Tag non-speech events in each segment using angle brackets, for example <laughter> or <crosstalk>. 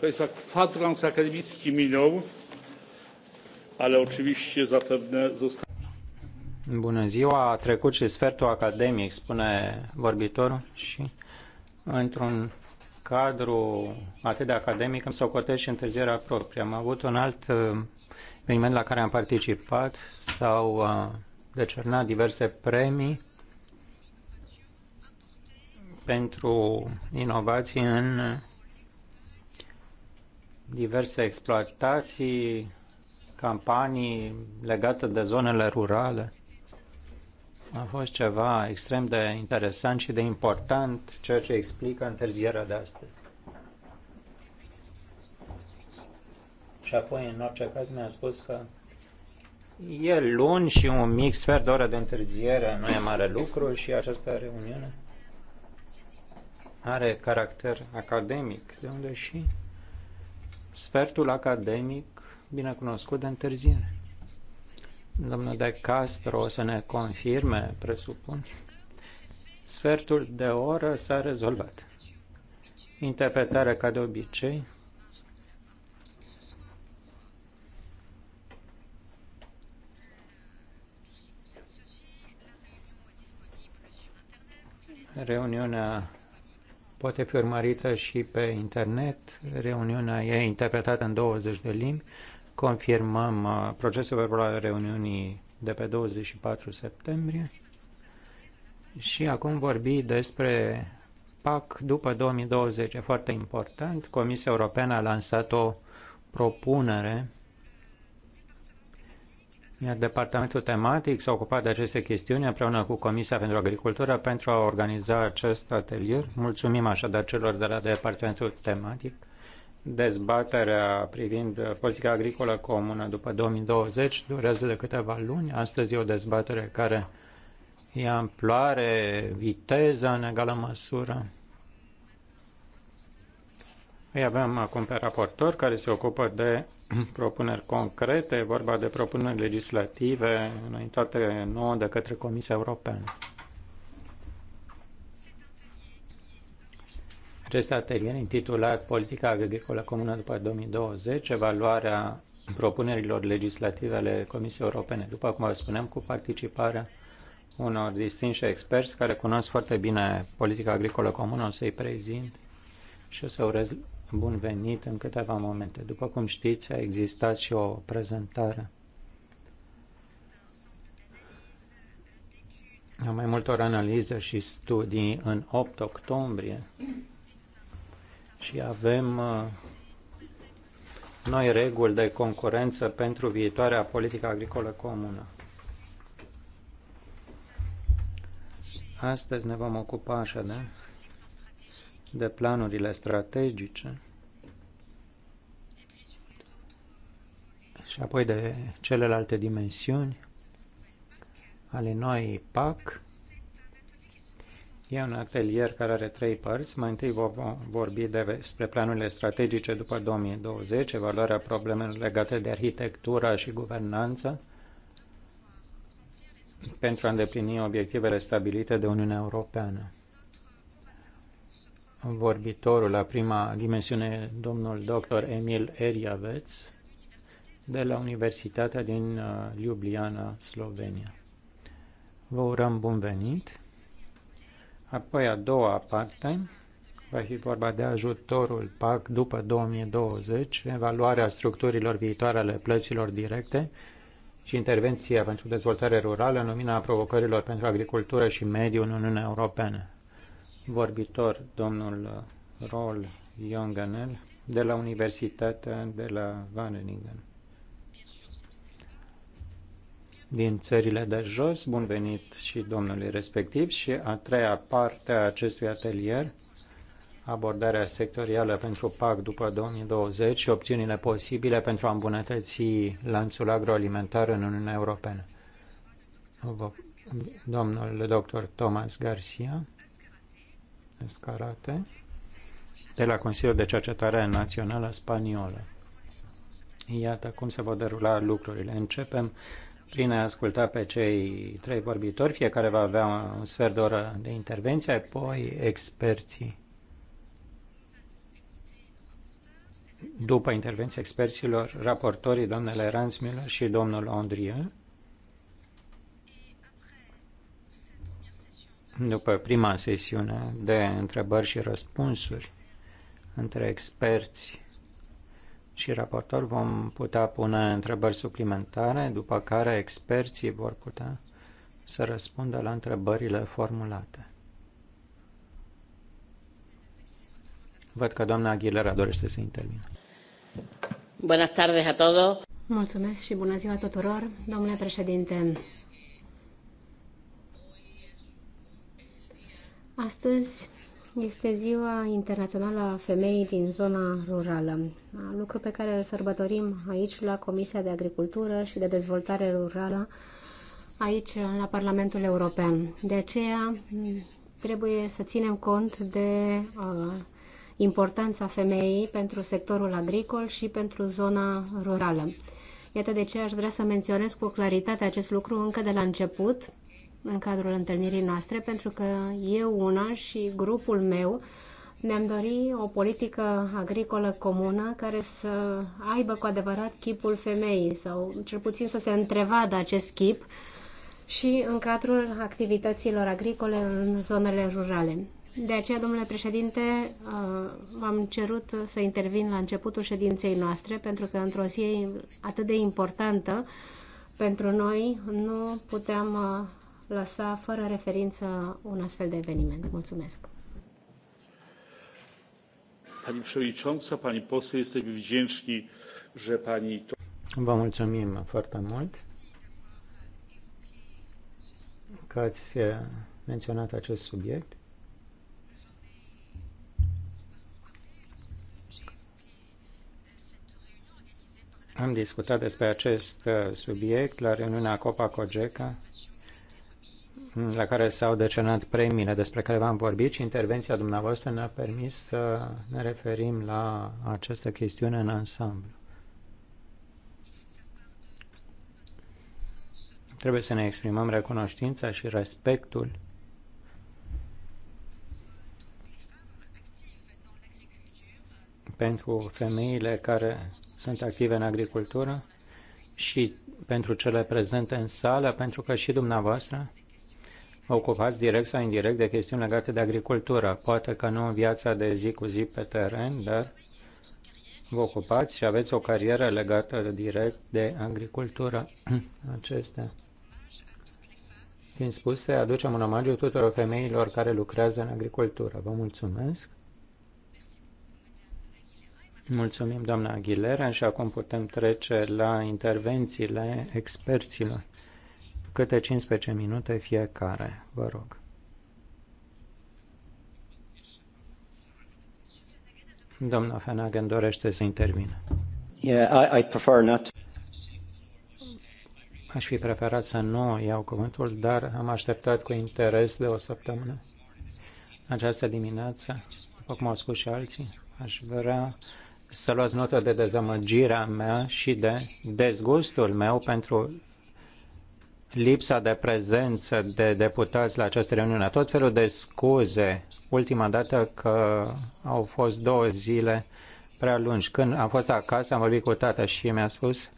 Państwa, kwadrans akademicki minął, ale oczywiście zapewne Bună ziua, a trecut și sfertul academic, spune vorbitorul și într-un cadru atât de academic îmi cotești și întârzierea proprie. Am avut un alt uh, eveniment la care am participat, s-au uh, decernat diverse premii pentru inovații în diverse exploatații, campanii legate de zonele rurale. A fost ceva extrem de interesant și de important, ceea ce explică întârzierea de astăzi. Și apoi, în orice caz, mi-a spus că e luni și un mic sfert de oră de întârziere nu e mare lucru și această reuniune are caracter academic, de unde și sfertul academic binecunoscut de întârziere. Domnul de Castro o să ne confirme, presupun, sfertul de oră s-a rezolvat. Interpretarea ca de obicei, Reuniunea poate fi urmărită și pe internet. Reuniunea e interpretată în 20 de limbi. Confirmăm uh, procesul verbal al reuniunii de pe 24 septembrie. Și acum vorbi despre PAC după 2020. E foarte important. Comisia Europeană a lansat o propunere iar departamentul tematic s-a ocupat de aceste chestiuni împreună cu Comisia pentru Agricultură pentru a organiza acest atelier. Mulțumim așadar celor de la departamentul tematic. Dezbaterea privind politica agricolă comună după 2020 durează de câteva luni. Astăzi e o dezbatere care ia amploare, viteză în egală măsură. Îi avem acum pe raportor care se ocupă de <clears throat> propuneri concrete, vorba de propuneri legislative înaintate nouă de către Comisia Europeană. Acest atelier intitulat Politica Agricolă Comună după 2020, evaluarea propunerilor legislative ale Comisiei Europene, după cum vă spunem, cu participarea unor distinși experți care cunosc foarte bine politica agricolă comună, o să-i prezint și o să urez bun venit în câteva momente. După cum știți, a existat și o prezentare a mai multor analize și studii în 8 octombrie și avem uh, noi reguli de concurență pentru viitoarea politică agricolă comună. Astăzi ne vom ocupa de de planurile strategice și apoi de celelalte dimensiuni ale noi PAC. E un atelier care are trei părți. Mai întâi vom vorbi despre planurile strategice după 2020, evaluarea problemelor legate de arhitectura și guvernanță pentru a îndeplini obiectivele stabilite de Uniunea Europeană vorbitorul la prima dimensiune, domnul dr. Emil Eriaveț, de la Universitatea din uh, Ljubljana, Slovenia. Vă urăm bun venit! Apoi a doua parte va fi vorba de ajutorul PAC după 2020, evaluarea structurilor viitoare ale plăților directe și intervenția pentru dezvoltare rurală în lumina provocărilor pentru agricultură și mediu în Uniunea Europeană vorbitor, domnul Rol Jonganel, de la Universitatea de la Vaneningen. Din țările de jos, bun venit și domnului respectiv și a treia parte a acestui atelier, abordarea sectorială pentru PAC după 2020 și opțiunile posibile pentru a îmbunătăți lanțul agroalimentar în Uniunea Europeană. Domnul doctor Thomas Garcia Escarate de la Consiliul de Cercetare Națională Spaniolă. Iată cum se vor derula lucrurile. Începem prin a asculta pe cei trei vorbitori, fiecare va avea un sfert de oră de intervenție, apoi experții. După intervenția experților, raportorii doamnele Ransmiller și domnul Andrieu, după prima sesiune de întrebări și răspunsuri între experți și raportor vom putea pune întrebări suplimentare, după care experții vor putea să răspundă la întrebările formulate. Văd că doamna Aguilera dorește să intervină. Buenas tardes a todos. Mulțumesc și bună ziua tuturor, domnule președinte. Astăzi este Ziua Internațională a Femeii din zona rurală, lucru pe care îl sărbătorim aici la Comisia de Agricultură și de Dezvoltare Rurală, aici la Parlamentul European. De aceea trebuie să ținem cont de uh, importanța femeii pentru sectorul agricol și pentru zona rurală. Iată de ce aș vrea să menționez cu claritate acest lucru încă de la început, în cadrul întâlnirii noastre, pentru că eu una și grupul meu ne-am dorit o politică agricolă comună care să aibă cu adevărat chipul femeii sau cel puțin să se întrevadă acest chip și în cadrul activităților agricole în zonele rurale. De aceea, domnule președinte, v-am uh, cerut să intervin la începutul ședinței noastre, pentru că într-o zi atât de importantă pentru noi nu puteam uh, lăsa fără referință un astfel de eveniment. Mulțumesc. Pani Przewodnicząca, Pani Poseł, jesteśmy wdzięczni, że Pani to... Vă mulțumim foarte mult că ați eh, menționat acest subiect. Am discutat despre acest eh, subiect la reuniunea Copa Cogeca la care s-au decenat premiile despre care v-am vorbit și intervenția dumneavoastră ne-a permis să ne referim la această chestiune în ansamblu. Trebuie să ne exprimăm recunoștința și respectul pentru femeile care sunt active în agricultură și pentru cele prezente în sală, pentru că și dumneavoastră ocupați direct sau indirect de chestiuni legate de agricultură. Poate că nu în viața de zi cu zi pe teren, dar vă ocupați și aveți o carieră legată direct de agricultură. <clears throat> Acestea. Fiind spuse, aducem un omagiu tuturor femeilor care lucrează în agricultură. Vă mulțumesc! Mulțumim, doamna Aguilera, și acum putem trece la intervențiile experților câte 15 minute fiecare. Vă rog. Domnul Fenagen dorește să intervină. Yeah, I, I prefer not. Aș fi preferat să nu iau cuvântul, dar am așteptat cu interes de o săptămână. Această dimineață, după cum au spus și alții, aș vrea să luați notă de dezamăgirea mea și de dezgustul meu pentru lipsa de prezență de deputați la această reuniune, tot felul de scuze. Ultima dată că au fost două zile prea lungi. Când am fost acasă, am vorbit cu tata și mi-a spus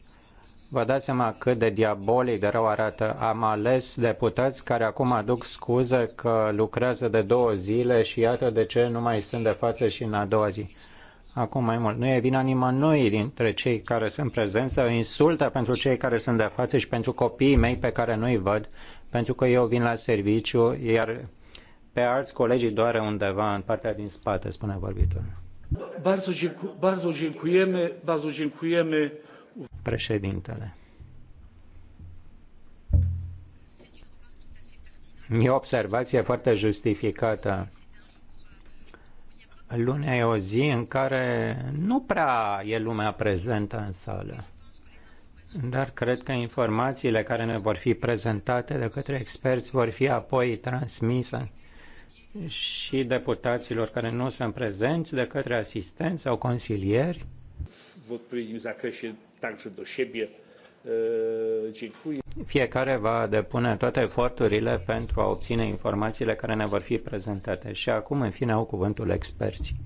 Vă dați seama cât de diabolic de rău arată. Am ales deputați care acum aduc scuze că lucrează de două zile și iată de ce nu mai sunt de față și în a doua zi acum mai mult. Nu e vina nimănui dintre cei care sunt prezenți, dar o insultă pentru cei care sunt de față și pentru copiii mei pe care nu-i văd, pentru că eu vin la serviciu, iar pe alți colegii doare undeva în partea din spate, spune vorbitorul. Bardzo dziękujemy, bardzo dziękujemy. Președintele. E o observație foarte justificată Lunea e o zi în care nu prea e lumea prezentă în sală. Dar cred că informațiile care ne vor fi prezentate de către experți vor fi apoi transmise și deputaților care nu sunt prezenți de către asistenți sau consilieri. Vă odpowiednim zakresie także do șebie. Uh, Fiecare va depune toate eforturile pentru a obține informațiile care ne vor fi prezentate. Și acum, în fine, au cuvântul experții.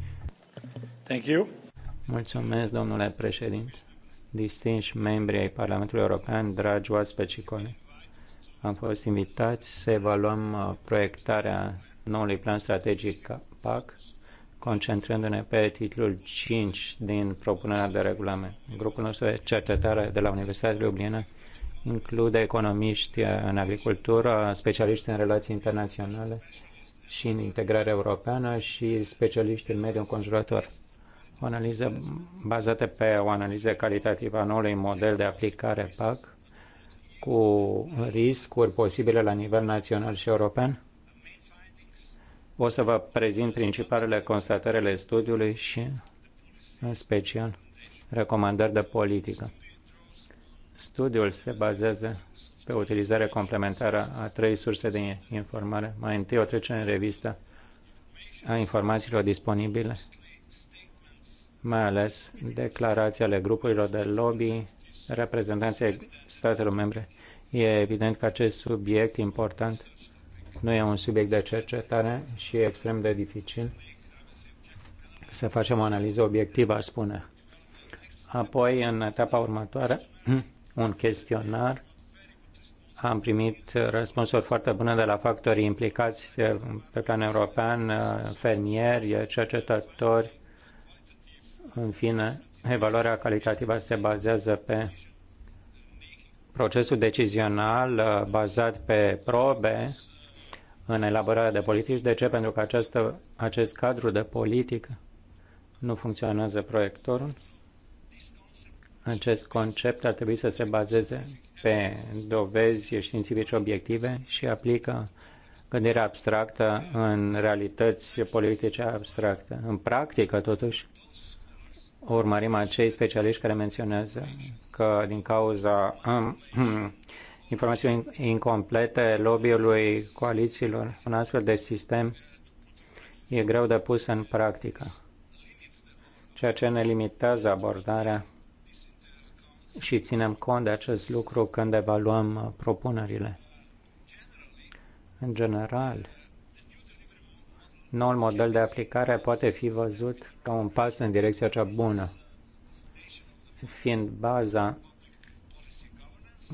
Thank you. Mulțumesc, domnule președinte, distinși membri ai Parlamentului European, dragi oaspeți și colegi. Am fost invitați să evaluăm uh, proiectarea noului plan strategic PAC concentrându-ne pe titlul 5 din propunerea de regulament. Grupul nostru de cercetare de la Universitatea Ljubljana include economiști în agricultură, specialiști în relații internaționale și în integrare europeană și specialiști în mediul conjurător. O analiză bazată pe o analiză calitativă a noului model de aplicare PAC cu riscuri posibile la nivel național și european o să vă prezint principalele constatările studiului și, în special, recomandări de politică. Studiul se bazează pe utilizarea complementară a trei surse de informare. Mai întâi o trecere în revistă a informațiilor disponibile, mai ales declarații ale grupurilor de lobby, reprezentanții statelor membre. E evident că acest subiect important nu e un subiect de cercetare și e extrem de dificil să facem o analiză obiectivă, aș spune. Apoi, în etapa următoare, <clears throat> un chestionar. Am primit răspunsuri foarte bune de la factorii implicați pe plan european, fermieri, cercetători. În fine, evaluarea calitativă se bazează pe procesul decizional bazat pe probe în elaborarea de politici. De ce? Pentru că această, acest cadru de politică nu funcționează proiectorul. Acest concept ar trebui să se bazeze pe dovezi științifice obiective și aplică gândirea abstractă în realități politice abstracte. În practică, totuși, urmărim acei specialiști care menționează că din cauza <clears throat> informații incomplete lobby-ului coalițiilor. Un astfel de sistem e greu de pus în practică, ceea ce ne limitează abordarea și ținem cont de acest lucru când evaluăm propunerile. În general, noul model de aplicare poate fi văzut ca un pas în direcția cea bună, fiind baza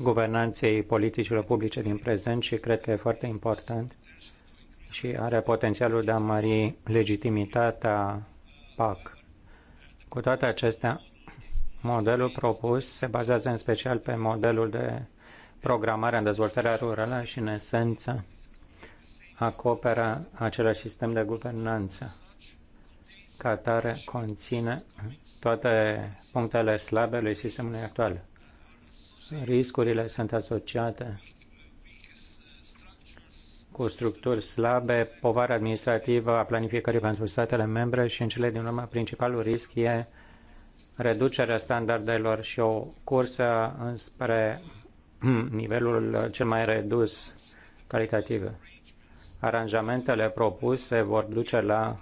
guvernanței politicilor publice din prezent și cred că e foarte important și are potențialul de a mări legitimitatea PAC. Cu toate acestea, modelul propus se bazează în special pe modelul de programare în dezvoltarea rurală și, în esență, acoperă același sistem de guvernanță. Catare conține toate punctele slabe ale sistemului actual riscurile sunt asociate cu structuri slabe, povara administrativă a planificării pentru statele membre și în cele din urmă principalul risc e reducerea standardelor și o cursă înspre <clears throat> nivelul cel mai redus calitativ. Aranjamentele propuse vor duce la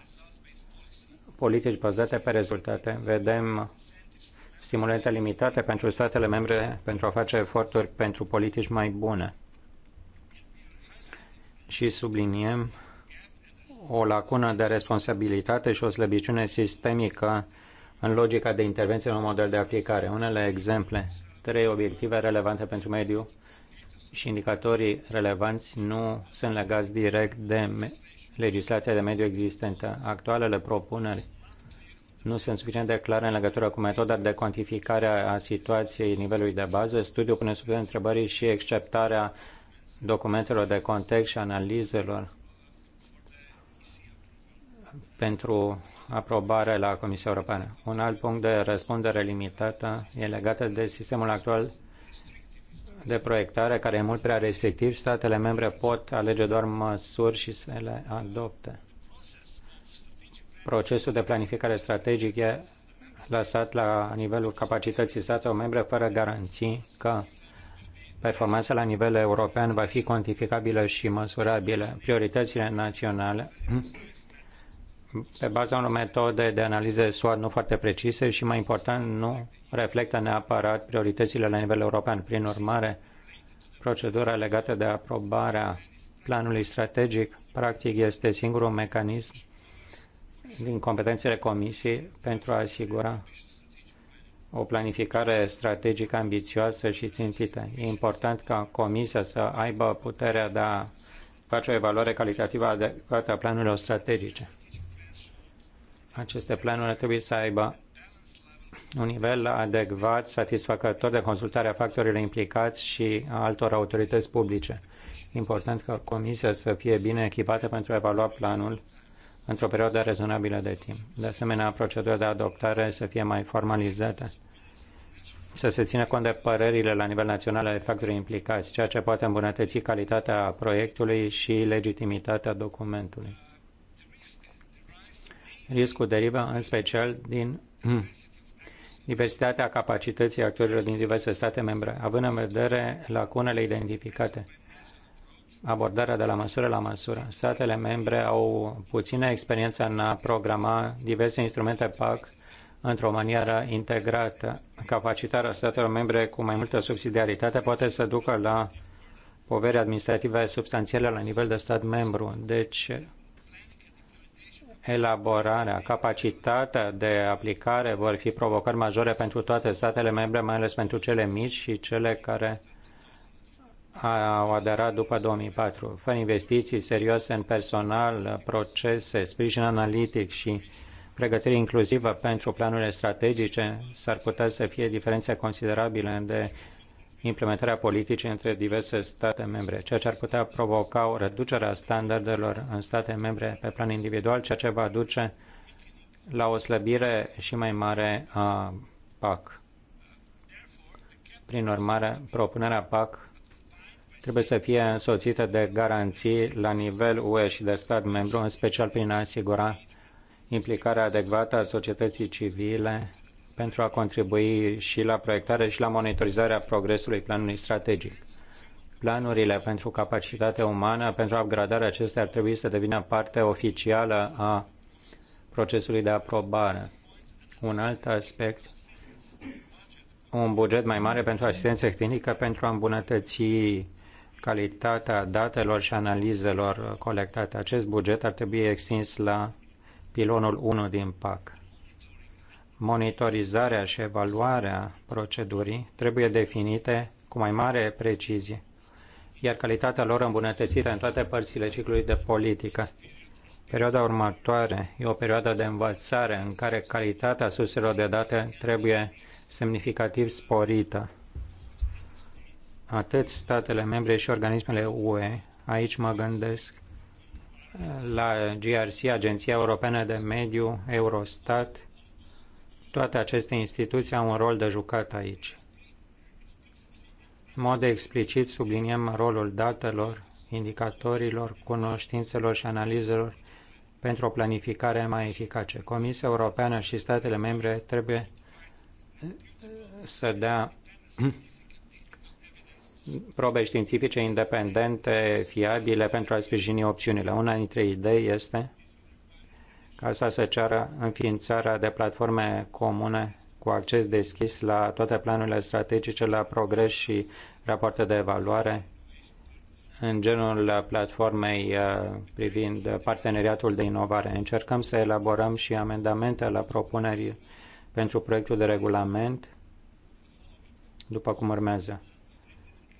politici bazate pe rezultate. Vedem stimulente limitate pentru statele membre pentru a face eforturi pentru politici mai bune. Și subliniem o lacună de responsabilitate și o slăbiciune sistemică în logica de intervenție în un model de aplicare. Unele exemple, trei obiective relevante pentru mediu și indicatorii relevanți nu sunt legați direct de legislația de mediu existentă. Actualele propuneri nu sunt suficient de clare în legătură cu metoda de cuantificare a situației nivelului de bază. Studiul pune sub întrebări și acceptarea documentelor de context și analizelor pentru aprobare la Comisia Europeană. Un alt punct de răspundere limitată e legat de sistemul actual de proiectare, care e mult prea restrictiv. Statele membre pot alege doar măsuri și să le adopte. Procesul de planificare strategică e lăsat la nivelul capacității statelor membre fără garanții că performanța la nivel european va fi cuantificabilă și măsurabilă. Prioritățile naționale pe baza unor metode de analize SWOT nu foarte precise și, mai important, nu reflectă neapărat prioritățile la nivel european. Prin urmare, procedura legată de aprobarea planului strategic, practic, este singurul mecanism din competențele Comisiei pentru a asigura o planificare strategică ambițioasă și țintită. E important ca Comisia să aibă puterea de a face o evaluare calitativă adecvată a planurilor strategice. Aceste planuri trebuie să aibă un nivel adecvat, satisfăcător de consultare a factorilor implicați și a altor autorități publice. Important ca Comisia să fie bine echipată pentru a evalua planul într-o perioadă rezonabilă de timp. De asemenea, procedura de adoptare să fie mai formalizată, să se țină cont de părerile la nivel național ale factorii implicați, ceea ce poate îmbunătăți calitatea proiectului și legitimitatea documentului. Riscul derivă în special din <clears throat> diversitatea capacității actorilor din diverse state membre, având în vedere lacunele identificate abordarea de la măsură la măsură. Statele membre au puțină experiență în a programa diverse instrumente PAC într-o manieră integrată. Capacitarea statelor membre cu mai multă subsidiaritate poate să ducă la poveri administrative substanțiale la nivel de stat membru. Deci, elaborarea, capacitatea de aplicare vor fi provocări majore pentru toate statele membre, mai ales pentru cele mici și cele care au aderat după 2004. Fără investiții serioase în personal, procese, sprijin analitic și pregătire inclusivă pentru planurile strategice, s-ar putea să fie diferențe considerabile de implementarea politicii între diverse state membre, ceea ce ar putea provoca o reducere a standardelor în state membre pe plan individual, ceea ce va duce la o slăbire și mai mare a PAC. Prin urmare, propunerea PAC trebuie să fie însoțită de garanții la nivel UE și de stat membru, în special prin a asigura implicarea adecvată a societății civile pentru a contribui și la proiectarea și la monitorizarea progresului planului strategic. Planurile pentru capacitatea umană, pentru upgradarea acestea ar trebui să devină parte oficială a procesului de aprobare. Un alt aspect, un buget mai mare pentru asistență tehnică pentru a îmbunătăți calitatea datelor și analizelor colectate. Acest buget ar trebui extins la pilonul 1 din PAC. Monitorizarea și evaluarea procedurii trebuie definite cu mai mare precizie, iar calitatea lor îmbunătățită în toate părțile ciclului de politică. Perioada următoare e o perioadă de învățare în care calitatea surselor de date trebuie semnificativ sporită atât statele membre și organismele UE, aici mă gândesc la GRC, Agenția Europeană de Mediu, Eurostat, toate aceste instituții au un rol de jucat aici. În mod explicit subliniem rolul datelor, indicatorilor, cunoștințelor și analizelor pentru o planificare mai eficace. Comisia Europeană și statele membre trebuie să dea probe științifice independente, fiabile pentru a sprijini opțiunile. Una dintre idei este ca să se ceară înființarea de platforme comune cu acces deschis la toate planurile strategice, la progres și rapoarte de evaluare, în genul platformei uh, privind parteneriatul de inovare. Încercăm să elaborăm și amendamente la propuneri pentru proiectul de regulament, după cum urmează.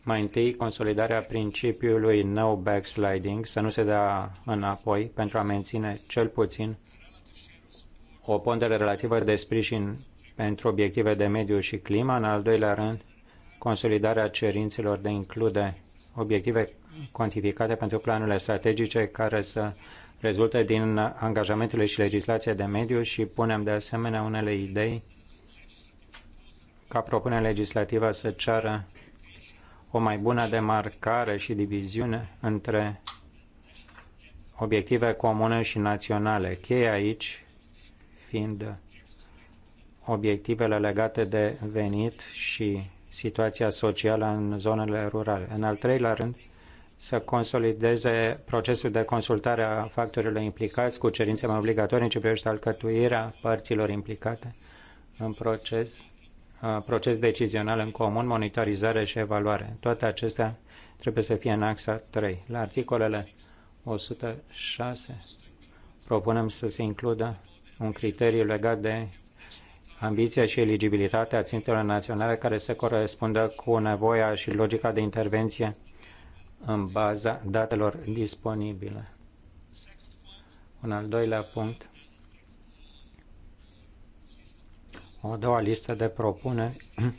Mai întâi, consolidarea principiului no backsliding, să nu se dea înapoi, pentru a menține cel puțin o pondere relativă de sprijin pentru obiective de mediu și clima. În al doilea rând, consolidarea cerințelor de include obiective cuantificate pentru planurile strategice care să rezultă din angajamentele și legislația de mediu și punem de asemenea unele idei ca propunerea legislativă să ceară o mai bună demarcare și diviziune între obiective comune și naționale. Cheia aici fiind obiectivele legate de venit și situația socială în zonele rurale. În al treilea rând, să consolideze procesul de consultare a factorilor implicați cu cerințe mai obligatorii în ce privește alcătuirea părților implicate în proces proces decizional în comun, monitorizare și evaluare. Toate acestea trebuie să fie în axa 3. La articolele 106 propunem să se includă un criteriu legat de ambiția și eligibilitatea țintelor naționale care se corespundă cu nevoia și logica de intervenție în baza datelor disponibile. Un al doilea punct O doua listă de propuneri, <clears throat>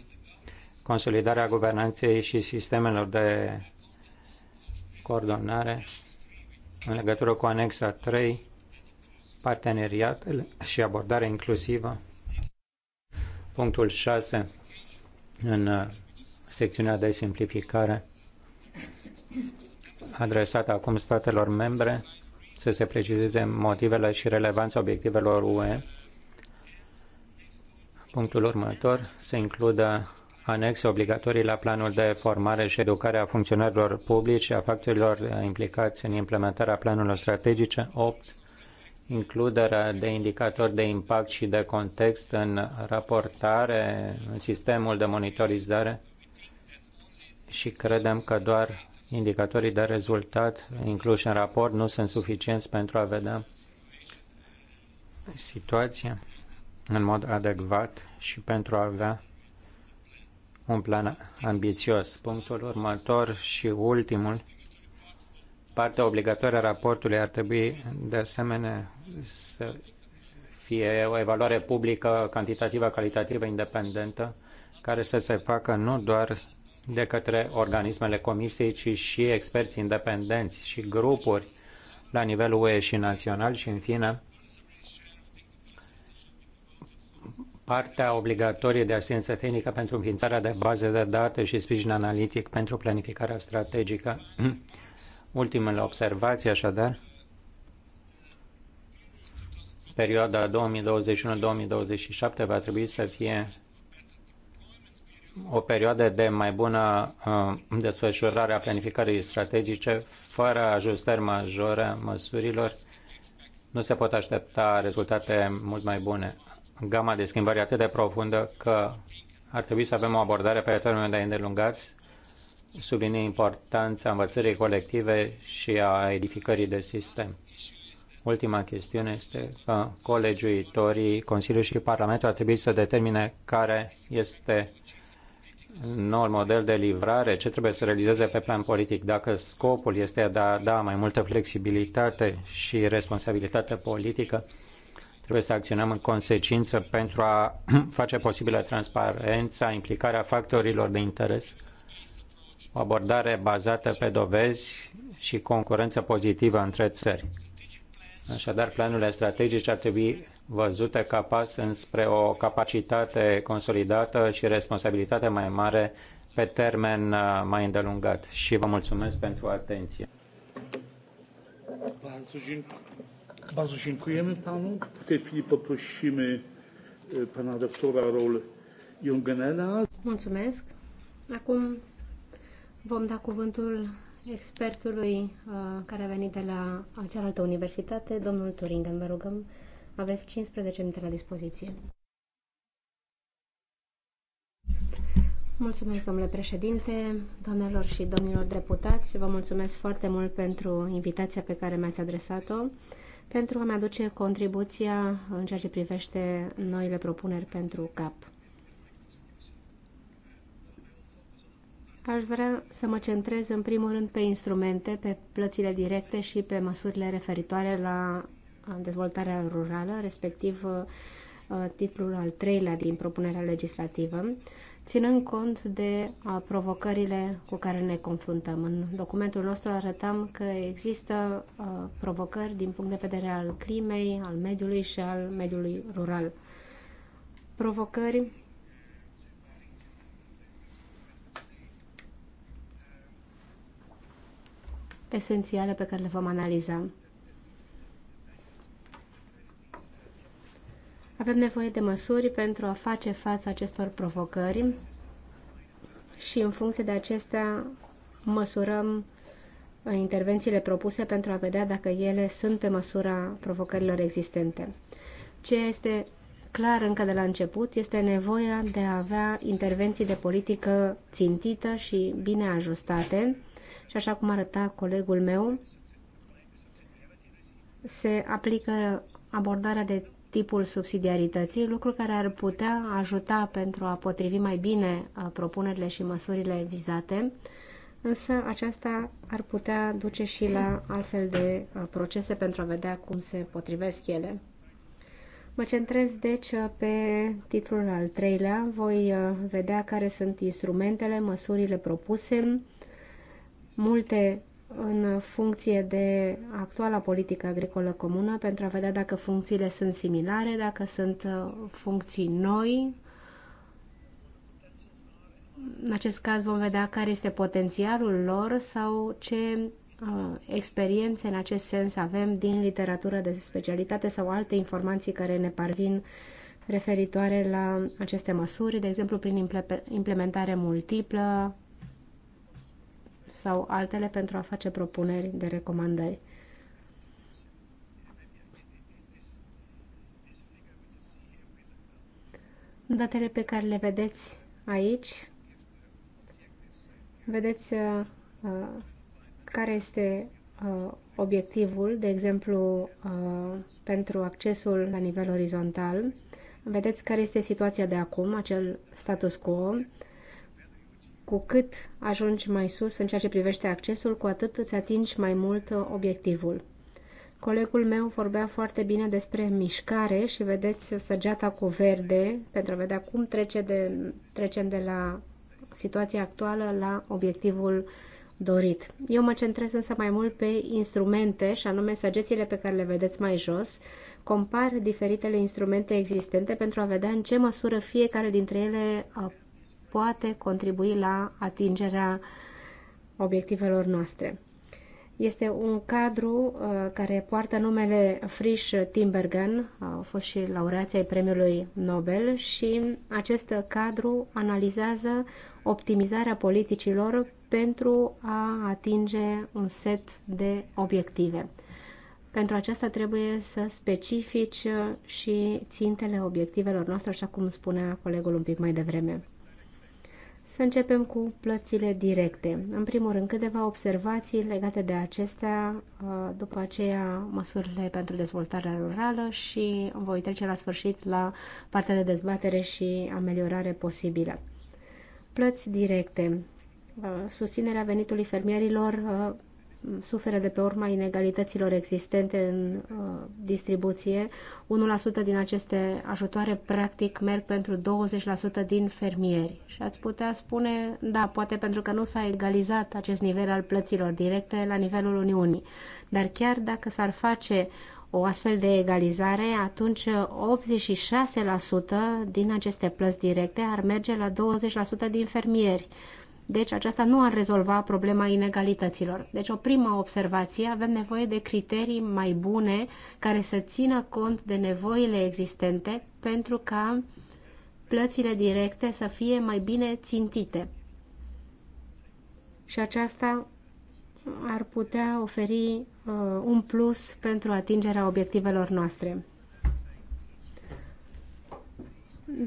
consolidarea guvernanței și sistemelor de coordonare în legătură cu anexa 3, parteneriatele și abordare inclusivă. Punctul 6 în uh, secțiunea de simplificare adresată acum statelor membre să se precizeze motivele și relevanța obiectivelor UE Punctul următor se includă anexe obligatorii la planul de formare și educare a funcționarilor publici și a factorilor implicați în implementarea planurilor strategice. 8. Includerea de indicatori de impact și de context în raportare, în sistemul de monitorizare și credem că doar indicatorii de rezultat incluși în raport nu sunt suficienți pentru a vedea situația în mod adecvat și pentru a avea un plan ambițios. Punctul următor și ultimul, partea obligatorie a raportului ar trebui de asemenea să fie o evaluare publică, cantitativă, calitativă, independentă, care să se facă nu doar de către organismele comisiei, ci și experți independenți și grupuri la nivelul UE și național și, în fine, partea obligatorie de asistență tehnică pentru înființarea de baze de date și sprijin analitic pentru planificarea strategică. <clears throat> Ultimele observații, așadar, perioada 2021-2027 va trebui să fie o perioadă de mai bună uh, desfășurare a planificării strategice, fără ajustări majore măsurilor, nu se pot aștepta rezultate mult mai bune gama de schimbări atât de profundă că ar trebui să avem o abordare pe termen de îndelungat, sublinie importanța învățării colective și a edificării de sistem. Ultima chestiune este că colegiuitorii, Consiliul și Parlamentul ar trebui să determine care este noul model de livrare, ce trebuie să realizeze pe plan politic. Dacă scopul este de a da mai multă flexibilitate și responsabilitate politică, Trebuie să acționăm în consecință pentru a <clears throat> face posibilă transparența, implicarea factorilor de interes, o abordare bazată pe dovezi și concurență pozitivă între țări. Așadar, planurile strategice ar trebui văzute ca pas înspre o capacitate consolidată și responsabilitate mai mare pe termen uh, mai îndelungat. Și vă mulțumesc pentru atenție. Bardzo dziękujemy panu. W tej chwili poprosimy pana doktora Rol Jungenela. Mulțumesc. Acum vom da cuvântul expertului uh, care a venit de la cealaltă universitate, domnul Turingen. Vă rugăm, aveți 15 minute la dispoziție. Mulțumesc, domnule președinte, doamnelor și domnilor deputați. Vă mulțumesc foarte mult pentru invitația pe care mi-ați adresat-o. Uh, pentru a-mi aduce contribuția în ceea ce privește noile propuneri pentru CAP. Aș vrea să mă centrez în primul rând pe instrumente, pe plățile directe și pe măsurile referitoare la dezvoltarea rurală, respectiv uh, titlul al treilea din propunerea legislativă ținând cont de provocările cu care ne confruntăm. În documentul nostru arătăm că există provocări din punct de vedere al climei, al mediului și al mediului rural. Provocări esențiale pe care le vom analiza. Avem nevoie de măsuri pentru a face față acestor provocări și în funcție de acestea măsurăm uh, intervențiile propuse pentru a vedea dacă ele sunt pe măsura provocărilor existente. Ce este clar încă de la început este nevoia de a avea intervenții de politică țintită și bine ajustate și așa cum arăta colegul meu, se aplică abordarea de tipul subsidiarității, lucru care ar putea ajuta pentru a potrivi mai bine uh, propunerile și măsurile vizate, însă aceasta ar putea duce și la altfel de uh, procese pentru a vedea cum se potrivesc ele. Mă centrez deci uh, pe titlul al treilea. Voi vedea care sunt instrumentele, măsurile propuse. Multe în funcție de actuala politică agricolă comună pentru a vedea dacă funcțiile sunt similare, dacă sunt uh, funcții noi. În acest caz vom vedea care este potențialul lor sau ce uh, experiențe în acest sens avem din literatură de specialitate sau alte informații care ne parvin referitoare la aceste măsuri, de exemplu prin implementare multiplă, sau altele pentru a face propuneri de recomandări. Datele pe care le vedeți aici, vedeți uh, uh, care este uh, obiectivul, de exemplu, uh, pentru accesul la nivel orizontal. Vedeți care este situația de acum, acel status quo, uh, cu cât ajungi mai sus în ceea ce privește accesul, cu atât îți atingi mai mult uh, obiectivul. Colegul meu vorbea foarte bine despre mișcare și vedeți săgeata cu verde pentru a vedea cum trece de, trecem de la situația actuală la obiectivul dorit. Eu mă centrez însă mai mult pe instrumente și anume săgețile pe care le vedeți mai jos. Compar diferitele instrumente existente pentru a vedea în ce măsură fiecare dintre ele uh, poate contribui la atingerea obiectivelor noastre. Este un cadru uh, care poartă numele Frisch Timbergen, a fost și laureația premiului Nobel și acest cadru analizează optimizarea politicilor pentru a atinge un set de obiective. Pentru aceasta trebuie să specifici și țintele obiectivelor noastre, așa cum spunea colegul un pic mai devreme. Să începem cu plățile directe. În primul rând, câteva observații legate de acestea, uh, după aceea măsurile pentru dezvoltarea rurală și voi trece la sfârșit la partea de dezbatere și ameliorare posibilă. Plăți directe. Uh, susținerea venitului fermierilor uh, suferă de pe urma inegalităților existente în uh, distribuție. 1% din aceste ajutoare practic merg pentru 20% din fermieri. Și ați putea spune, da, poate pentru că nu s-a egalizat acest nivel al plăților directe la nivelul Uniunii. Dar chiar dacă s-ar face o astfel de egalizare, atunci 86% din aceste plăți directe ar merge la 20% din fermieri. Uh, deci aceasta nu ar rezolva problema inegalităților. Deci o primă observație, avem nevoie de criterii mai bune care să țină cont de nevoile existente pentru ca plățile directe să fie mai bine țintite. Și aceasta ar putea oferi uh, un plus pentru atingerea obiectivelor noastre.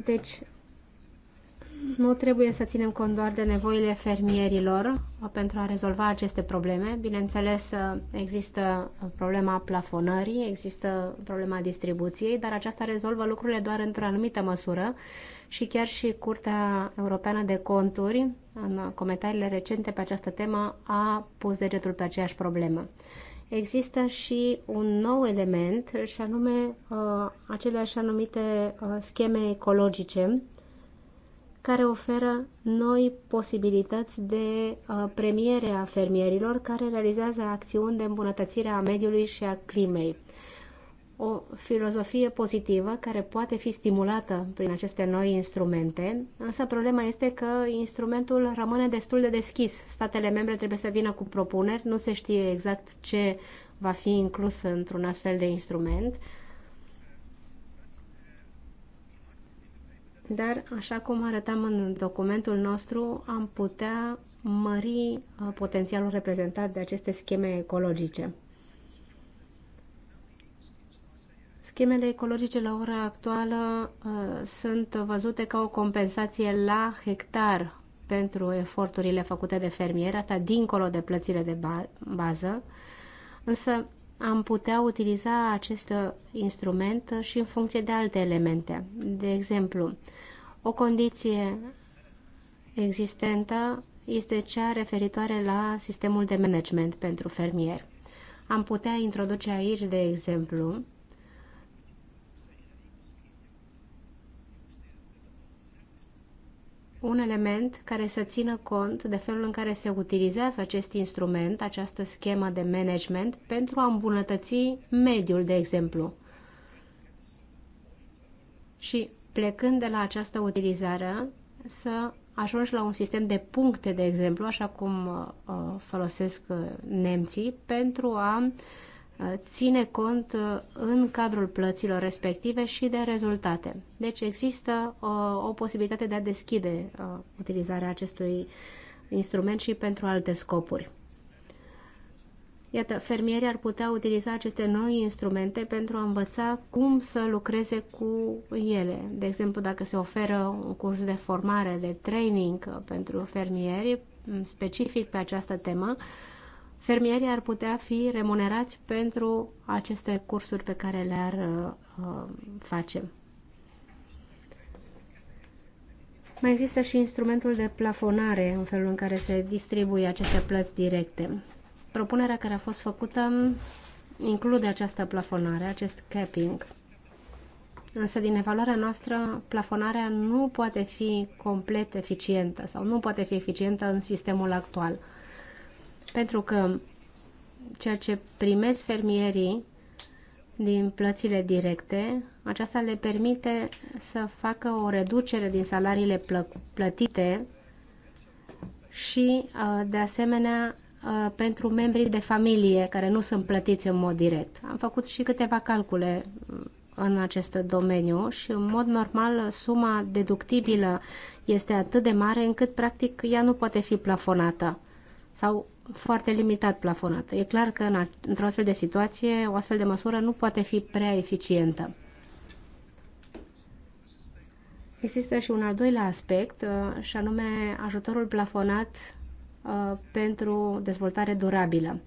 Deci, nu trebuie să ținem cont doar de nevoile fermierilor uh, pentru a rezolva aceste probleme. Bineînțeles, uh, există problema plafonării, există problema distribuției, dar aceasta rezolvă lucrurile doar într-o anumită măsură și chiar și Curtea Europeană de Conturi, în comentariile recente pe această temă, a pus degetul pe aceeași problemă există și un nou element, și anume uh, aceleași anumite uh, scheme ecologice care oferă noi posibilități de uh, premiere a fermierilor care realizează acțiuni de îmbunătățire a mediului și a climei. O filozofie pozitivă care poate fi stimulată prin aceste noi instrumente, însă problema este că instrumentul rămâne destul de deschis. Statele membre trebuie să vină cu propuneri, nu se știe exact ce va fi inclus într-un astfel de instrument, dar așa cum arătam în documentul nostru, am putea mări uh, potențialul reprezentat de aceste scheme ecologice. Schemele ecologice la ora actuală uh, sunt văzute ca o compensație la hectar pentru eforturile făcute de fermier, asta dincolo de plățile de ba bază, însă am putea utiliza acest instrument și în funcție de alte elemente. De exemplu, o condiție existentă este cea referitoare la sistemul de management pentru fermier. Am putea introduce aici, de exemplu, un element care să țină cont de felul în care se utilizează acest instrument, această schemă de management, pentru a îmbunătăți mediul, de exemplu. Și plecând de la această utilizare, să ajungi la un sistem de puncte, de exemplu, așa cum uh, uh, folosesc uh, nemții, pentru a uh, ține cont uh, în cadrul plăților respective și de rezultate. Deci există o, uh, o posibilitate de a deschide uh, utilizarea acestui instrument și pentru alte scopuri. Iată, fermierii ar putea utiliza aceste noi instrumente pentru a învăța cum să lucreze cu ele. De exemplu, dacă se oferă un curs de formare, de training pentru fermieri specific pe această temă, uh, fermierii ar putea fi remunerați pentru aceste cursuri pe care le-ar uh, uh, face. Mai există și instrumentul de plafonare în felul în care se distribuie aceste plăți directe. Propunerea care a fost făcută include această plafonare, acest capping. Însă, din evaluarea noastră, plafonarea nu poate fi complet eficientă sau nu poate fi eficientă în sistemul actual. Pentru că ceea ce primesc fermierii din plățile directe, aceasta le permite să facă o reducere din salariile plă plătite și, uh, de asemenea, uh, pentru membrii de familie care nu sunt plătiți în mod direct. Am făcut și câteva calcule uh, în acest domeniu și, în mod normal, suma deductibilă este atât de mare încât, practic, ea nu poate fi plafonată sau foarte limitat plafonată. E clar că într-o astfel de situație, o astfel de măsură nu poate fi prea eficientă. Există și un al doilea aspect, uh, și anume ajutorul plafonat uh, pentru dezvoltare durabilă.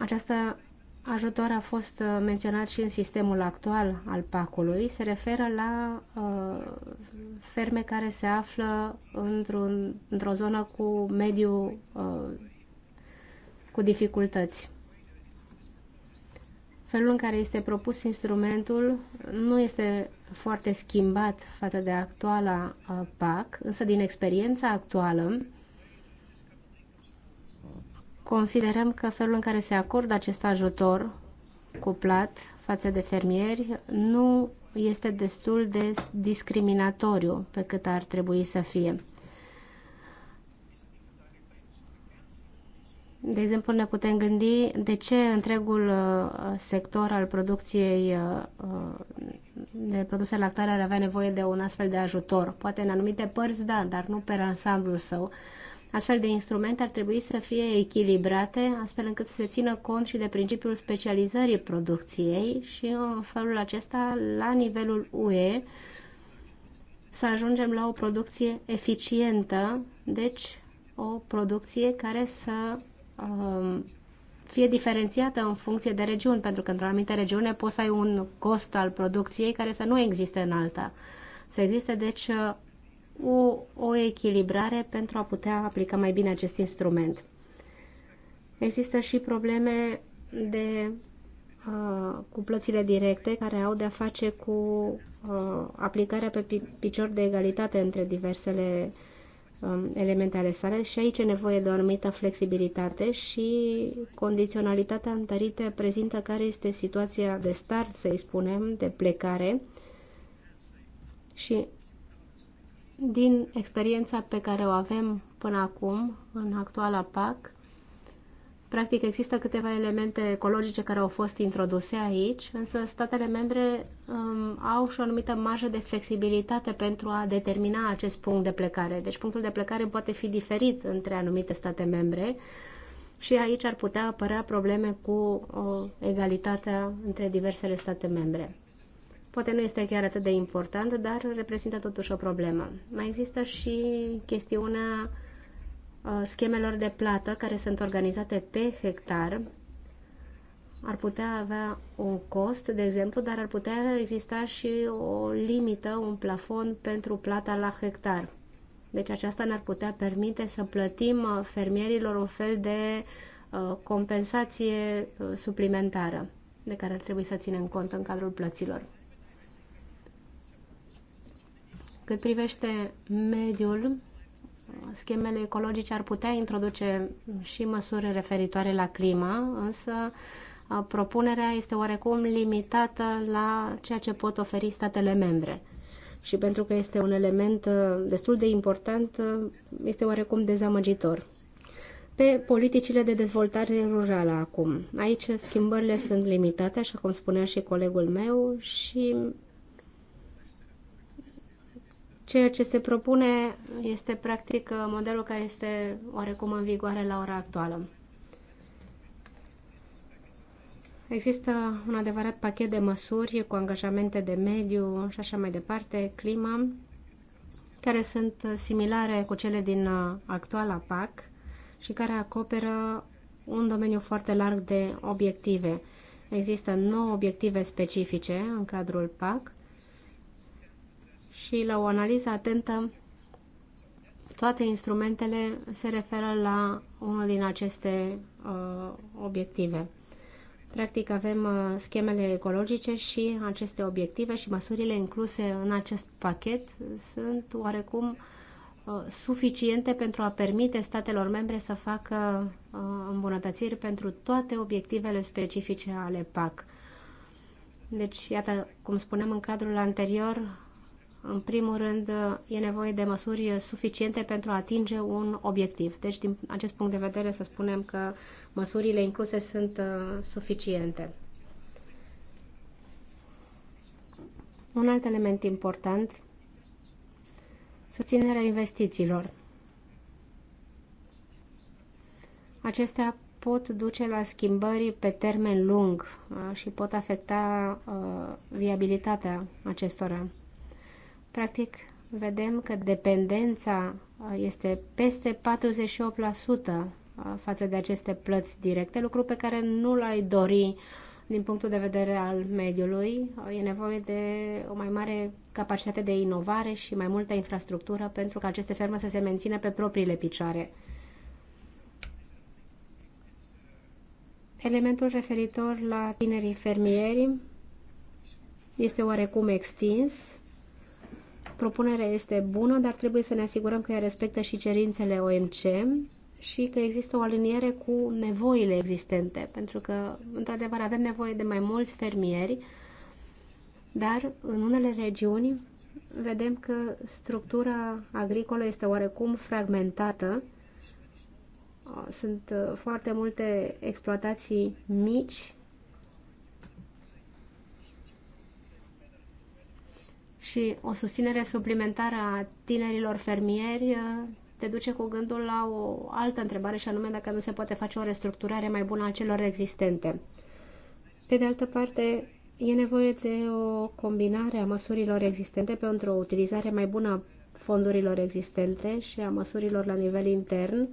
Această ajutor a fost uh, menționat și în sistemul actual al pacului, se referă la uh, ferme care se află într-o într zonă cu mediu uh, cu dificultăți. Felul în care este propus instrumentul nu este foarte schimbat față de actuala uh, PAC, însă din experiența actuală, Considerăm că felul în care se acordă acest ajutor cuplat față de fermieri nu este destul de discriminatoriu pe cât ar trebui să fie. De exemplu, ne putem gândi de ce întregul uh, sector al producției uh, uh, de produse lactare ar avea nevoie de un astfel de ajutor. Poate în anumite părți, da, dar nu pe ansamblul său. Astfel de instrumente ar trebui să fie echilibrate, astfel încât să se țină cont și de principiul specializării producției și în felul acesta, la nivelul UE, să ajungem la o producție eficientă, deci o producție care să um, fie diferențiată în funcție de regiuni, pentru că într-o anumită regiune poți să ai un cost al producției care să nu existe în alta. Să existe, deci, o, o echilibrare pentru a putea aplica mai bine acest instrument. Există și probleme de cu plățile directe care au de-a face cu uh, aplicarea pe picior de egalitate între diversele um, elemente ale sale și aici e nevoie de o anumită flexibilitate și condiționalitatea întărită prezintă care este situația de start, să-i spunem, de plecare și din experiența pe care o avem până acum, în actuala PAC, practic există câteva elemente ecologice care au fost introduse aici, însă statele membre um, au și o anumită marjă de flexibilitate pentru a determina acest punct de plecare. Deci punctul de plecare poate fi diferit între anumite state membre și aici ar putea apărea probleme cu o uh, egalitatea între diversele state membre poate nu este chiar atât de important, dar reprezintă totuși o problemă. Mai există și chestiunea uh, schemelor de plată care sunt organizate pe hectar. Ar putea avea un cost, de exemplu, dar ar putea exista și o limită, un plafon pentru plata la hectar. Deci aceasta ne-ar putea permite să plătim uh, fermierilor un fel de uh, compensație suplimentară de care ar trebui să ținem cont în cadrul plăților. Cât privește mediul, schemele ecologice ar putea introduce și măsuri referitoare la climă, însă propunerea este oarecum limitată la ceea ce pot oferi statele membre. Și pentru că este un element destul de important, este oarecum dezamăgitor. Pe politicile de dezvoltare rurală acum. Aici schimbările sunt limitate, așa cum spunea și colegul meu, și Ceea ce se propune este practic modelul care este oarecum în vigoare la ora actuală. Există un adevărat pachet de măsuri cu angajamente de mediu și așa mai departe, clima, care sunt similare cu cele din uh, actuala PAC și care acoperă un domeniu foarte larg de obiective. Există nouă obiective specifice în cadrul PAC și la o analiză atentă, toate instrumentele se referă la unul din aceste uh, obiective. Practic avem uh, schemele ecologice și aceste obiective și măsurile incluse în acest pachet sunt oarecum uh, suficiente pentru a permite statelor membre să facă uh, îmbunătățiri pentru toate obiectivele specifice ale PAC. Deci, iată, cum spuneam în cadrul anterior, în primul rând, e nevoie de măsuri suficiente pentru a atinge un obiectiv. Deci, din acest punct de vedere, să spunem că măsurile incluse sunt uh, suficiente. Un alt element important, susținerea investițiilor. Acestea pot duce la schimbări pe termen lung uh, și pot afecta uh, viabilitatea acestora. Practic, vedem că dependența uh, este peste 48% uh, față de aceste plăți directe, lucru pe care nu l-ai dori din punctul de vedere al mediului. Uh, e nevoie de o mai mare capacitate de inovare și mai multă infrastructură pentru ca aceste ferme să se mențină pe propriile picioare. Elementul referitor la tinerii fermieri este oarecum extins Propunerea este bună, dar trebuie să ne asigurăm că ea respectă și cerințele OMC și că există o aliniere cu nevoile existente, pentru că, într-adevăr, avem nevoie de mai mulți fermieri, dar în unele regiuni vedem că structura agricolă este oarecum fragmentată. Sunt uh, foarte multe exploatații mici și o susținere suplimentară a tinerilor fermieri uh, te duce cu gândul la o altă întrebare și anume dacă nu se poate face o restructurare mai bună a celor existente. Pe de altă parte, e nevoie de o combinare a măsurilor existente pentru o utilizare mai bună a fondurilor existente și a măsurilor la nivel intern,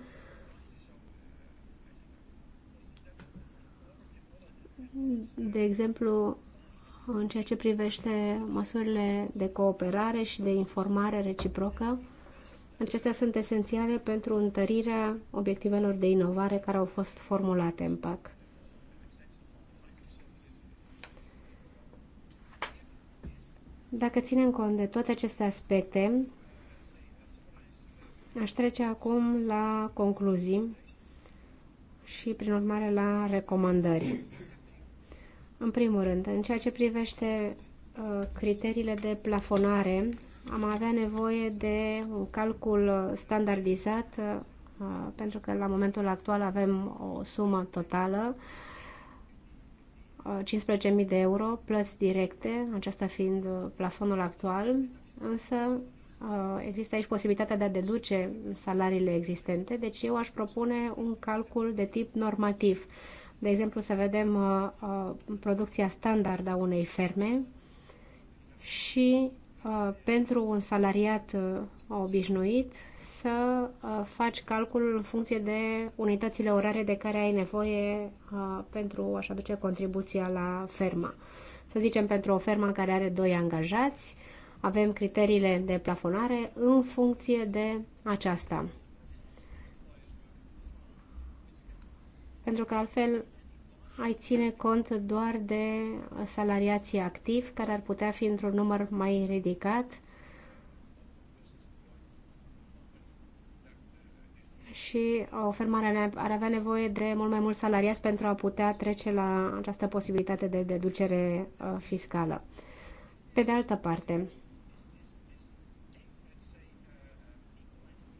de exemplu, în ceea ce privește măsurile de cooperare și de informare reciprocă. Acestea sunt esențiale pentru întărirea obiectivelor de inovare care au fost formulate în PAC. Dacă ținem cont de toate aceste aspecte, aș trece acum la concluzii și, prin urmare, la recomandări. În primul rând, în ceea ce privește uh, criteriile de plafonare, am avea nevoie de un calcul standardizat, uh, pentru că la momentul actual avem o sumă totală, 15.000 uh, de euro, plăți directe, aceasta fiind plafonul actual, însă există aici posibilitatea de a deduce salariile existente, deci eu aș propune un calcul de tip normativ de exemplu, să vedem uh, uh, producția standard a unei ferme și uh, pentru un salariat obișnuit să faci calculul în funcție de unitățile orare de care ai nevoie pentru a-și aduce contribuția la fermă. Să zicem, pentru o fermă care are doi angajați, avem criteriile de plafonare în funcție de aceasta. pentru că altfel ai ține cont doar de salariații activi, care ar putea fi într-un număr mai ridicat și fermare ar avea nevoie de mult mai mulți salariați pentru a putea trece la această posibilitate de deducere uh, fiscală. Pe de altă parte,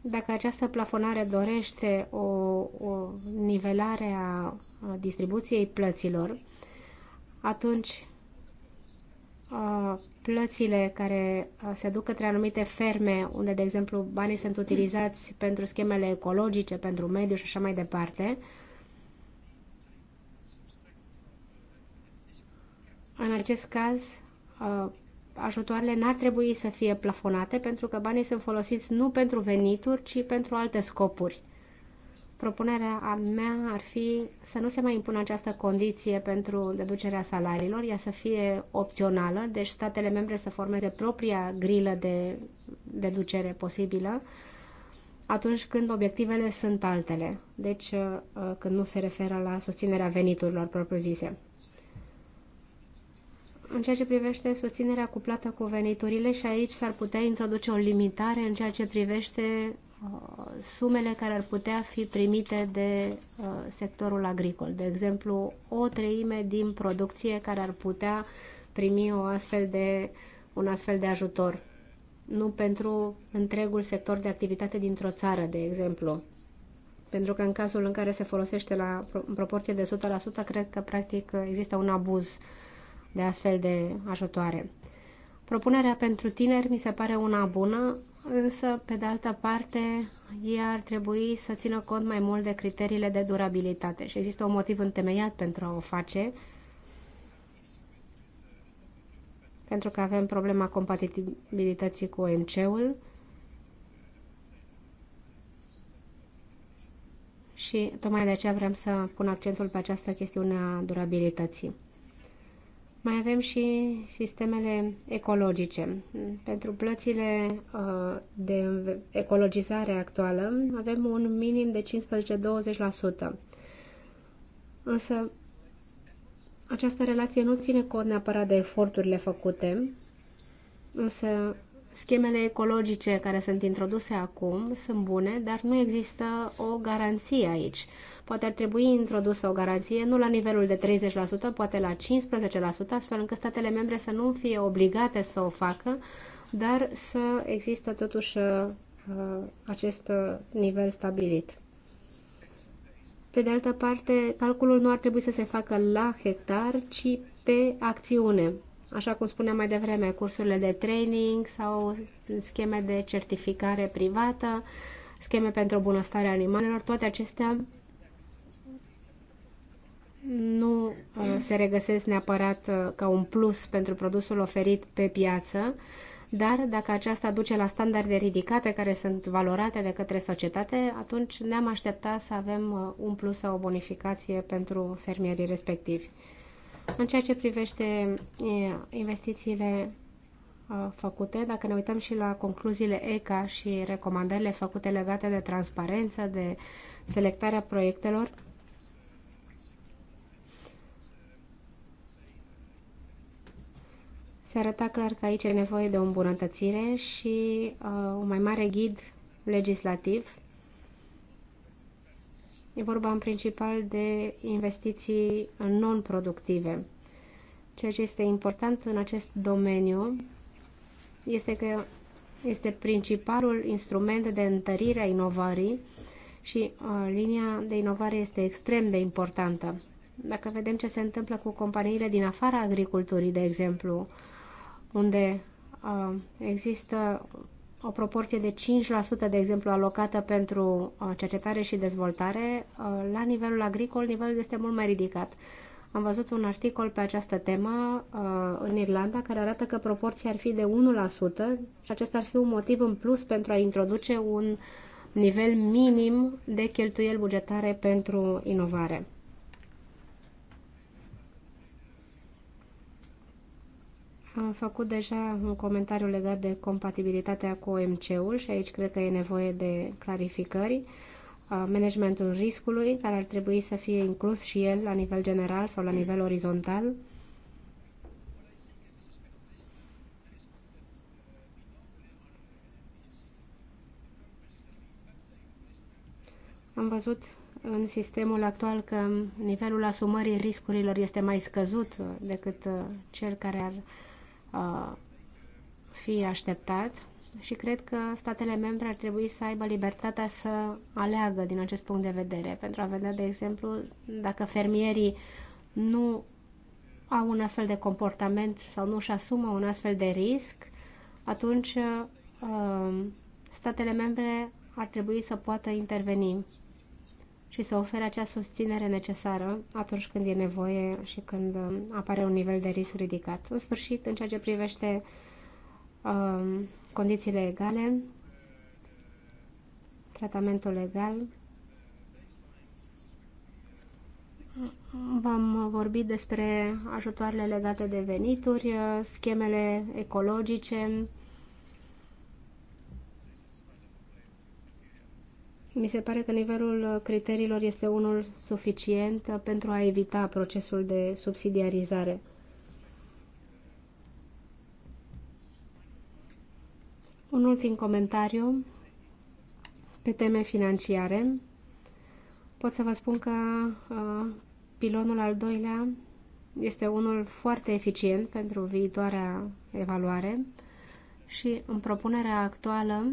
Dacă această plafonare dorește o, o nivelare a distribuției plăților, atunci plățile care se duc către anumite ferme, unde, de exemplu, banii sunt utilizați pentru schemele ecologice, pentru mediu și așa mai departe, în acest caz, ajutoarele n-ar trebui să fie plafonate pentru că banii sunt folosiți nu pentru venituri, ci pentru alte scopuri. Propunerea a mea ar fi să nu se mai impună această condiție pentru deducerea salariilor, ea să fie opțională, deci statele membre să formeze propria grilă de deducere posibilă atunci când obiectivele sunt altele, deci uh, când nu se referă la susținerea veniturilor propriu-zise în ceea ce privește susținerea cuplată cu veniturile și aici s-ar putea introduce o limitare în ceea ce privește uh, sumele care ar putea fi primite de uh, sectorul agricol. De exemplu, o treime din producție care ar putea primi o astfel de, un astfel de ajutor. Nu pentru întregul sector de activitate dintr-o țară, de exemplu. Pentru că în cazul în care se folosește la, în proporție de 100%, cred că practic există un abuz uh, de astfel de ajutoare. Propunerea pentru tineri mi se pare una bună, însă, pe de altă parte, ea ar trebui să țină cont mai mult de criteriile de durabilitate și există un motiv întemeiat pentru a o face, pentru că avem problema compatibilității cu OMC-ul și tocmai de aceea vrem să pun accentul pe această chestiune a durabilității. Mai avem și sistemele ecologice. Pentru plățile uh, de ecologizare actuală avem un minim de 15-20%. Însă această relație nu ține cont neapărat de eforturile făcute, însă schemele ecologice care sunt introduse acum sunt bune, dar nu există o garanție aici. Poate ar trebui introdusă o garanție, nu la nivelul de 30%, poate la 15%, astfel încât statele membre să nu fie obligate să o facă, dar să există totuși uh, acest nivel stabilit. Pe de altă parte, calculul nu ar trebui să se facă la hectar, ci pe acțiune. Așa cum spuneam mai devreme, cursurile de training sau scheme de certificare privată, scheme pentru bunăstarea animalelor, toate acestea nu uh, se regăsesc neapărat uh, ca un plus pentru produsul oferit pe piață, dar dacă aceasta duce la standarde ridicate care sunt valorate de către societate, atunci ne-am aștepta să avem uh, un plus sau o bonificație pentru fermierii respectivi. În ceea ce privește investițiile făcute, dacă ne uităm și la concluziile ECA și recomandările făcute legate de transparență, de selectarea proiectelor, se arăta clar că aici e nevoie de o îmbunătățire și uh, un mai mare ghid legislativ. E vorba în principal de investiții non-productive. Ceea ce este important în acest domeniu este că este principalul instrument de întărire a inovării și uh, linia de inovare este extrem de importantă. Dacă vedem ce se întâmplă cu companiile din afara agriculturii, de exemplu, uh, unde uh, există o proporție de 5%, de exemplu, alocată pentru cercetare și dezvoltare, la nivelul agricol nivelul este mult mai ridicat. Am văzut un articol pe această temă în Irlanda care arată că proporția ar fi de 1% și acesta ar fi un motiv în plus pentru a introduce un nivel minim de cheltuieli bugetare pentru inovare. Am făcut deja un comentariu legat de compatibilitatea cu OMC-ul și aici cred că e nevoie de clarificări. Managementul riscului, care ar trebui să fie inclus și el la nivel general sau la nivel orizontal. Am văzut în sistemul actual că nivelul asumării riscurilor este mai scăzut uh, decât uh, cel care ar fi așteptat și cred că statele membre ar trebui să aibă libertatea să aleagă din acest punct de vedere, pentru a vedea, de exemplu, dacă fermierii nu au un astfel de comportament sau nu își asumă un astfel de risc, atunci statele membre ar trebui să poată interveni și să ofere acea susținere necesară atunci când e nevoie și când um, apare un nivel de risc ridicat. În sfârșit, în ceea ce privește uh, condițiile egale, tratamentul legal, V-am vorbit despre ajutoarele legate de venituri, schemele ecologice, Mi se pare că nivelul criteriilor este unul suficient pentru a evita procesul de subsidiarizare. Un ultim comentariu pe teme financiare. Pot să vă spun că uh, pilonul al doilea este unul foarte eficient pentru viitoarea evaluare și în propunerea actuală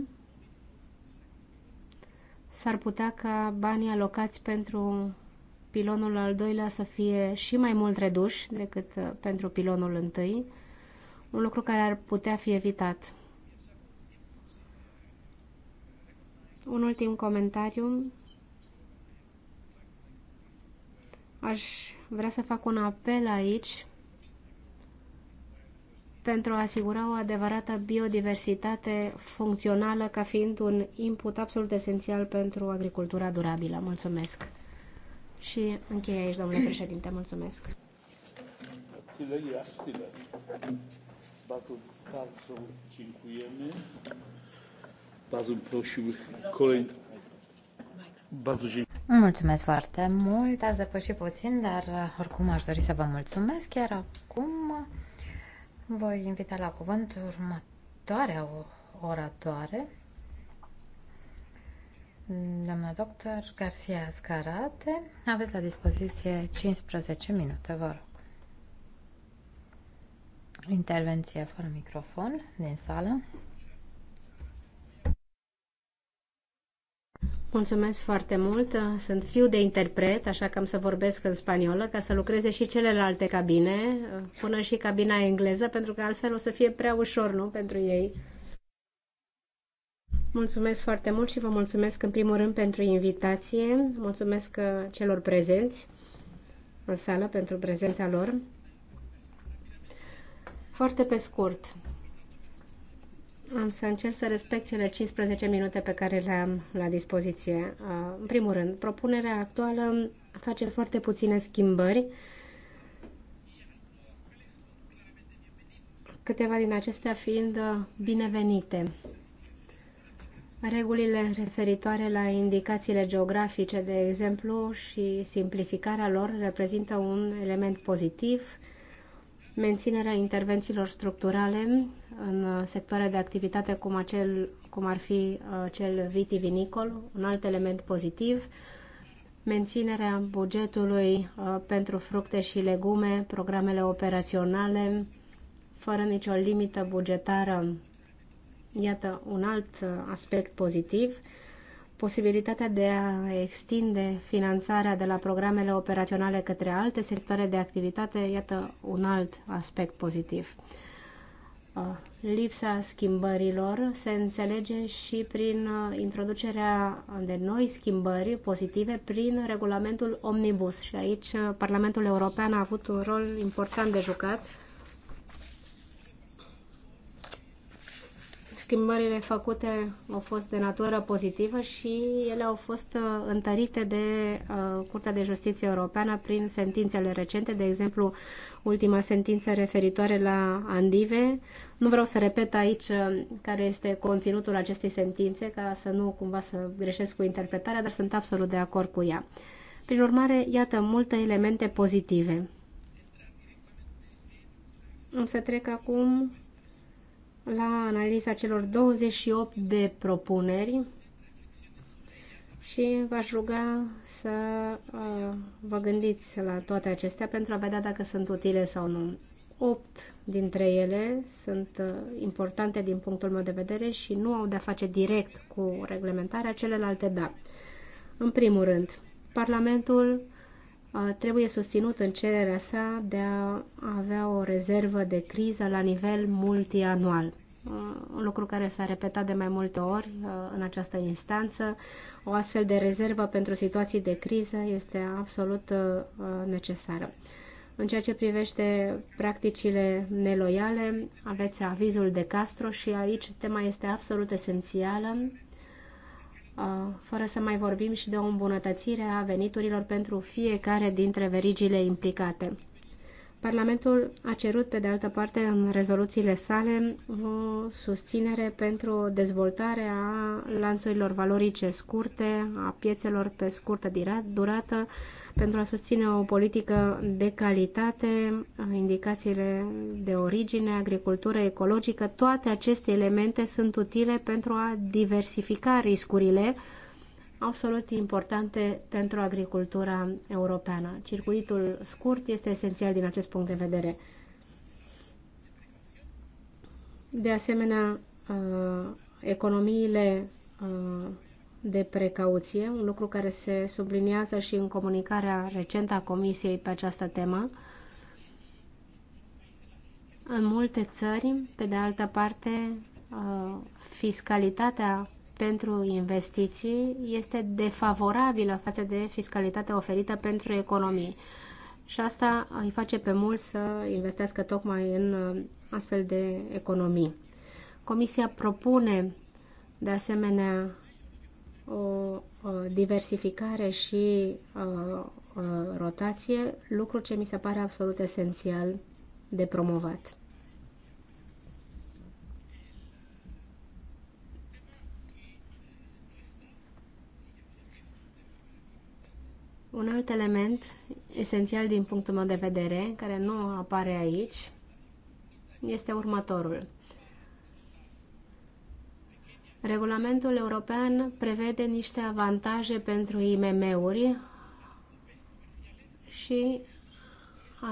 s-ar putea ca banii alocați pentru pilonul al doilea să fie și mai mult reduși decât uh, pentru pilonul întâi, un lucru care ar putea fi evitat. Un ultim comentariu. Aș vrea să fac un apel aici pentru a asigura o adevărată biodiversitate funcțională ca fiind un input absolut esențial pentru agricultura durabilă. Mulțumesc! Și încheie aici, domnule președinte. Mulțumesc! Mulțumesc foarte mult, ați depășit puțin, dar oricum aș dori să vă mulțumesc chiar acum. Voi invita la cuvânt următoarea oratoare, doamna doctor Garcia Scarate. Aveți la dispoziție 15 minute, vă rog. Intervenție fără microfon din sală. Mulțumesc foarte mult. Sunt fiu de interpret, așa că am să vorbesc în spaniolă ca să lucreze și celelalte cabine, până și cabina engleză, pentru că altfel o să fie prea ușor, nu, pentru ei. Mulțumesc foarte mult și vă mulțumesc în primul rând pentru invitație. Mulțumesc uh, celor prezenți în sală pentru prezența lor. Foarte pe scurt, am să încerc să respect cele 15 minute pe care le am la dispoziție. Uh, în primul rând, propunerea actuală face foarte puține schimbări. Câteva din acestea fiind uh, binevenite. Regulile referitoare la indicațiile geografice, de exemplu, și simplificarea lor reprezintă un element pozitiv menținerea intervențiilor structurale în sectoare de activitate cum, acel, cum ar fi uh, cel vitivinicol, un alt element pozitiv, menținerea bugetului uh, pentru fructe și legume, programele operaționale, fără nicio limită bugetară, iată un alt uh, aspect pozitiv, posibilitatea de a extinde finanțarea de la programele operaționale către alte sectoare de activitate, iată un alt aspect pozitiv. Lipsa schimbărilor se înțelege și prin introducerea de noi schimbări pozitive prin regulamentul Omnibus și aici Parlamentul European a avut un rol important de jucat schimbările făcute au fost de natură pozitivă și ele au fost uh, întărite de uh, Curtea de Justiție Europeană prin sentințele recente, de exemplu ultima sentință referitoare la Andive. Nu vreau să repet aici uh, care este conținutul acestei sentințe ca să nu cumva să greșesc cu interpretarea, dar sunt absolut de acord cu ea. Prin urmare, iată multe elemente pozitive. Nu să trec acum la analiza celor 28 de propuneri și v-aș ruga să uh, vă gândiți la toate acestea pentru a vedea dacă sunt utile sau nu. 8 dintre ele sunt uh, importante din punctul meu de vedere și nu au de-a face direct cu reglementarea, celelalte da. În primul rând, Parlamentul trebuie susținut în cererea sa de a avea o rezervă de criză la nivel multianual. Un lucru care s-a repetat de mai multe ori în această instanță. O astfel de rezervă pentru situații de criză este absolut necesară. În ceea ce privește practicile neloiale, aveți avizul de Castro și aici tema este absolut esențială fără să mai vorbim și de o îmbunătățire a veniturilor pentru fiecare dintre verigile implicate. Parlamentul a cerut, pe de altă parte, în rezoluțiile sale, o susținere pentru dezvoltarea lanțurilor valorice scurte, a piețelor pe scurtă durată, pentru a susține o politică de calitate, indicațiile de origine, agricultură ecologică, toate aceste elemente sunt utile pentru a diversifica riscurile absolut importante pentru agricultura europeană. Circuitul scurt este esențial din acest punct de vedere. De asemenea, uh, economiile uh, de precauție, un lucru care se subliniază și în comunicarea recentă a Comisiei pe această temă. În multe țări, pe de altă parte, uh, fiscalitatea pentru investiții este defavorabilă față de fiscalitatea oferită pentru economii. Și asta îi face pe mulți să investească tocmai în uh, astfel de economii. Comisia propune de asemenea o diversificare și rotație, lucru ce mi se pare absolut esențial de promovat. Un alt element esențial din punctul meu de vedere, care nu apare aici, este următorul. Regulamentul european prevede niște avantaje pentru IMM-uri și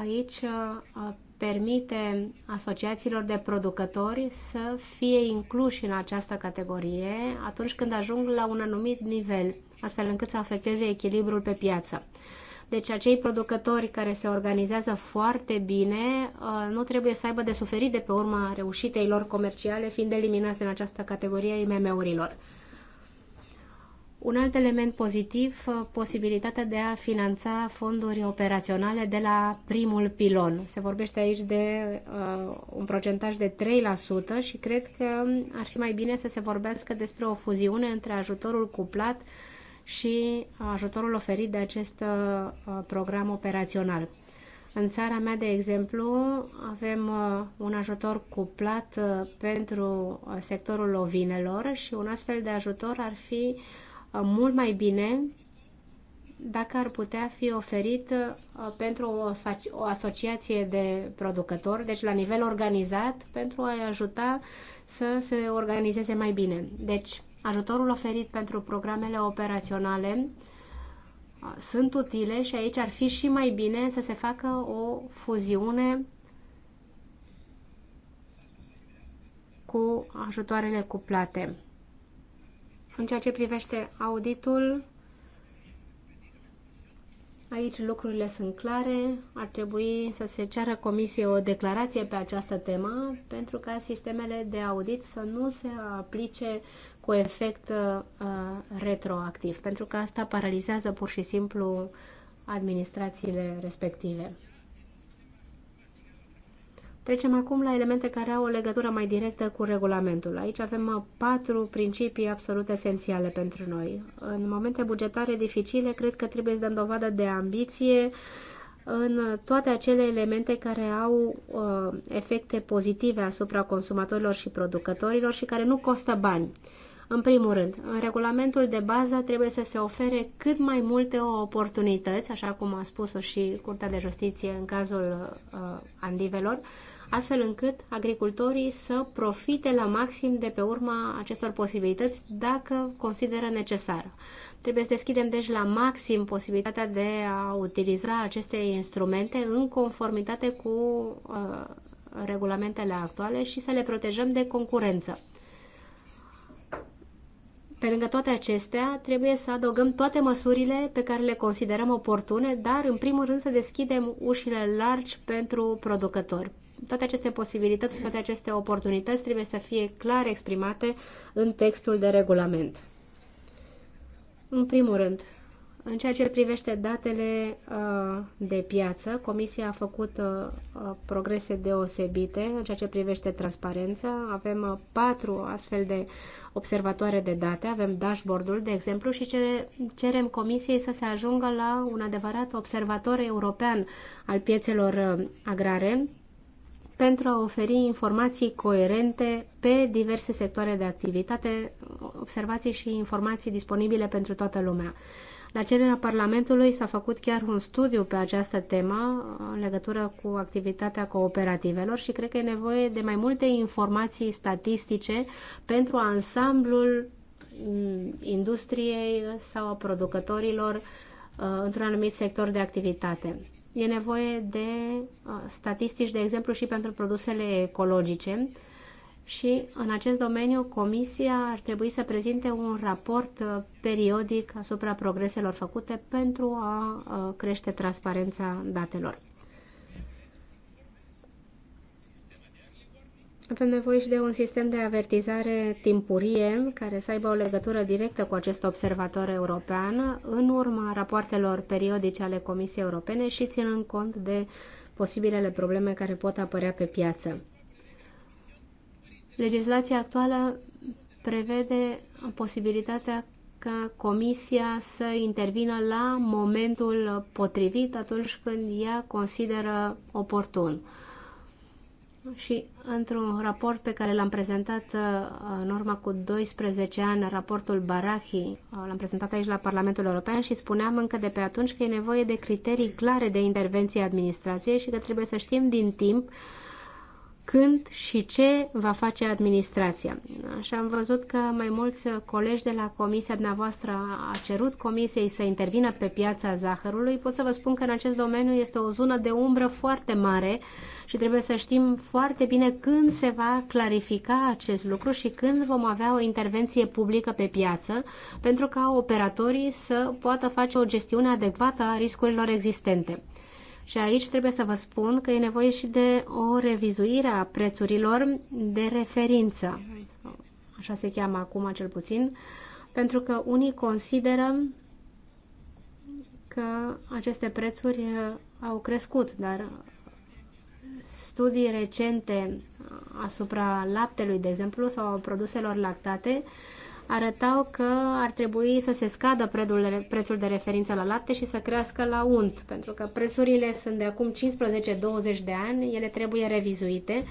aici uh, permite asociațiilor de producători să fie incluși în această categorie atunci când ajung la un anumit nivel, astfel încât să afecteze echilibrul pe piață. Deci acei producători care se organizează foarte bine uh, nu trebuie să aibă de suferit de pe urma reușitei lor comerciale, fiind eliminați din această categorie IMM-urilor. Un alt element pozitiv, uh, posibilitatea de a finanța fonduri operaționale de la primul pilon. Se vorbește aici de uh, un procentaj de 3% și cred că ar fi mai bine să se vorbească despre o fuziune între ajutorul cuplat și ajutorul oferit de acest uh, program operațional. În țara mea, de exemplu, avem uh, un ajutor cuplat uh, pentru sectorul ovinelor și un astfel de ajutor ar fi mult mai bine dacă ar putea fi oferit pentru o, o asociație de producători, deci la nivel organizat, pentru a-i ajuta să se organizeze mai bine. Deci, ajutorul oferit pentru programele operaționale uh, sunt utile și aici ar fi și mai bine să se facă o fuziune cu ajutoarele cuplate. În ceea ce privește auditul, aici lucrurile sunt clare. Ar trebui să se ceară comisiei o declarație pe această temă pentru ca sistemele de audit să nu se aplice cu efect uh, uh, retroactiv, pentru că asta paralizează pur și simplu administrațiile respective. Trecem acum la elemente care au o legătură mai directă cu regulamentul. Aici avem uh, patru principii absolut esențiale pentru noi. În momente bugetare dificile, cred că trebuie să dăm dovadă de ambiție în toate acele elemente care au uh, efecte pozitive asupra consumatorilor și producătorilor și care nu costă bani. Uh, în primul rând, în regulamentul de bază trebuie să se ofere cât mai multe oportunități, așa cum a spus-o și Curtea de Justiție în cazul uh, andivelor, astfel încât agricultorii să profite la maxim de pe urma acestor posibilități dacă consideră necesară. Trebuie să deschidem deci la maxim posibilitatea de a utiliza aceste instrumente în conformitate cu uh, regulamentele actuale și să le protejăm de concurență. Pe lângă toate acestea, trebuie să adăugăm toate măsurile pe care le considerăm oportune, dar în primul rând să deschidem ușile largi pentru producători. Toate aceste posibilități, toate aceste oportunități trebuie să fie clar exprimate în textul de regulament. În primul rând, în ceea ce privește datele uh, de piață, Comisia a făcut uh, uh, progrese deosebite în ceea ce privește transparența. Avem patru astfel de observatoare de date, avem dashboard-ul, de exemplu, și cerem Comisiei să se ajungă la un adevărat observator european al piețelor agrare pentru a oferi informații coerente pe diverse sectoare de activitate, observații și informații disponibile pentru toată lumea. La cererea Parlamentului s-a făcut chiar un studiu pe această temă în legătură cu activitatea cooperativelor și cred că e nevoie de mai multe informații statistice pentru ansamblul mm, industriei sau a producătorilor uh, într-un anumit sector de activitate. E nevoie de uh, statistici, de exemplu, și pentru produsele ecologice, și în acest domeniu Comisia ar trebui să prezinte un raport uh, periodic asupra progreselor făcute pentru a uh, crește transparența datelor. Avem nevoie și de un sistem de avertizare timpurie care să aibă o legătură directă cu acest observator european în urma rapoartelor periodice ale Comisiei Europene și ținând cont de posibilele probleme care pot apărea pe piață. Legislația actuală prevede posibilitatea ca Comisia să intervină la momentul potrivit atunci când ea consideră oportun. Și într-un raport pe care l-am prezentat uh, în urmă cu 12 ani, raportul Barahi, uh, l-am prezentat aici la Parlamentul European și spuneam încă de pe atunci că e nevoie de criterii clare de intervenție a administrației și că trebuie să știm din timp uh, când și ce va face administrația. Și am văzut că mai mulți colegi de la comisia dumneavoastră a cerut comisiei să intervină pe piața zahărului. Pot să vă spun că în acest domeniu este o zonă de umbră foarte mare și trebuie să știm foarte bine când se va clarifica acest lucru și când vom avea o intervenție publică pe piață pentru ca operatorii să poată face o gestiune adecvată a riscurilor existente. Și aici trebuie să vă spun că e nevoie și de o revizuire a prețurilor de referință, așa se cheamă acum cel puțin, pentru că unii consideră că aceste prețuri uh, au crescut, dar studii recente uh, asupra laptelui, de exemplu, sau produselor lactate, arătau că ar trebui să se scadă prețul de referință la lapte și să crească la unt, pentru că prețurile sunt de acum 15-20 de ani, ele trebuie revizuite,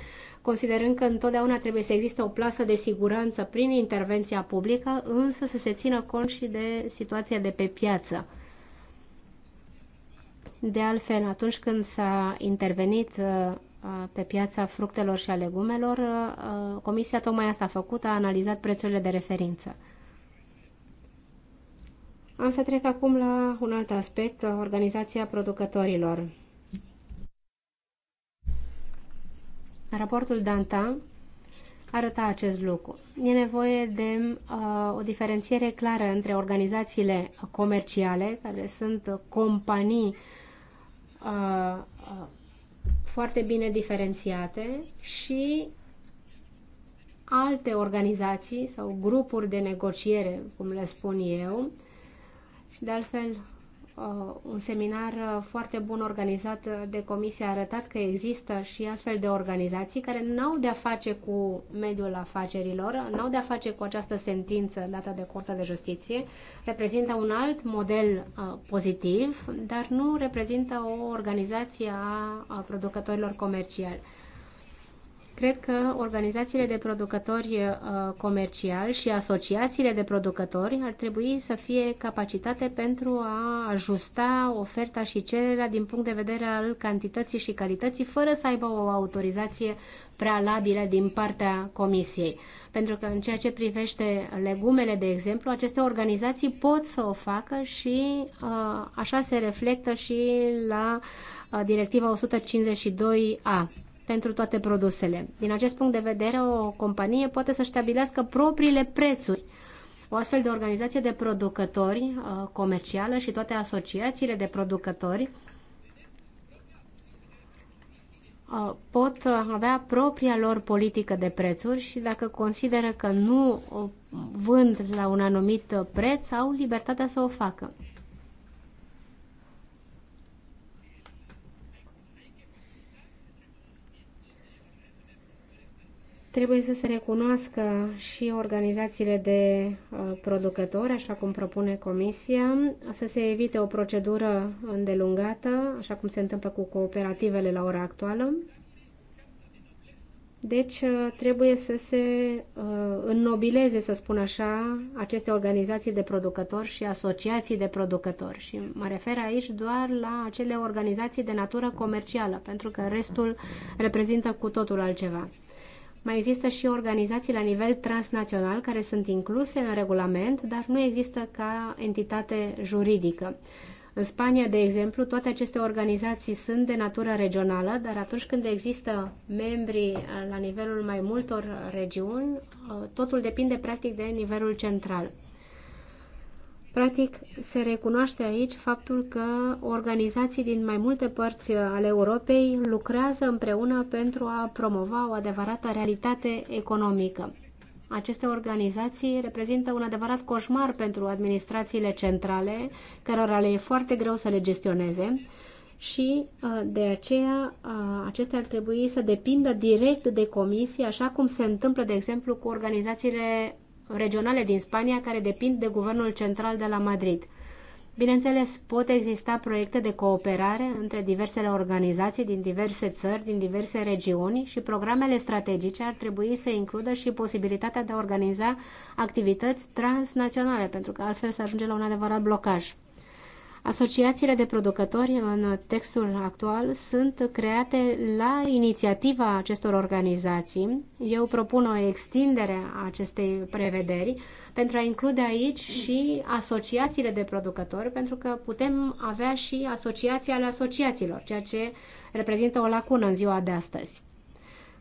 considerând că întotdeauna trebuie să existe o plasă de siguranță prin intervenția publică, însă să se țină cont și de situația de pe piață. De altfel, atunci când s-a intervenit uh, pe piața fructelor și a legumelor, comisia tocmai asta a făcut, a analizat prețurile de referință. Am să trec acum la un alt aspect, organizația producătorilor. Raportul Danta arăta acest lucru. E nevoie de uh, o diferențiere clară între organizațiile comerciale, care sunt companii uh, foarte bine diferențiate și alte organizații sau grupuri de negociere, cum le spun eu, și de altfel Uh, un seminar uh, foarte bun organizat uh, de comisie a arătat că există și astfel de organizații care n-au de-a face cu mediul afacerilor, n-au de-a face cu această sentință dată de Curtea de Justiție, reprezintă un alt model pozitiv, dar nu reprezintă o organizație a producătorilor comerciali. Cred că organizațiile de producători uh, comerciali și asociațiile de producători ar trebui să fie capacitate pentru a ajusta oferta și cererea din punct de vedere al cantității și calității, fără să aibă o autorizație prealabilă din partea Comisiei. Pentru că în ceea ce privește legumele, de exemplu, aceste organizații pot să o facă și uh, așa se reflectă și la uh, Directiva 152A pentru toate produsele. Din acest punct de vedere, o companie poate să stabilească propriile prețuri. O astfel de organizație de producători uh, comercială și toate asociațiile de producători uh, pot avea propria lor politică de prețuri și dacă consideră că nu uh, vând la un anumit preț, au libertatea să o facă. Trebuie să se recunoască și organizațiile de uh, producători, așa cum propune Comisia, să se evite o procedură îndelungată, așa cum se întâmplă cu cooperativele la ora actuală. Deci uh, trebuie să se uh, înnobileze, să spun așa, aceste organizații de producători și asociații de producători. Și mă refer aici doar la acele organizații de natură comercială, pentru că restul reprezintă cu totul altceva. Mai există și organizații la nivel transnațional care sunt incluse în regulament, dar nu există ca entitate juridică. În Spania, de exemplu, toate aceste organizații sunt de natură regională, dar atunci când există membri eh, la nivelul mai multor regiuni, eh, totul depinde practic de nivelul central. Practic, se recunoaște aici faptul că organizații din mai multe părți ale Europei lucrează împreună pentru a promova o adevărată realitate economică. Aceste organizații reprezintă un adevărat coșmar pentru administrațiile centrale, cărora le e foarte greu să le gestioneze și uh, de aceea uh, acestea ar trebui să depindă direct de comisie, așa cum se întâmplă, de exemplu, cu organizațiile regionale din Spania care depind de guvernul central de la Madrid. Bineînțeles, pot exista proiecte de cooperare între diversele organizații din diverse țări, din diverse regiuni și programele strategice ar trebui să includă și posibilitatea de a organiza activități transnaționale, pentru că altfel se ajunge la un adevărat blocaj. Asociațiile de producători în textul actual sunt create la inițiativa acestor organizații. Eu propun o extindere a acestei prevederi pentru a include aici și asociațiile de producători, pentru că putem avea și asociații ale asociațiilor, ceea ce reprezintă o lacună în ziua de astăzi.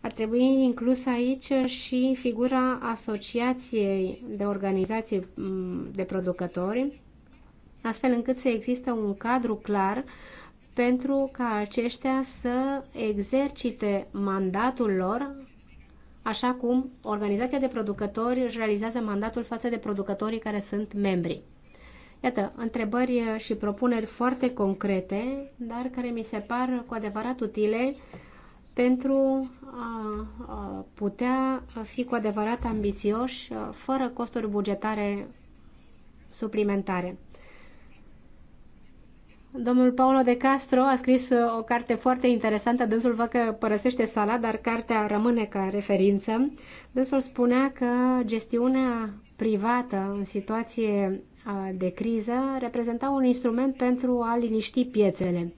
Ar trebui inclus aici și figura asociației de organizații mm, de producători, astfel încât să există un cadru clar pentru ca aceștia să exercite mandatul lor așa cum organizația de producători își realizează mandatul față de producătorii care sunt membri. Iată, întrebări și propuneri foarte concrete, dar care mi se par cu adevărat utile pentru a putea fi cu adevărat ambițioși, fără costuri bugetare suplimentare. Domnul Paolo de Castro a scris uh, o carte foarte interesantă. Dânsul vă că părăsește sala, dar cartea rămâne ca referință. Dânsul spunea că gestiunea privată în situație uh, de criză reprezenta un instrument pentru a liniști piețele.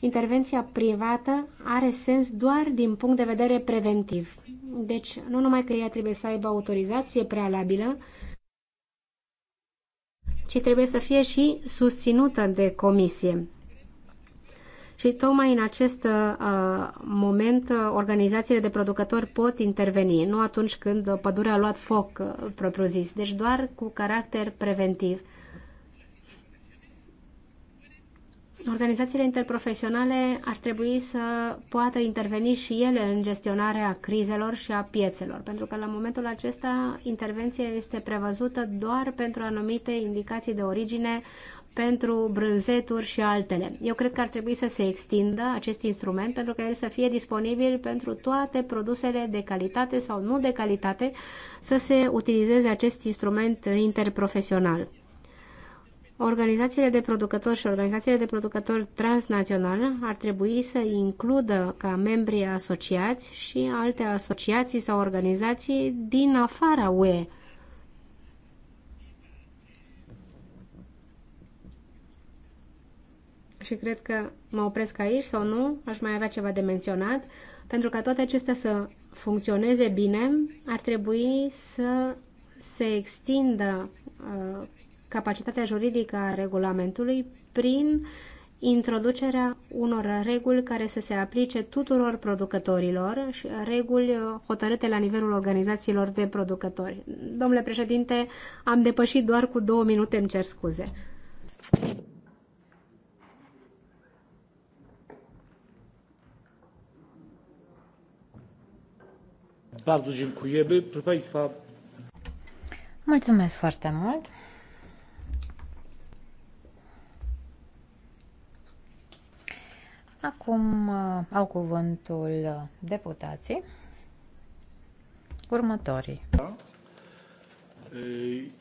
Intervenția privată are sens doar din punct de vedere preventiv. Deci, nu numai că ea trebuie să aibă autorizație prealabilă, ci trebuie să fie și susținută de comisie. Și tocmai în acest uh, moment uh, organizațiile de producători pot interveni, nu atunci când pădurea a luat foc, uh, propriu zis, deci doar cu caracter preventiv. Organizațiile interprofesionale ar trebui să poată interveni și ele în gestionarea crizelor și a piețelor, pentru că la momentul acesta intervenția este prevăzută doar pentru anumite indicații de origine pentru brânzeturi și altele. Eu cred că ar trebui să se extindă acest instrument pentru că el să fie disponibil pentru toate produsele de calitate sau nu de calitate, să se utilizeze acest instrument interprofesional. Organizațiile de producători și organizațiile de producători transnaționale ar trebui să includă ca membri asociați și alte asociații sau organizații din afara UE. Și cred că mă opresc aici sau nu, aș mai avea ceva de menționat. Pentru ca toate acestea să funcționeze bine, ar trebui să se extindă uh, capacitatea juridică a regulamentului prin introducerea unor reguli care să se aplice tuturor producătorilor și reguli uh, hotărâte la nivelul organizațiilor de producători. Domnule președinte, am depășit doar cu două minute, îmi cer scuze. Mulțumesc foarte mult. Acum uh, au cuvântul uh, deputații următorii.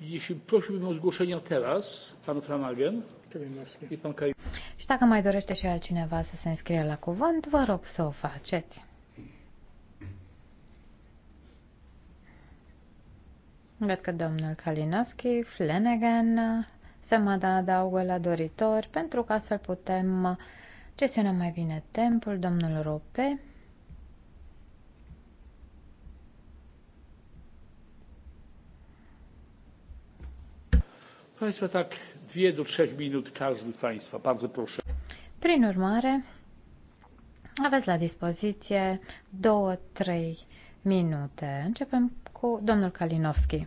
Jeśli prosiłbym o zgłoszenia teraz, pan Flanagan i pan Kaj... Și dacă mai dorește și altcineva să se înscrie la cuvânt, vă rog să o faceți. Văd că domnul Kalinowski, Flanagan, se da adaugă la doritor pentru că astfel putem uh, Gestionăm mai bine timpul, domnul Rope. Państwa tak 2 do 3 minut każdy z Państwa. Bardzo proszę. Prin urmare, aveți la dispoziție 2-3 minute. Începem cu domnul Kalinowski.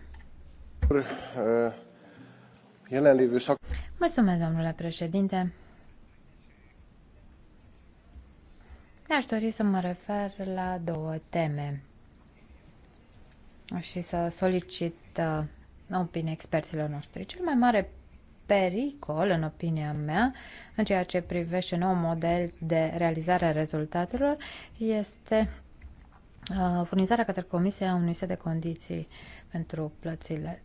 Mulțumesc, domnule președinte. Mi-aș dori să mă refer la două teme și să solicit uh, opinia experților noștri. Cel mai mare pericol, în opinia mea, în ceea ce privește nou model de realizare a rezultatelor, este uh, furnizarea către Comisia a unui set de condiții pentru plățile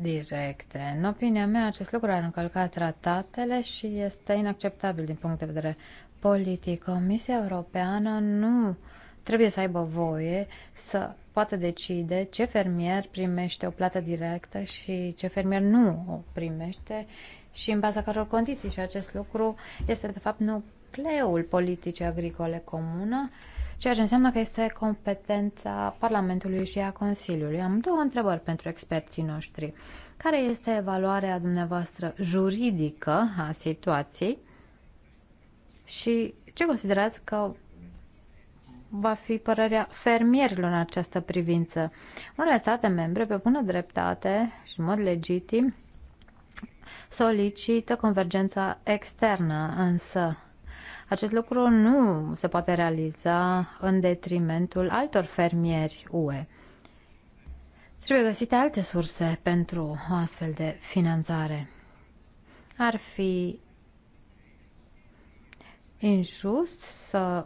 directe. În opinia mea, acest lucru ar încălca tratatele și este inacceptabil din punct de vedere politic. Comisia Europeană nu trebuie să aibă voie să poată decide ce fermier primește o plată directă și ce fermier nu o primește și în baza căror condiții. Și acest lucru este, de fapt, nucleul politicii agricole comună, ceea ce înseamnă că este competența Parlamentului și a Consiliului. Am două întrebări pentru experții noștri. Care este evaluarea dumneavoastră juridică a situației? Și ce considerați că va fi părerea fermierilor în această privință? Unele state membre, pe bună dreptate și în mod legitim, solicită convergența externă, însă acest lucru nu se poate realiza în detrimentul altor fermieri UE. Trebuie găsite alte surse pentru o astfel de finanțare. Ar fi injust să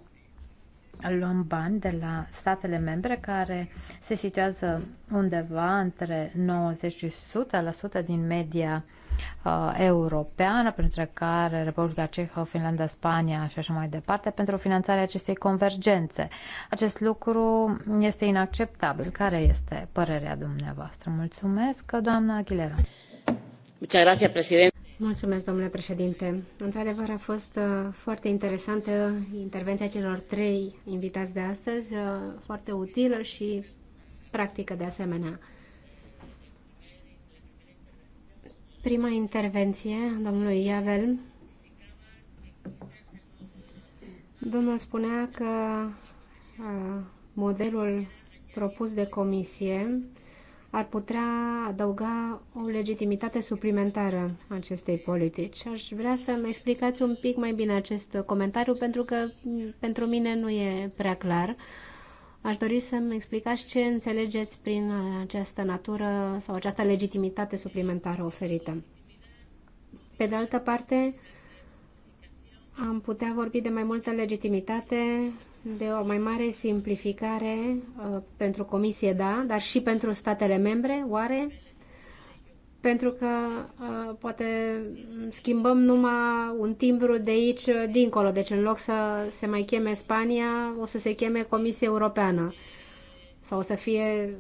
luăm bani de la statele membre care se situează undeva între 90 și 100% din media uh, europeană, printre care Republica Cehă, Finlanda, Spania și așa mai departe, pentru finanțarea acestei convergențe. Acest lucru este inacceptabil. Care este părerea dumneavoastră? Mulțumesc, doamna Aguilera. Muchas gracias, presidente. Mulțumesc, domnule președinte. Într-adevăr, a fost uh, foarte interesantă intervenția celor trei invitați de astăzi, uh, foarte utilă și practică de asemenea. Prima intervenție domnului Iavel. Domnul spunea că uh, modelul propus de comisie ar putea adăuga o legitimitate suplimentară acestei politici. Aș vrea să-mi explicați un pic mai bine acest comentariu, pentru că mm, pentru mine nu e prea clar. Aș dori să-mi explicați ce înțelegeți prin această natură sau această legitimitate suplimentară oferită. Pe de altă parte, am putea vorbi de mai multă legitimitate de o mai mare simplificare uh, pentru comisie, da, dar și pentru statele membre, oare? Pentru că uh, poate schimbăm numai un timbru de aici uh, dincolo, deci în loc să se mai cheme Spania, o să se cheme Comisia Europeană sau o să fie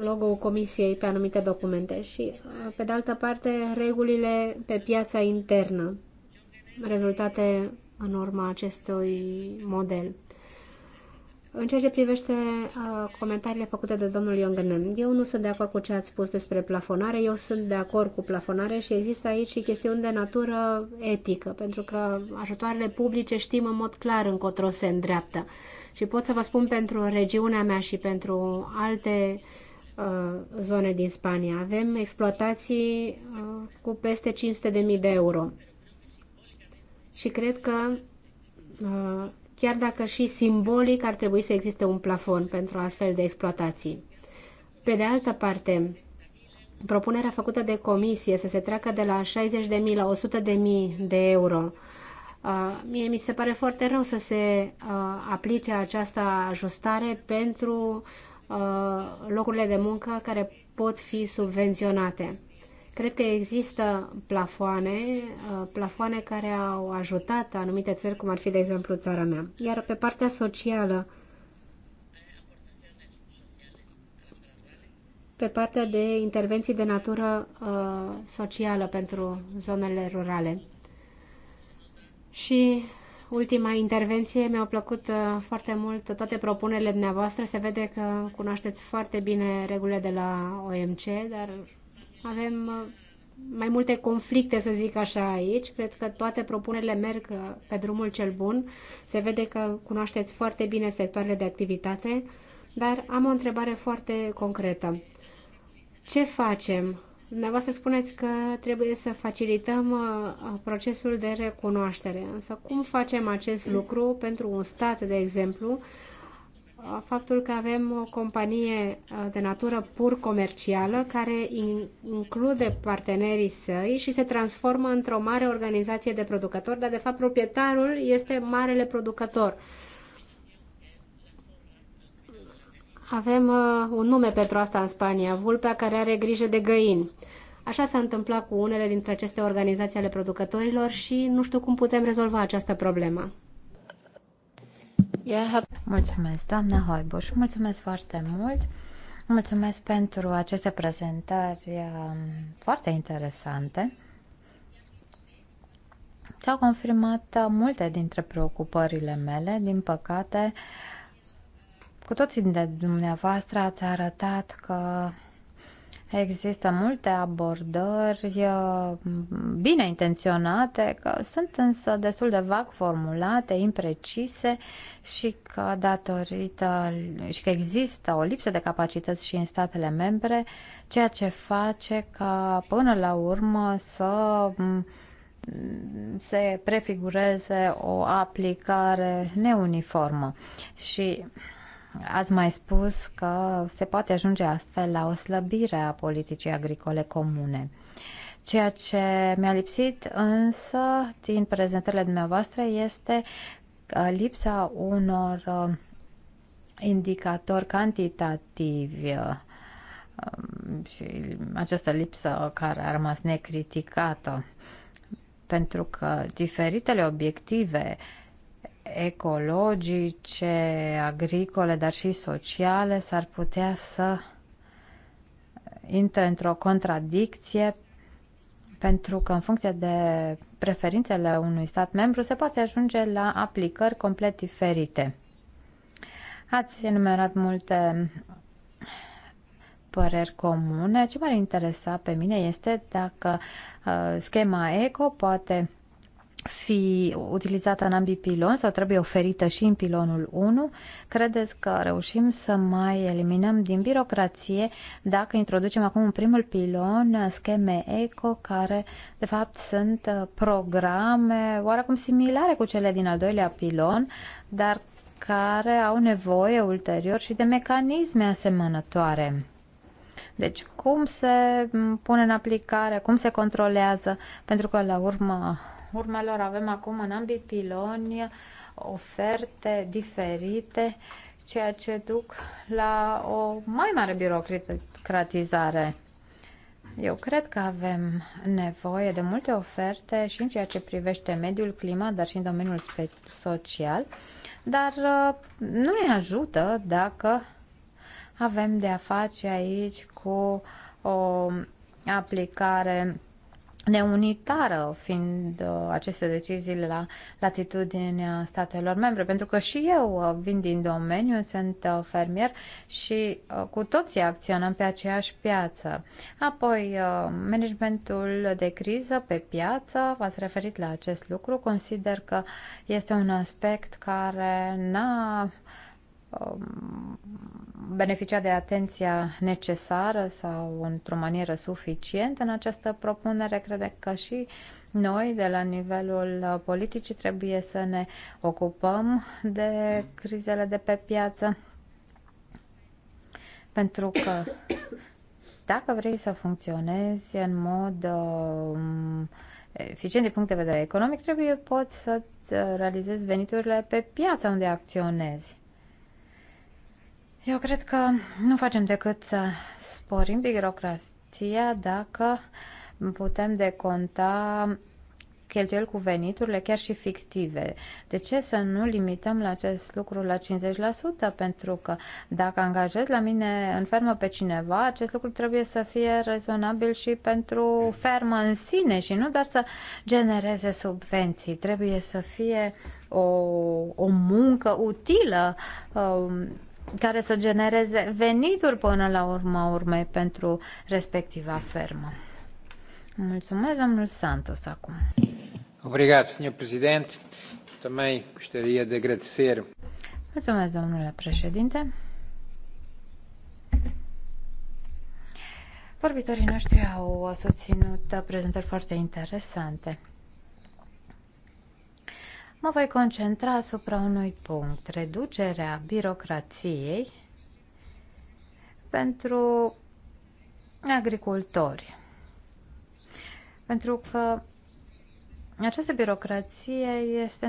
logo-ul Comisiei pe anumite documente și, pe de altă parte, regulile pe piața internă, rezultate în urma acestui model. În ceea ce privește uh, comentariile făcute de domnul Iongănen, eu nu sunt de acord cu ce ați spus despre plafonare, eu sunt de acord cu plafonare și există aici și chestiuni de natură etică, pentru că ajutoarele publice știm în mod clar încotro se îndreaptă. Și pot să vă spun pentru regiunea mea și pentru alte uh, zone din Spania, avem exploatații uh, cu peste 500.000 de euro și cred că uh, chiar dacă și simbolic ar trebui să existe un plafon pentru astfel de exploatații. Pe de altă parte, propunerea făcută de comisie să se treacă de la 60.000 la 100.000 de euro Uh, mie mi se pare foarte rău să se uh, aplice această ajustare pentru uh, locurile de muncă care pot fi subvenționate. Cred că există plafoane, uh, plafoane care au ajutat anumite țări, cum ar fi, de exemplu, țara mea. Iar pe partea socială, pe partea de intervenții de natură uh, socială pentru zonele rurale. Și ultima intervenție, mi-au plăcut uh, foarte mult toate propunerile dumneavoastră. Se vede că cunoașteți foarte bine regulile de la OMC, dar avem uh, mai multe conflicte, să zic așa, aici. Cred că toate propunerile merg uh, pe drumul cel bun. Se vede că cunoașteți foarte bine sectoarele de activitate, dar am o întrebare foarte concretă. Ce facem? Dumneavoastră spuneți că trebuie să facilităm uh, procesul de recunoaștere, însă cum facem acest lucru pentru un stat, de exemplu, faptul că avem o companie uh, de natură pur comercială care include partenerii săi și se transformă într-o mare organizație de producători, dar de fapt proprietarul este marele producător. Avem uh, un nume pentru asta în Spania, vulpea care are grijă de găini. Așa s-a întâmplat cu unele dintre aceste organizații ale producătorilor și nu știu cum putem rezolva această problemă. Mulțumesc, doamna Hoibuș. Mulțumesc foarte mult. Mulțumesc pentru aceste prezentări um, foarte interesante. S-au confirmat uh, multe dintre preocupările mele. Din păcate, cu toții de dumneavoastră ați arătat că Există multe abordări bine intenționate, că sunt însă destul de vag formulate, imprecise și că datorită și că există o lipsă de capacități și în statele membre, ceea ce face ca până la urmă să se prefigureze o aplicare neuniformă. Și Ați mai spus că se poate ajunge astfel la o slăbire a politicii agricole comune. Ceea ce mi-a lipsit însă din prezentările dumneavoastră este uh, lipsa unor uh, indicatori cantitativi uh, um, și această lipsă care a rămas necriticată pentru că diferitele obiective ecologice, agricole, dar și sociale, s-ar putea să intre într-o contradicție pentru că în funcție de preferințele unui stat membru se poate ajunge la aplicări complet diferite. Ați enumerat multe păreri comune. Ce m-ar interesa pe mine este dacă uh, schema ECO poate fi utilizată în ambii piloni sau trebuie oferită și în pilonul 1, credeți că reușim să mai eliminăm din birocrație dacă introducem acum în primul pilon scheme ECO, care de fapt sunt uh, programe oarecum similare cu cele din al doilea pilon, dar care au nevoie ulterior și de mecanisme asemănătoare. Deci cum se pune în aplicare, cum se controlează, pentru că la urmă urmelor avem acum în ambii piloni oferte diferite, ceea ce duc la o mai mare birocratizare. Eu cred că avem nevoie de multe oferte și în ceea ce privește mediul, clima, dar și în domeniul social, dar uh, nu ne ajută dacă avem de a face aici cu o aplicare neunitară fiind uh, aceste decizii la latitudinea statelor membre, pentru că și eu uh, vin din domeniu, sunt uh, fermier și cu toții acționăm pe aceeași piață. Apoi, managementul de criză pe piață, v-ați referit la acest lucru, consider că este un aspect care n-a Um, beneficia de atenția necesară sau într-o manieră suficientă în această propunere. Cred că și noi, de la nivelul uh, politicii, trebuie să ne ocupăm de crizele de pe piață, pentru că dacă vrei să funcționezi în mod uh, eficient din punct de vedere economic, trebuie poți să uh, realizezi veniturile pe piața unde acționezi. Eu cred că nu facem decât să sporim birocrația dacă putem deconta cheltuieli cu veniturile, chiar și fictive. De ce să nu limităm la acest lucru la 50%? Pentru că dacă angajez la mine în fermă pe cineva, acest lucru trebuie să fie rezonabil și pentru fermă în sine și nu doar să genereze subvenții. Trebuie să fie o, o muncă utilă. Um, care să genereze venituri până la urma urmei pentru respectiva fermă. Mulțumesc, domnul Santos, acum. Obrigat, domnule președinte. Também gustaria de agradecer. Mulțumesc, domnule președinte. Vorbitorii noștri au susținut prezentări foarte interesante. Mă voi concentra asupra unui punct, reducerea birocrației pentru agricultori. Pentru că această birocrație este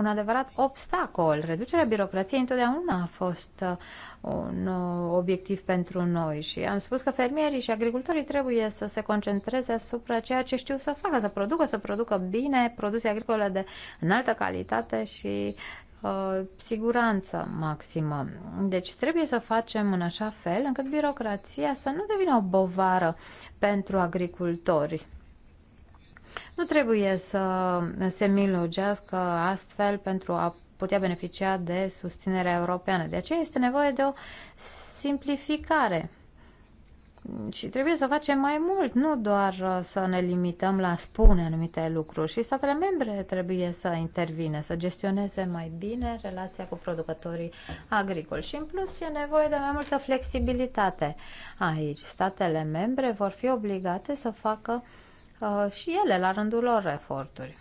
un adevărat obstacol. Reducerea birocrației întotdeauna a fost uh, un uh, obiectiv pentru noi și am spus că fermierii și agricultorii trebuie să se concentreze asupra ceea ce știu să facă, să producă, să producă bine produse agricole de înaltă calitate și uh, siguranță maximă. Deci trebuie să facem în așa fel încât birocrația să nu devină o bovară pentru agricultori nu trebuie să se milogească astfel pentru a putea beneficia de susținerea europeană. De aceea este nevoie de o simplificare. Și trebuie să facem mai mult, nu doar uh, să ne limităm la spune anumite lucruri. Și statele membre trebuie să intervine, să gestioneze mai bine relația cu producătorii agricoli. Și în plus e nevoie de mai multă flexibilitate aici. Statele membre vor fi obligate să facă uh, Uh, și ele la rândul lor eforturi.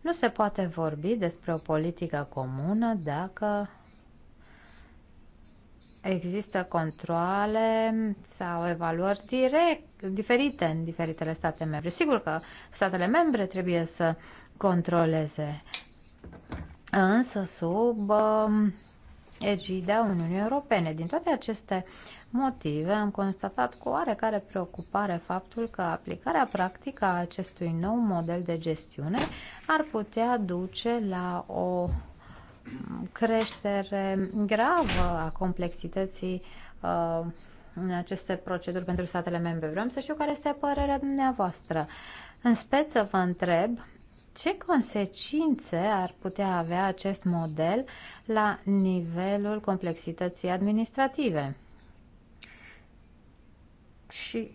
Nu se poate vorbi despre o politică comună dacă există controle sau evaluări direct, diferite în diferitele state membre. Sigur că statele membre trebuie să controleze, însă sub um, egida Uniunii Europene. Din toate aceste motive am constatat cu oarecare preocupare faptul că aplicarea practică a acestui nou model de gestiune ar putea duce la o creștere gravă a complexității uh, în aceste proceduri pentru statele membre. Vreau să știu care este părerea dumneavoastră. În speță vă întreb ce consecințe ar putea avea acest model la nivelul complexității administrative. Și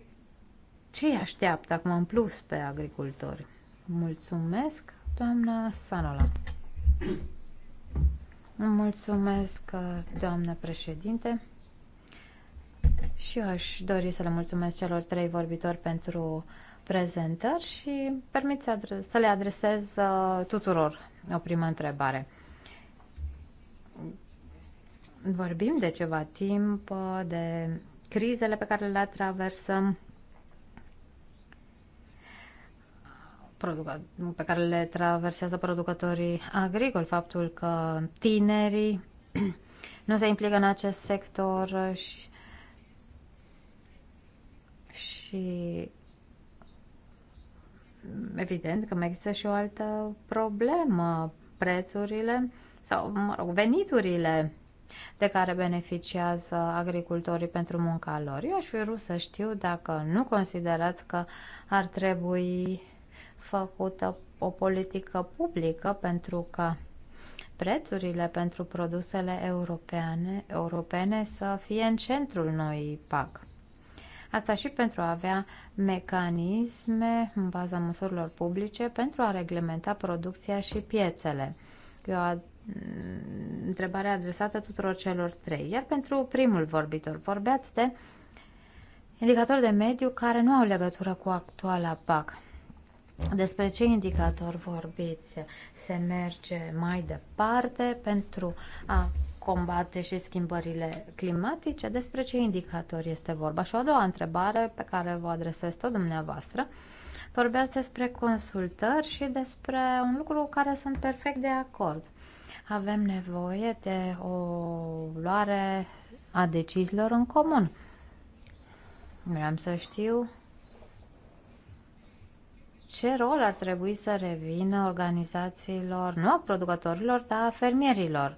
ce îi așteaptă acum în plus pe agricultori? Mulțumesc, doamna Sanola. Mulțumesc, doamnă președinte. Și eu aș dori să le mulțumesc celor trei vorbitori pentru prezentări și permit să, adres, să le adresez uh, tuturor o primă întrebare. Vorbim de ceva timp uh, de crizele pe care le traversăm, pe care le traversează producătorii agricoli, faptul că tinerii <clears throat> nu se implică în acest sector și, și evident că mai există și o altă problemă, prețurile sau, mă rog, veniturile de care beneficiază agricultorii pentru munca lor. Eu aș fi vrut să știu dacă nu considerați că ar trebui făcută o politică publică pentru ca prețurile pentru produsele europeane, europene să fie în centrul noi PAC. Asta și pentru a avea mecanisme în baza măsurilor publice pentru a reglementa producția și piețele. Eu Mm, întrebarea adresată tuturor celor trei. Iar pentru primul vorbitor, vorbeați de indicatori de mediu care nu au legătură cu actuala PAC. Despre ce indicator vorbiți? Se merge mai departe pentru a combate și schimbările climatice? Despre ce indicator este vorba? Și o a doua întrebare pe care vă adresez tot dumneavoastră. Vorbeați despre consultări și despre un lucru cu care sunt perfect de acord avem nevoie de o luare a deciziilor în comun. Vreau să știu ce rol ar trebui să revină organizațiilor, nu a producătorilor, dar a fermierilor.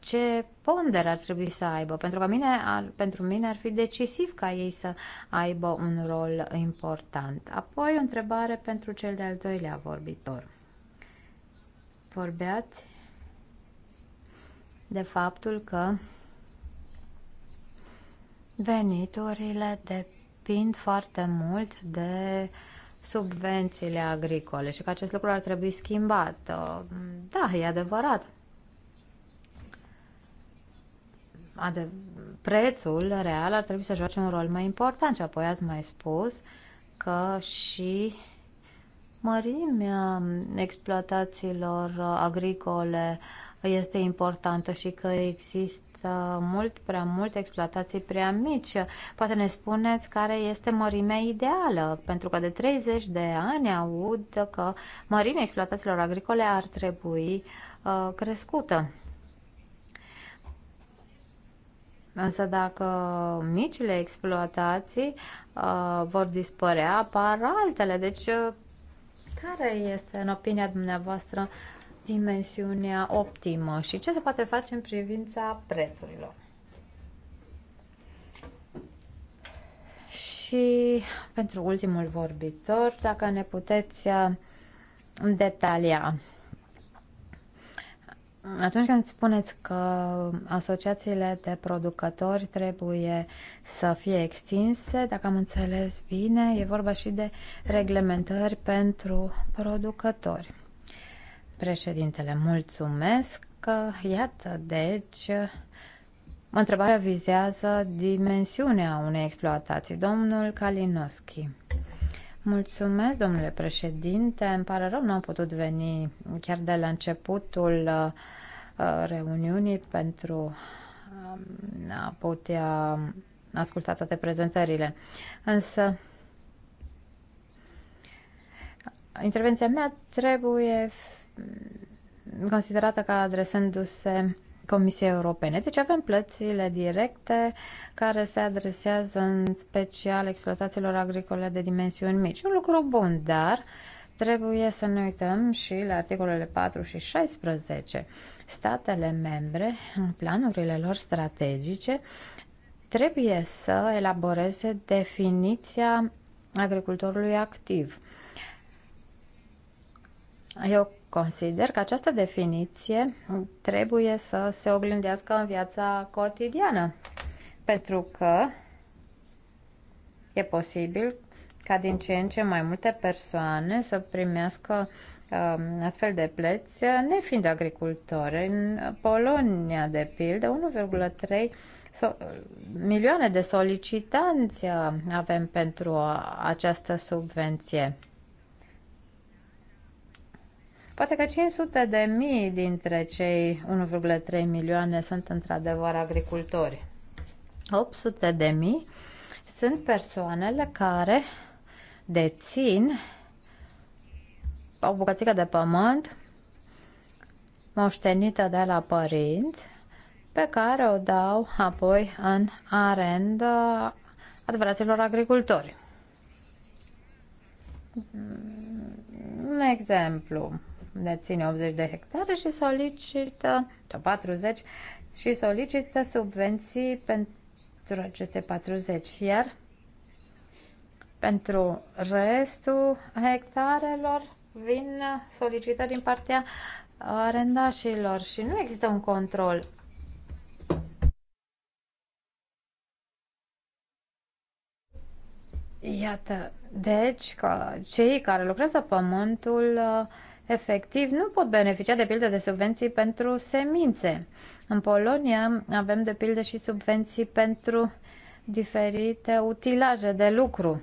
Ce ponder ar trebui să aibă? Pentru, că mine, ar, pentru mine ar fi decisiv ca ei să aibă un rol important. Apoi o întrebare pentru cel de-al doilea vorbitor. Vorbeați de faptul că veniturile depind foarte mult de subvențiile agricole și că acest lucru ar trebui schimbat. Da, e adevărat. Ade- prețul real ar trebui să joace un rol mai important și apoi ați mai spus că și mărimea exploatațiilor agricole uh, este importantă și că există mult prea multe exploatații prea mici. Poate ne spuneți care este mărimea ideală, pentru că de 30 de ani aud că mărimea exploatațiilor agricole ar trebui uh, crescută. Însă dacă micile exploatații uh, vor dispărea, apar altele. Deci, uh, care este, în opinia dumneavoastră, dimensiunea optimă și ce se poate face în privința prețurilor. Și pentru ultimul vorbitor, dacă ne puteți uh, detalia. Atunci când spuneți că asociațiile de producători trebuie să fie extinse, dacă am înțeles bine, e vorba și de reglementări pentru producători. Președintele, mulțumesc. Iată, deci, întrebarea vizează dimensiunea unei exploatații. Domnul Kalinowski. Mulțumesc, domnule președinte. Îmi pare rău, nu am putut veni chiar de la începutul uh, reuniunii pentru um, a putea asculta toate prezentările. Însă, intervenția mea trebuie Mm, considerată ca adresându-se Comisiei Europene. Deci avem plățile directe care se adresează în special exploatațiilor agricole de dimensiuni mici. Un lucru bun, dar trebuie să ne uităm și la articolele 4 și 16. Statele membre, în planurile lor strategice, trebuie să elaboreze definiția agricultorului activ. Eu Consider că această definiție trebuie să se oglindească în viața cotidiană, pentru că e posibil ca din ce în ce mai multe persoane să primească um, astfel de plăți nefiind agricultori. În Polonia, de pildă, 1,3 so milioane de solicitanți avem pentru această subvenție. Poate că 500 de mii dintre cei 1,3 milioane sunt într-adevăr agricultori. 800 de mii sunt persoanele care dețin o bucățică de pământ moștenită de la părinți pe care o dau apoi în arendă adevăraților agricultori. Un exemplu deține 80 de hectare și solicită, sau 40, și solicită subvenții pentru aceste 40, iar pentru restul hectarelor vin solicitări din partea arendașilor și nu există un control. Iată, deci că cei care lucrează pământul efectiv nu pot beneficia de pildă de subvenții pentru semințe. În Polonia avem de pildă și subvenții pentru diferite utilaje de lucru,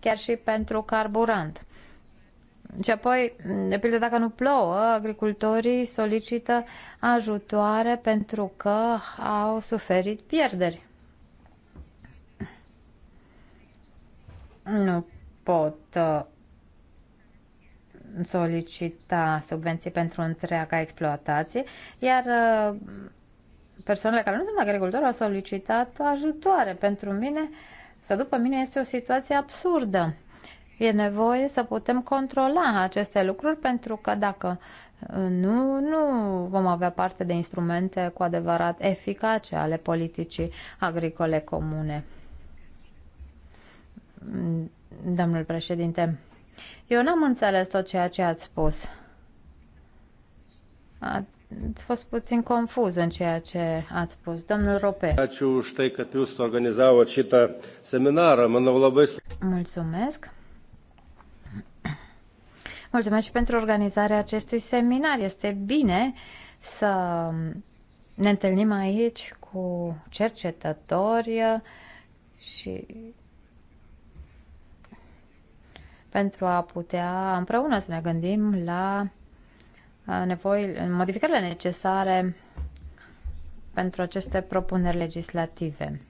chiar și pentru carburant. Și apoi, de pildă, dacă nu plouă, agricultorii solicită ajutoare pentru că au suferit pierderi. Nu pot uh, solicita subvenții pentru întreaga exploatație, iar uh, persoanele care nu sunt agricultori au solicitat ajutoare. Pentru mine sau după mine este o situație absurdă. E nevoie să putem controla aceste lucruri pentru că dacă uh, nu, nu vom avea parte de instrumente cu adevărat eficace ale politicii agricole comune. Mm, domnul președinte, eu n-am înțeles tot ceea ce ați spus. Ați fost puțin confuz în ceea ce ați spus. Domnul Rope. Mulțumesc. Mulțumesc și pentru organizarea acestui seminar. Este bine să ne întâlnim aici cu cercetători și pentru a putea împreună să ne gândim la uh, nevoile, modificările necesare pentru aceste propuneri legislative.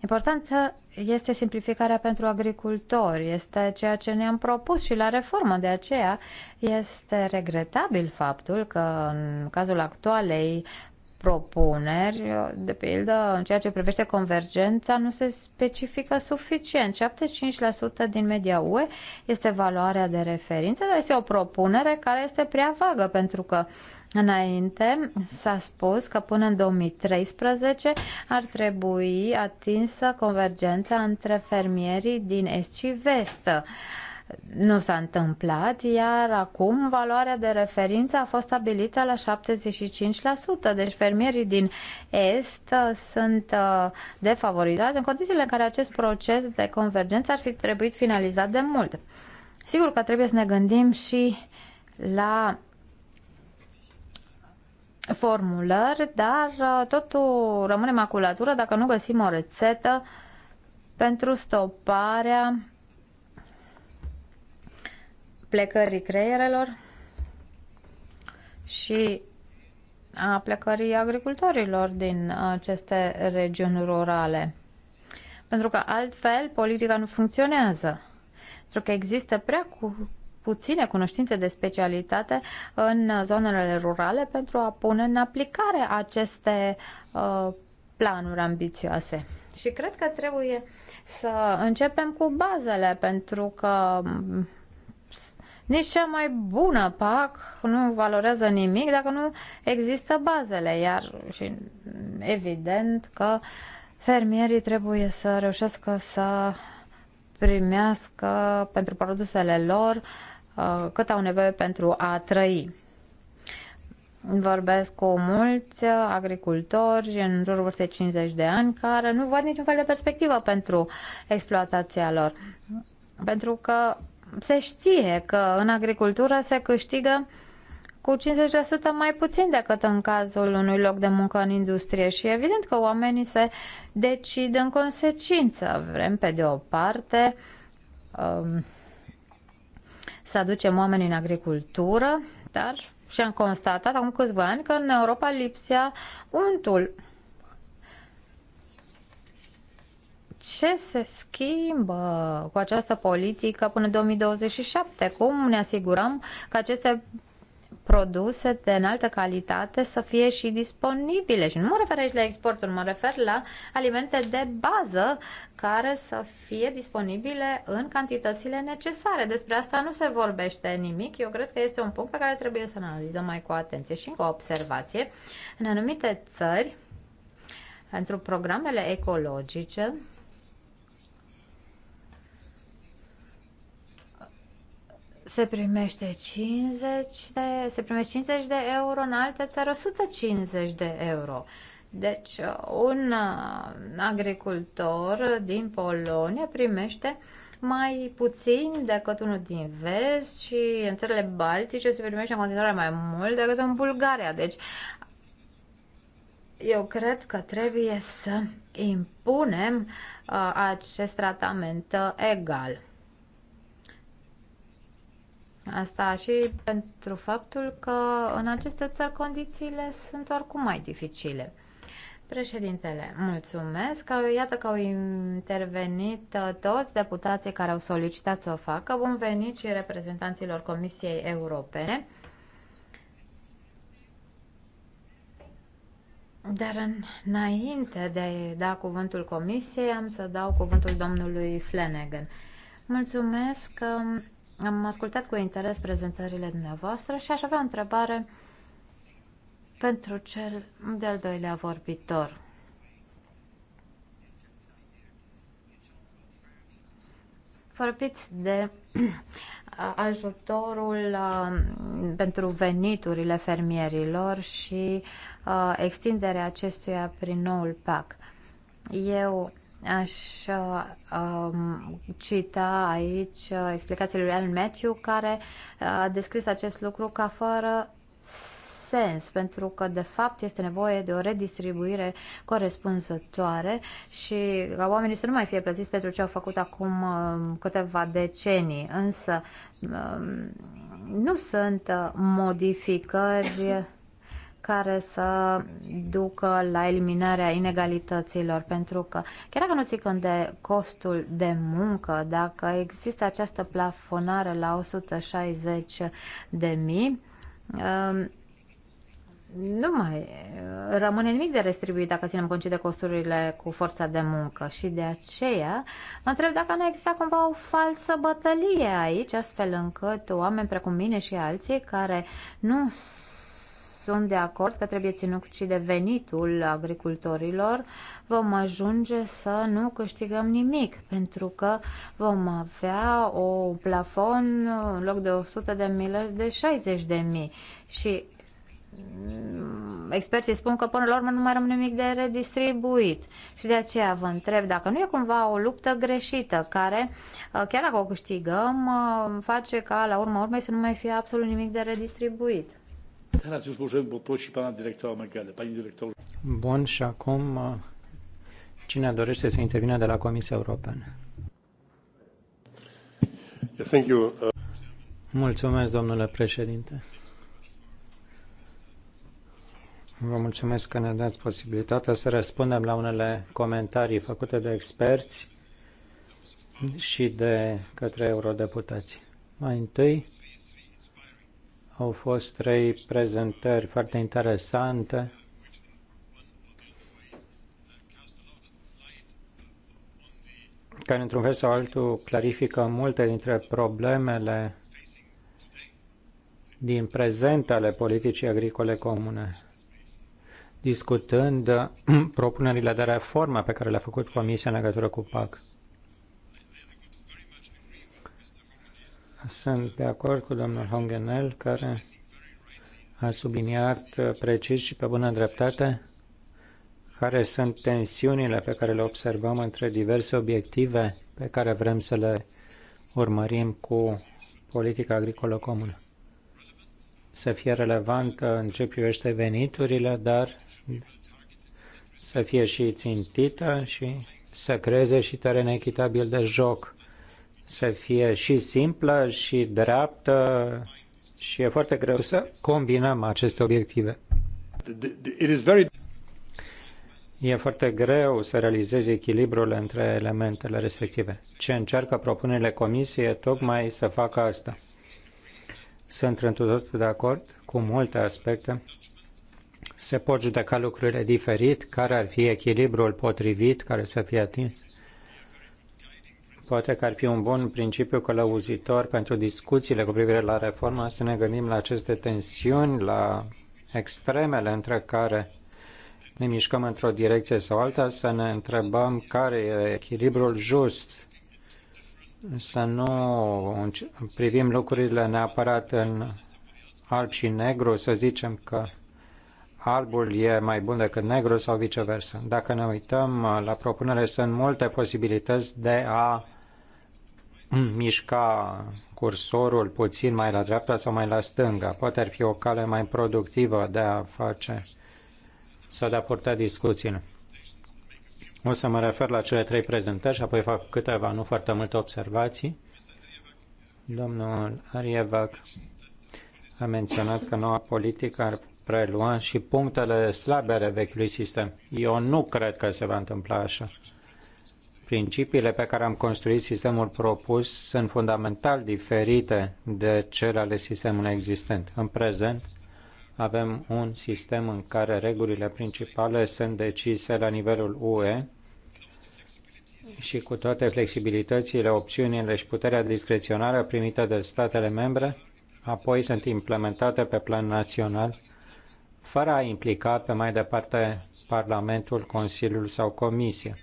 Importantă este simplificarea pentru agricultori, este ceea ce ne-am propus și la reformă. De aceea este regretabil faptul că în cazul actualei propuneri, de pildă în ceea ce privește convergența, nu se specifică suficient. 75% din media UE este valoarea de referință, dar este o propunere care este prea vagă, pentru că înainte s-a spus că până în 2013 ar trebui atinsă convergența între fermierii din est și vest. Uh, nu s-a întâmplat, iar acum valoarea de referință a fost stabilită la 75%. Deci fermierii din Est uh, sunt uh, defavorizați în condițiile în care acest proces de convergență ar fi trebuit finalizat de mult. Sigur că trebuie să ne gândim și la formulări, dar uh, totul rămâne maculatură dacă nu găsim o rețetă pentru stoparea plecării creierelor și a plecării agricultorilor din aceste regiuni rurale. Pentru că altfel politica nu funcționează. Pentru că există prea cu puține cunoștințe de specialitate în zonele rurale pentru a pune în aplicare aceste uh, planuri ambițioase. Și cred că trebuie să începem cu bazele, pentru că nici cea mai bună PAC nu valorează nimic dacă nu există bazele, iar și evident că fermierii trebuie să reușească să primească pentru produsele lor uh, cât au nevoie pentru a trăi. Vorbesc cu mulți agricultori în jurul vârstei 50 de ani care nu văd niciun fel de perspectivă pentru exploatația lor. Pentru că se știe că în agricultură se câștigă cu 50% mai puțin decât în cazul unui loc de muncă în industrie și evident că oamenii se decid în consecință. Vrem pe de o parte um, să aducem oamenii în agricultură, dar și am constatat acum câțiva ani că în Europa lipsea untul ce se schimbă cu această politică până 2027? Cum ne asigurăm că aceste produse de înaltă calitate să fie și disponibile. Și nu mă refer aici la exporturi, mă refer la alimente de bază care să fie disponibile în cantitățile necesare. Despre asta nu se vorbește nimic. Eu cred că este un punct pe care trebuie să-l analizăm mai cu atenție și cu observație. În anumite țări, pentru programele ecologice, se primește 50 de, se primește 50 de euro, în alte țări 150 de euro. Deci un uh, agricultor din Polonia primește mai puțin decât unul din vest și în țările baltice se primește în continuare mai mult decât în Bulgaria. Deci eu cred că trebuie să impunem uh, acest tratament egal. Asta și pentru faptul că în aceste țări condițiile sunt oricum mai dificile. Președintele, mulțumesc. iată că au intervenit uh, toți deputații care au solicitat să o facă. Bun venit și reprezentanților Comisiei Europene. Dar înainte de a da cuvântul Comisiei, am să dau cuvântul domnului Flanagan. Mulțumesc. Că um, am ascultat cu interes prezentările dumneavoastră și aș avea o întrebare pentru cel de-al doilea vorbitor. Vorbiți de <clears throat> ajutorul uh, pentru veniturile fermierilor și uh, extinderea acestuia prin noul PAC. Eu Aș um, cita aici uh, explicațiile lui Alan Matthew, care uh, a descris acest lucru ca fără sens, pentru că de fapt este nevoie de o redistribuire corespunzătoare și ca oamenii să nu mai fie plătiți pentru ce au făcut acum um, câteva decenii. Însă um, nu sunt uh, modificări care să ducă la eliminarea inegalităților, pentru că chiar dacă nu când de costul de muncă, dacă există această plafonare la 160 de mii, um, nu mai uh, rămâne nimic de restribuit dacă ținem cont de costurile cu forța de muncă și de aceea mă întreb dacă nu există cumva o falsă bătălie aici, astfel încât oameni precum mine și alții care nu sunt de acord că trebuie ținut și de venitul agricultorilor, vom ajunge să nu câștigăm nimic, pentru că vom avea un plafon în loc de 100 de mii, de 60 de mii. Și mm, experții spun că până la urmă nu mai rămâne nimic de redistribuit și de aceea vă întreb dacă nu e cumva o luptă greșită care, uh, chiar dacă o câștigăm, uh, face ca la urmă urmei să nu mai fie absolut nimic de redistribuit. Bun, și acum uh, cine dorește să intervină de la Comisia Europeană? Thank you. Uh, mulțumesc, domnule președinte. Vă mulțumesc că ne dați posibilitatea să răspundem la unele comentarii făcute de experți și de către eurodeputați. Mai întâi, au fost trei prezentări foarte interesante. care într-un fel sau altul clarifică multe dintre problemele din prezent ale politicii agricole comune, discutând <clears throat> propunerile de reformă pe care le-a făcut Comisia în legătură cu PAC. Sunt de acord cu domnul Hongenel, care a subliniat precis și pe bună dreptate care sunt tensiunile pe care le observăm între diverse obiective pe care vrem să le urmărim cu politica agricolă comună. Să fie relevantă în ce privește veniturile, dar să fie și țintită și să creeze și teren echitabil de joc să fie și simplă și dreaptă și e foarte greu să combinăm aceste obiective. E foarte greu să realizezi echilibrul între elementele respective. Ce încearcă propunerile comisiei tocmai să facă asta. Sunt într tot de acord cu multe aspecte. Se pot judeca lucrurile diferit, care ar fi echilibrul potrivit care să fie atins Poate că ar fi un bun principiu călăuzitor pentru discuțiile cu privire la reformă să ne gândim la aceste tensiuni, la extremele între care ne mișcăm într-o direcție sau alta, să ne întrebăm care e echilibrul just, să nu privim lucrurile neapărat în alb și negru, să zicem că albul e mai bun decât negru sau viceversa. Dacă ne uităm la propunere, sunt multe posibilități de a mișca cursorul puțin mai la dreapta sau mai la stânga. Poate ar fi o cale mai productivă de a face sau de a purta discuțiile. O să mă refer la cele trei prezentări și apoi fac câteva, nu foarte multe observații. Domnul Arievac a menționat că noua politică ar prelua și punctele slabe ale vechiului sistem. Eu nu cred că se va întâmpla așa. Principiile pe care am construit sistemul propus sunt fundamental diferite de cele ale sistemului existent. În prezent, avem un sistem în care regulile principale sunt decise la nivelul UE și cu toate flexibilitățile, opțiunile și puterea discreționară primită de statele membre, apoi sunt implementate pe plan național, fără a implica pe mai departe Parlamentul, Consiliul sau Comisia.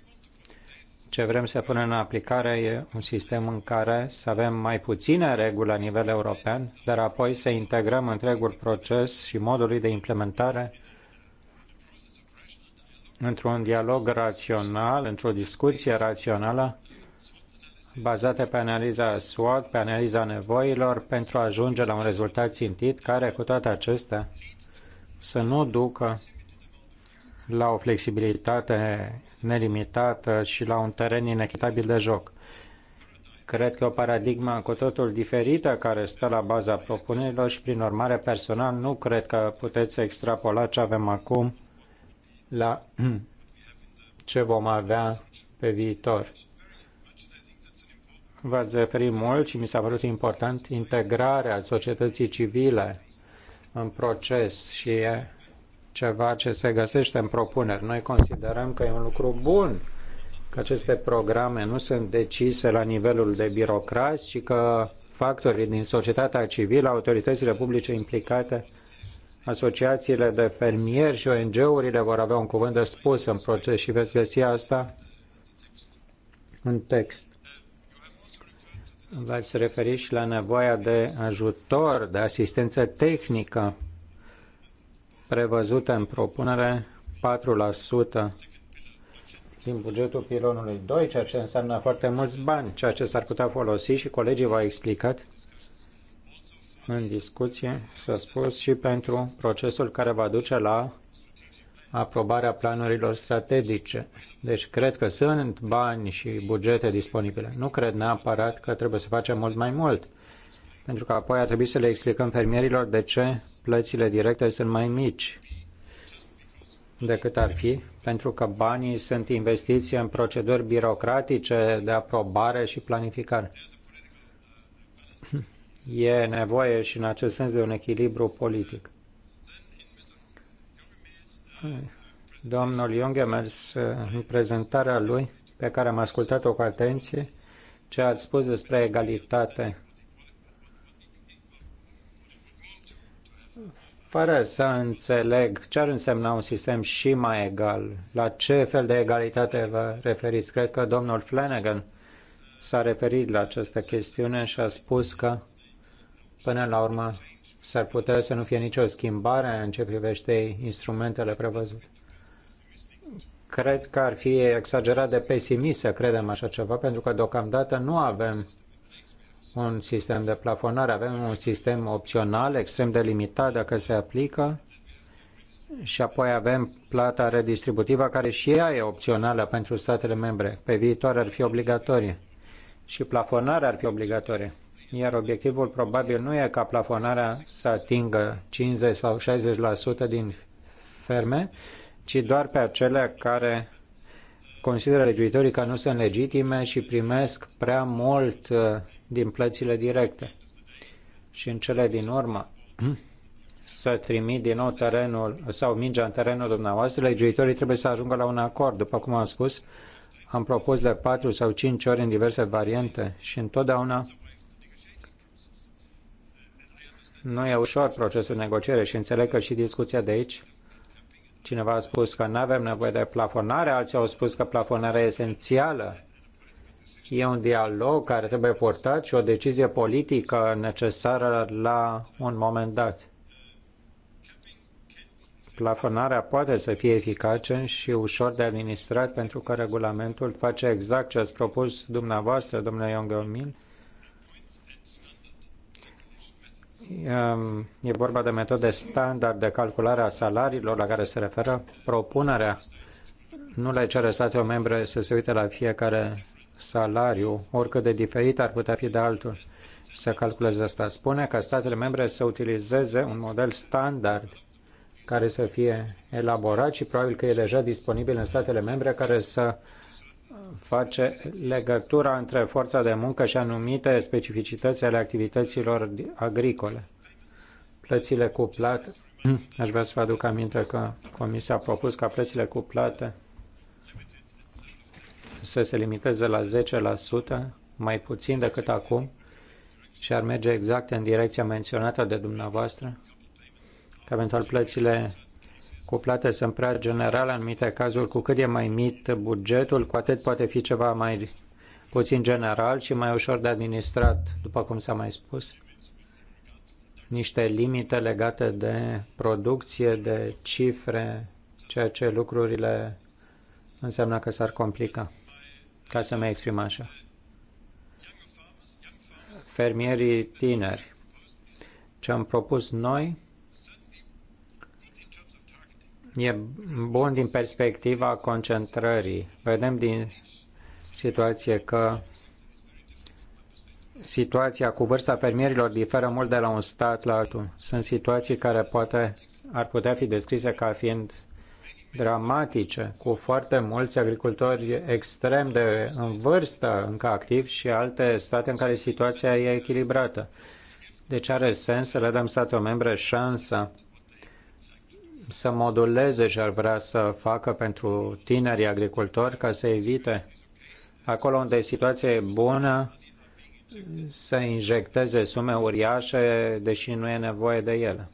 Ce vrem să punem în aplicare e un sistem în care să avem mai puține reguli la nivel european, dar apoi să integrăm întregul proces și modului de implementare într-un dialog rațional, într-o discuție rațională, bazate pe analiza SWOT, pe analiza nevoilor, pentru a ajunge la un rezultat țintit care, cu toate acestea, să nu ducă la o flexibilitate nelimitată și la un teren inechitabil de joc. Cred că o paradigmă cu totul diferită care stă la baza propunerilor și, prin urmare, personal, nu cred că puteți extrapola ce avem acum la <clears throat> ce vom avea pe viitor. V-ați referit mult și mi s-a părut important integrarea societății civile în proces și e ceva ce se găsește în propuneri. Noi considerăm că e un lucru bun că aceste programe nu sunt decise la nivelul de birocrați, ci că factorii din societatea civilă, autoritățile publice implicate, asociațiile de fermieri și ONG-urile vor avea un cuvânt de spus în proces și veți găsi asta în text. V-ați referit și la nevoia de ajutor, de asistență tehnică prevăzute în propunere 4% din bugetul pilonului 2, ceea ce înseamnă foarte mulți bani, ceea ce s-ar putea folosi și colegii v-au explicat în discuție, s-a spus, și pentru procesul care va duce la aprobarea planurilor strategice. Deci cred că sunt bani și bugete disponibile. Nu cred neapărat că trebuie să facem mult mai mult pentru că apoi ar trebui să le explicăm fermierilor de ce plățile directe sunt mai mici decât ar fi, pentru că banii sunt investiții în proceduri birocratice de aprobare și planificare. E nevoie și în acest sens de un echilibru politic. Domnul Jungemers, în prezentarea lui, pe care am ascultat-o cu atenție, ce ați spus despre egalitate fără să înțeleg ce ar însemna un sistem și mai egal, la ce fel de egalitate vă referiți. Cred că domnul Flanagan s-a referit la această chestiune și a spus că până la urmă s-ar putea să nu fie nicio schimbare în ce privește instrumentele prevăzute. Cred că ar fi exagerat de pesimist să credem așa ceva, pentru că deocamdată nu avem un sistem de plafonare, avem un sistem opțional extrem de limitat dacă se aplică și apoi avem plata redistributivă care și ea e opțională pentru statele membre. Pe viitor ar fi obligatorie și plafonarea ar fi obligatorie. Iar obiectivul probabil nu e ca plafonarea să atingă 50 sau 60% din ferme, ci doar pe acele care consideră legiuitorii că nu sunt legitime și primesc prea mult din plățile directe. Și în cele din urmă <clears throat> să trimit din nou terenul sau mingea în terenul dumneavoastră, legiuitorii trebuie să ajungă la un acord. După cum am spus, am propus de 4 sau 5 ori în diverse variante și întotdeauna nu e ușor procesul de negociere și înțeleg că și discuția de aici Cineva a spus că nu avem nevoie de plafonare, alții au spus că plafonarea e esențială. E un dialog care trebuie purtat și o decizie politică necesară la un moment dat. Plafonarea poate să fie eficace și ușor de administrat pentru că regulamentul face exact ce ați propus dumneavoastră, domnule Iongămin. E vorba de metode standard de calculare a salariilor la care se referă propunerea. Nu le cere Statele membre să se uite la fiecare salariu, oricât de diferit ar putea fi de altul, să calculeze asta. Spune că statele membre să utilizeze un model standard care să fie elaborat și probabil că e deja disponibil în statele membre care să face legătura între forța de muncă și anumite specificități ale activităților agricole. Plățile cuplate. <clears throat> Aș vrea să vă aduc aminte că Comisia a propus ca plățile cuplate să se limiteze la 10%, mai puțin decât acum, și ar merge exact în direcția menționată de dumneavoastră, că eventual plățile cuplate sunt prea generale în anumite cazuri, cu cât e mai mic bugetul, cu atât poate fi ceva mai puțin general și mai ușor de administrat, după cum s-a mai spus, niște limite legate de producție, de cifre, ceea ce lucrurile înseamnă că s-ar complica ca să mă exprim așa. Fermierii tineri. Ce am propus noi e bun din perspectiva concentrării. Vedem din situație că situația cu vârsta fermierilor diferă mult de la un stat la altul. Sunt situații care poate ar putea fi descrise ca fiind dramatice, cu foarte mulți agricultori extrem de în vârstă încă activ și alte state în care situația e echilibrată. Deci are sens să le dăm statul membre șansa să moduleze și ar vrea să facă pentru tinerii agricultori ca să evite acolo unde situația e bună să injecteze sume uriașe, deși nu e nevoie de ele.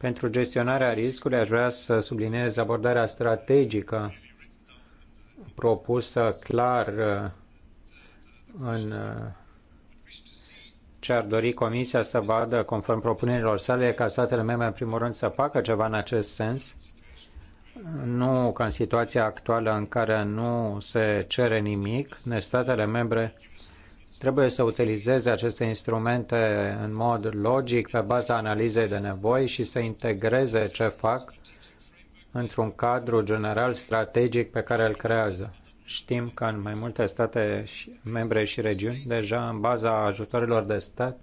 Pentru gestionarea riscului aș vrea să subliniez abordarea strategică propusă clar uh, în uh, ce ar dori Comisia să vadă conform propunerilor sale ca statele membre în primul rând să facă ceva în acest sens, nu ca în situația actuală în care nu se cere nimic, ne statele membre Trebuie să utilizeze aceste instrumente în mod logic, pe baza analizei de nevoi și să integreze ce fac într-un cadru general strategic pe care îl creează. Știm că în mai multe state membre și regiuni, deja în baza ajutorilor de stat,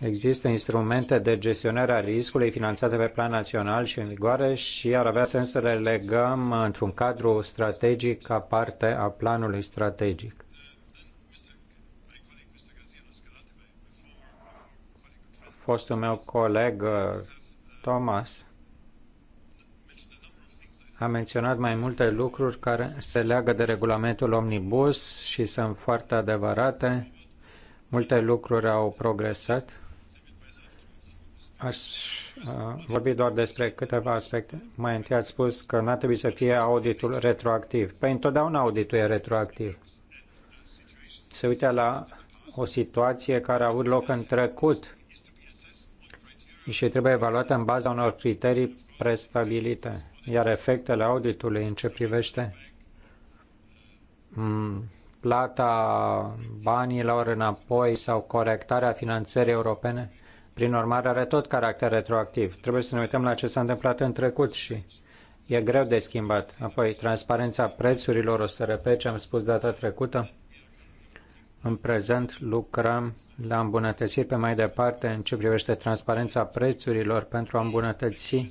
Există instrumente de gestionare a riscului finanțate pe plan național și în vigoare și ar avea sens să le legăm într-un cadru strategic ca parte a planului strategic. fostul meu coleg uh, Thomas a menționat mai multe lucruri care se leagă de regulamentul omnibus și sunt foarte adevărate. Multe lucruri au progresat. Aș uh, vorbi doar despre câteva aspecte. Mai întâi ați spus că n-ar trebui să fie auditul retroactiv. Păi întotdeauna auditul e retroactiv. Se uite la o situație care a avut loc în trecut și trebuie evaluată în baza unor criterii prestabilite, iar efectele auditului în ce privește mm, plata banilor înapoi sau corectarea finanțării europene, prin urmare are tot caracter retroactiv. Trebuie să ne uităm la ce s-a întâmplat în trecut și e greu de schimbat. Apoi, transparența prețurilor, o să repet ce am spus data trecută, în prezent lucrăm la îmbunătățiri pe mai departe în ce privește transparența prețurilor pentru a îmbunătăți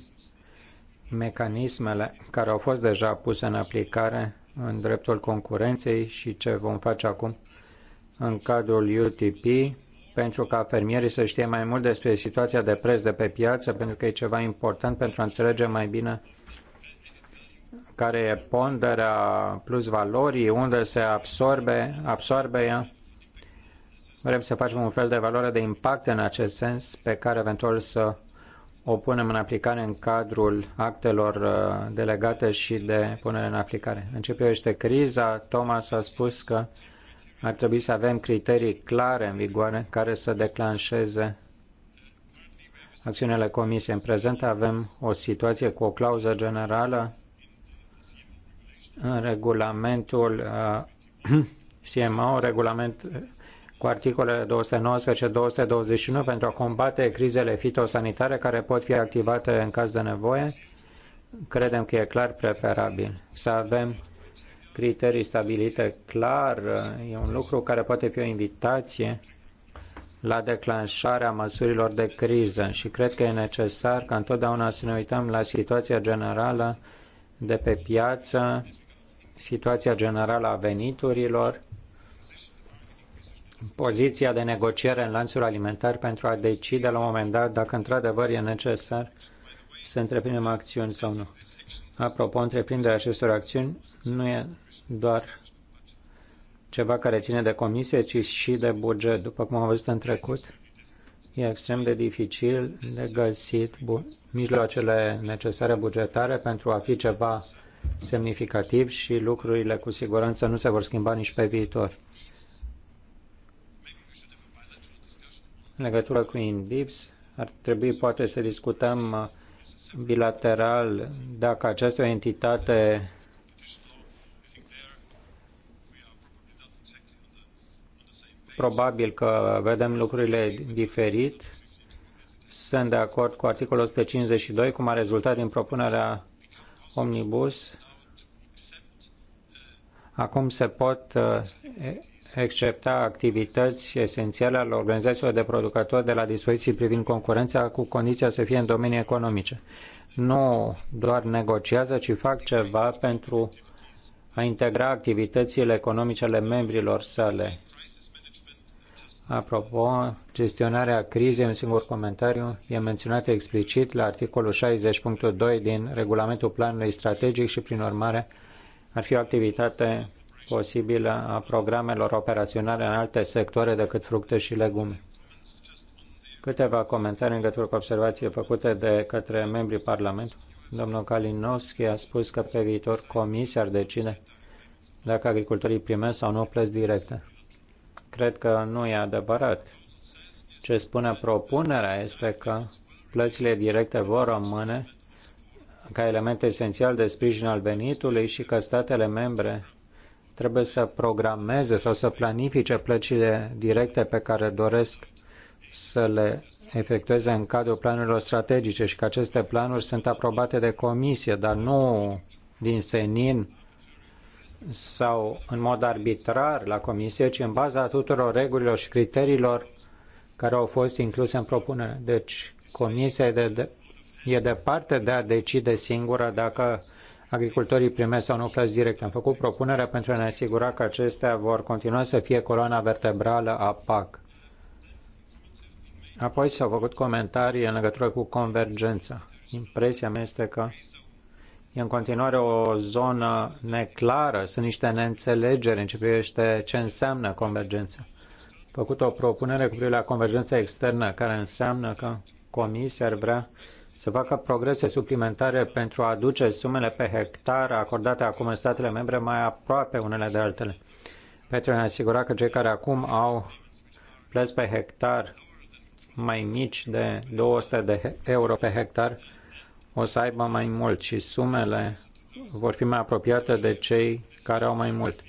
mecanismele care au fost deja puse în aplicare în dreptul concurenței și ce vom face acum în cadrul UTP pentru ca fermierii să știe mai mult despre situația de preț de pe piață, pentru că e ceva important pentru a înțelege mai bine care e ponderea plus valorii, unde se absorbe, absorbe ea Vrem să facem un fel de valoare de impact în acest sens, pe care eventual să o punem în aplicare în cadrul actelor uh, delegate și de punere în aplicare. În ce privește criza, Thomas a spus că ar trebui să avem criterii clare în vigoare care să declanșeze acțiunile comisiei. În prezent avem o situație cu o clauză generală în regulamentul uh, CMO, <clears throat> regulament cu articolele 219-221 pentru a combate crizele fitosanitare care pot fi activate în caz de nevoie, credem că e clar preferabil să avem criterii stabilite clar. E un lucru care poate fi o invitație la declanșarea măsurilor de criză și cred că e necesar ca întotdeauna să ne uităm la situația generală de pe piață, situația generală a veniturilor, poziția de negociere în lanțul alimentar pentru a decide la un moment dat dacă într-adevăr e necesar să întreprindem acțiuni sau nu. Apropo, întreprinderea acestor acțiuni nu e doar ceva care ține de comisie, ci și de buget. După cum am văzut în trecut, e extrem de dificil de găsit mijloacele necesare bugetare pentru a fi ceva semnificativ și lucrurile cu siguranță nu se vor schimba nici pe viitor. În legătură cu INVIPS, ar trebui poate să discutăm uh, bilateral dacă această entitate probabil că vedem lucrurile diferit. Sunt de acord cu articolul 152, cum a rezultat din propunerea Omnibus. Acum se pot uh, excepta activități esențiale ale organizațiilor de producători de la dispoziții privind concurența cu condiția să fie în domenii economice. Nu doar negociază, ci fac ceva pentru a integra activitățile economice ale membrilor sale. Apropo, gestionarea crizei, un singur comentariu, e menționat explicit la articolul 60.2 din regulamentul planului strategic și, prin urmare, ar fi o activitate posibilă a programelor operaționale în alte sectoare decât fructe și legume. Câteva comentarii în legătură cu observații făcute de către membrii Parlamentului. Domnul Kalinowski a spus că pe viitor comisia ar decide dacă agricultorii primesc sau nu plăți directe. Cred că nu e adevărat. Ce spune propunerea este că plățile directe vor rămâne ca element esențial de sprijin al venitului și că statele membre trebuie să programeze sau să planifice plăcile directe pe care doresc să le efectueze în cadrul planurilor strategice și că aceste planuri sunt aprobate de comisie, dar nu din senin sau în mod arbitrar la comisie, ci în baza tuturor regulilor și criteriilor care au fost incluse în propunere. Deci comisia e, de, de, e departe de a decide singură dacă agricultorii primesc sau nu plăți direct. Am făcut propunerea pentru a ne asigura că acestea vor continua să fie coloana vertebrală a PAC. Apoi s-au făcut comentarii în legătură cu convergența. Impresia mea este că e în continuare o zonă neclară, sunt niște neînțelegeri în ce privește ce înseamnă convergența. Am făcut o propunere cu privire la convergența externă, care înseamnă că Comisia ar vrea să facă progrese suplimentare pentru a aduce sumele pe hectar acordate acum în statele membre mai aproape unele de altele, pentru a ne asigura că cei care acum au plăți pe hectar mai mici de 200 de euro pe hectar o să aibă mai mult și sumele vor fi mai apropiate de cei care au mai mult.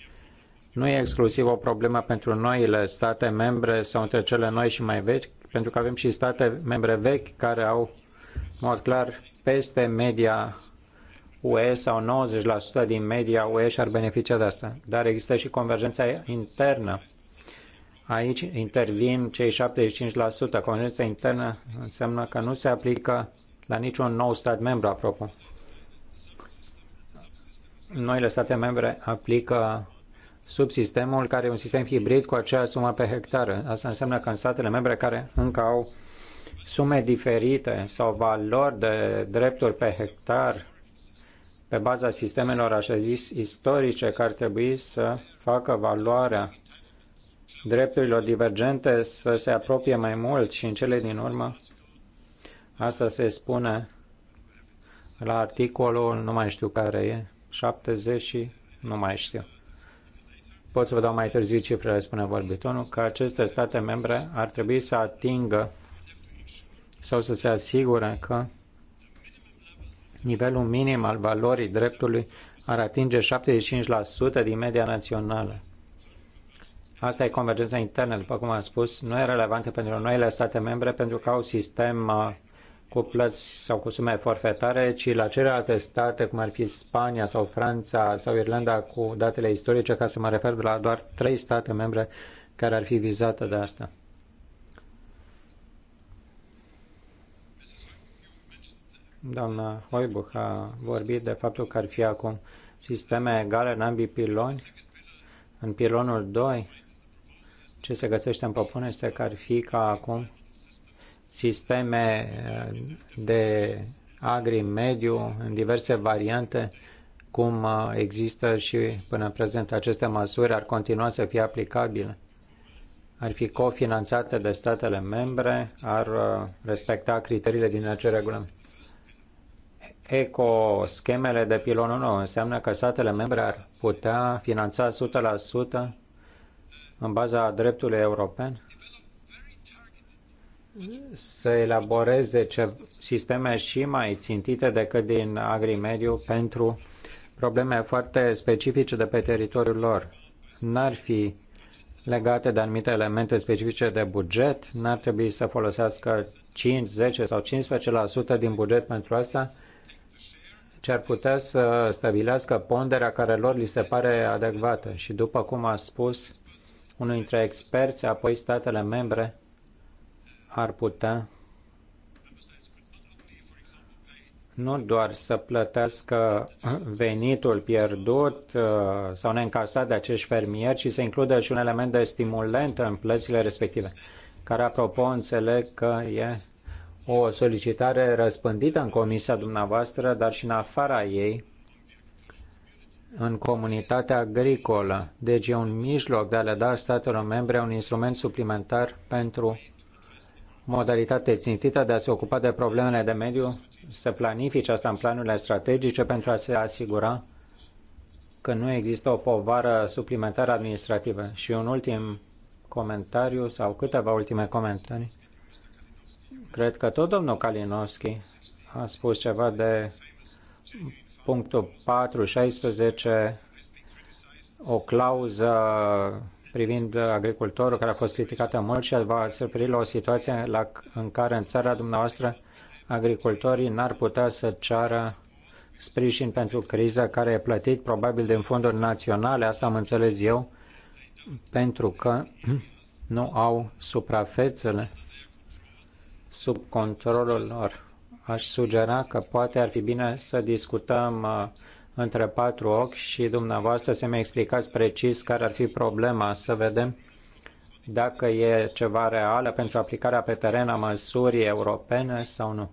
Nu e exclusiv o problemă pentru noile state membre sau între cele noi și mai vechi, pentru că avem și state membre vechi care au, în mod clar, peste media UE sau 90% din media UE și-ar beneficia de asta. Dar există și convergența internă. Aici intervin cei 75%. Convergența internă înseamnă că nu se aplică la niciun nou stat membru, apropo. Noile state membre aplică subsistemul care e un sistem hibrid cu acea sumă pe hectare. Asta înseamnă că în statele membre care încă au sume diferite sau valori de drepturi pe hectar pe baza sistemelor așa zis istorice care ar trebui să facă valoarea drepturilor divergente să se apropie mai mult și în cele din urmă asta se spune la articolul, nu mai știu care e, 70 și nu mai știu pot să vă dau mai târziu cifrele, spune vorbitorul, că aceste state membre ar trebui să atingă sau să se asigure că nivelul minim al valorii dreptului ar atinge 75% din media națională. Asta e convergența internă, după cum am spus, nu e relevantă pentru noile state membre pentru că au sistem uh, cu sau cu forfetare, ci la celelalte state, cum ar fi Spania sau Franța sau Irlanda, cu datele istorice, ca să mă refer de la doar trei state membre care ar fi vizate de asta. Doamna Hoibuch a vorbit de faptul că ar fi acum sisteme egale în ambii piloni. În pilonul 2, ce se găsește în propunere este că ar fi ca acum sisteme eh, de agri-mediu în diverse variante, cum eh, există și până în prezent aceste măsuri, ar continua să fie aplicabile. Ar fi cofinanțate de statele membre, ar eh, respecta criteriile din acea regulament. Eco-schemele de pilonul 9 înseamnă că statele membre ar putea finanța 100% în baza dreptului european să elaboreze ce sisteme și mai țintite decât din agrimediu pentru probleme foarte specifice de pe teritoriul lor. N-ar fi legate de anumite elemente specifice de buget, n-ar trebui să folosească 5, 10 sau 15% din buget pentru asta, ce ar putea să stabilească ponderea care lor li se pare adecvată. Și după cum a spus unul dintre experți, apoi statele membre ar putea nu doar să plătească venitul pierdut uh, sau neîncasat de acești fermieri, ci să includă și un element de stimulent în plățile respective, care, apropo, înțeleg că e o solicitare răspândită în comisia dumneavoastră, dar și în afara ei, în comunitatea agricolă. Deci e un mijloc de a le da statelor membre un instrument suplimentar pentru modalitate țintită de a se ocupa de problemele de mediu, să planifice asta în planurile strategice pentru a se asigura că nu există o povară suplimentară administrativă. Și un ultim comentariu sau câteva ultime comentarii. Cred că tot domnul Kalinowski a spus ceva de punctul 4.16, o clauză privind agricultorul care a fost criticată mult și va se referi la o situație la, în care în țara dumneavoastră agricultorii n-ar putea să ceară sprijin pentru criză care e plătit probabil din fonduri naționale, asta am înțeles eu, pentru că <clears throat> nu au suprafețele sub controlul lor. Aș sugera că poate ar fi bine să discutăm uh, între patru ochi și dumneavoastră să mi explicați precis care ar fi problema, să vedem dacă e ceva reală pentru aplicarea pe teren a măsurii europene sau nu.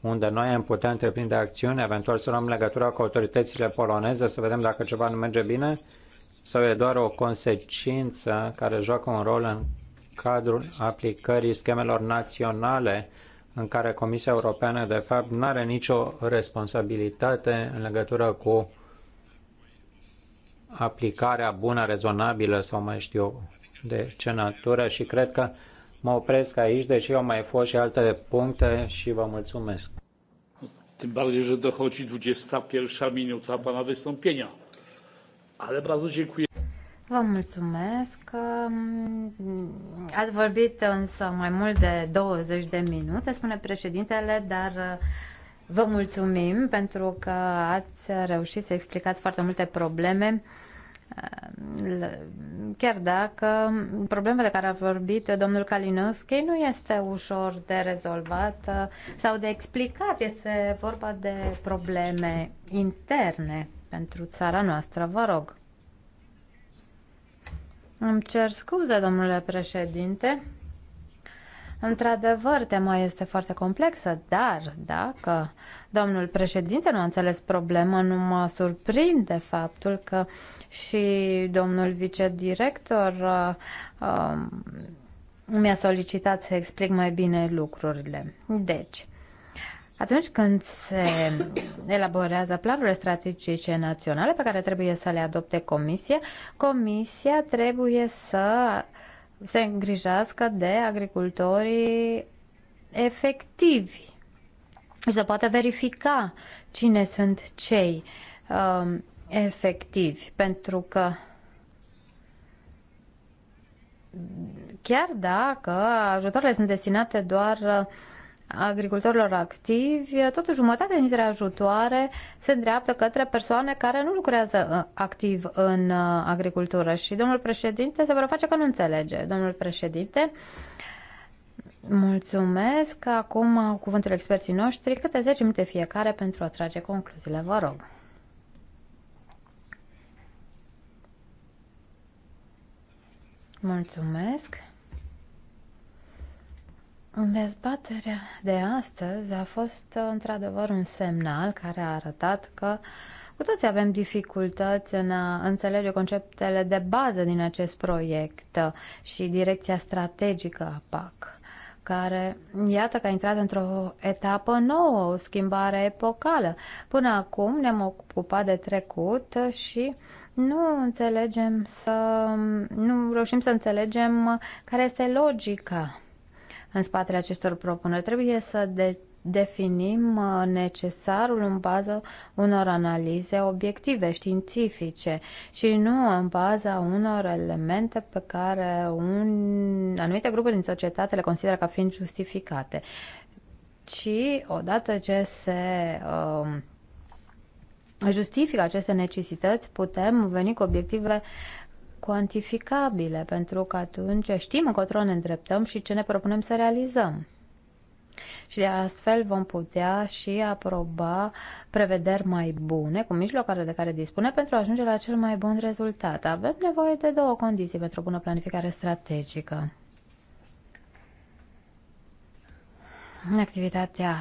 Unde noi am putea întreprinde acțiuni, eventual să luăm legătura cu autoritățile poloneze, să vedem dacă ceva nu merge bine sau e doar o consecință care joacă un rol în cadrul aplicării schemelor naționale în care Comisia Europeană, de fapt, nu are nicio responsabilitate în legătură cu aplicarea bună, rezonabilă sau mai știu eu de ce natură și cred că mă opresc aici, deși au mai fost și alte puncte și vă mulțumesc. Tym bardziej, że dochodzi 21 minuta pana wystąpienia. Ale bardzo dziękuję. Vă mulțumesc. Ați vorbit însă mai mult de 20 de minute, spune președintele, dar uh, vă mulțumim pentru că ați reușit să explicați foarte multe probleme uh, chiar dacă problema de care a vorbit domnul Kalinowski nu este ușor de rezolvat uh, sau de explicat, este vorba de probleme interne pentru țara noastră, vă rog. Îmi cer scuze, domnule președinte. Într-adevăr, tema este foarte complexă, dar dacă domnul președinte nu a înțeles problema, nu mă surprinde faptul că și domnul vicedirector uh, um, mi-a solicitat să explic mai bine lucrurile. Deci, atunci când se elaborează planurile strategice naționale pe care trebuie să le adopte Comisia, Comisia trebuie să se îngrijească de agricultorii efectivi și să poată verifica cine sunt cei um, efectivi, pentru că chiar dacă ajutoarele sunt destinate doar uh, agricultorilor activi, totuși jumătate dintre ajutoare se îndreaptă către persoane care nu lucrează uh, activ în uh, agricultură. Și domnul președinte se vă face că nu înțelege. Domnul președinte, mulțumesc. Acum au uh, cuvântul experții noștri, câte 10 minute fiecare pentru a trage concluziile. Vă rog. Mulțumesc. Dezbaterea de astăzi a fost într-adevăr un semnal care a arătat că cu toți avem dificultăți în a înțelege conceptele de bază din acest proiect și direcția strategică a PAC care, iată că a intrat într-o etapă nouă, o schimbare epocală. Până acum ne-am ocupat de trecut și nu înțelegem să, nu reușim să înțelegem care este logica în spatele acestor propuneri. Trebuie să de- definim uh, necesarul în baza unor analize obiective, științifice și nu în baza unor elemente pe care un, anumite grupuri din societate le consideră ca fiind justificate. Ci odată ce se uh, justifică aceste necesități, putem veni cu obiective cuantificabile, pentru că atunci știm încotro ne îndreptăm și ce ne propunem să realizăm. Și de astfel vom putea și aproba prevederi mai bune, cu mijloacele de care dispune, pentru a ajunge la cel mai bun rezultat. Avem nevoie de două condiții pentru o bună planificare strategică. Activitatea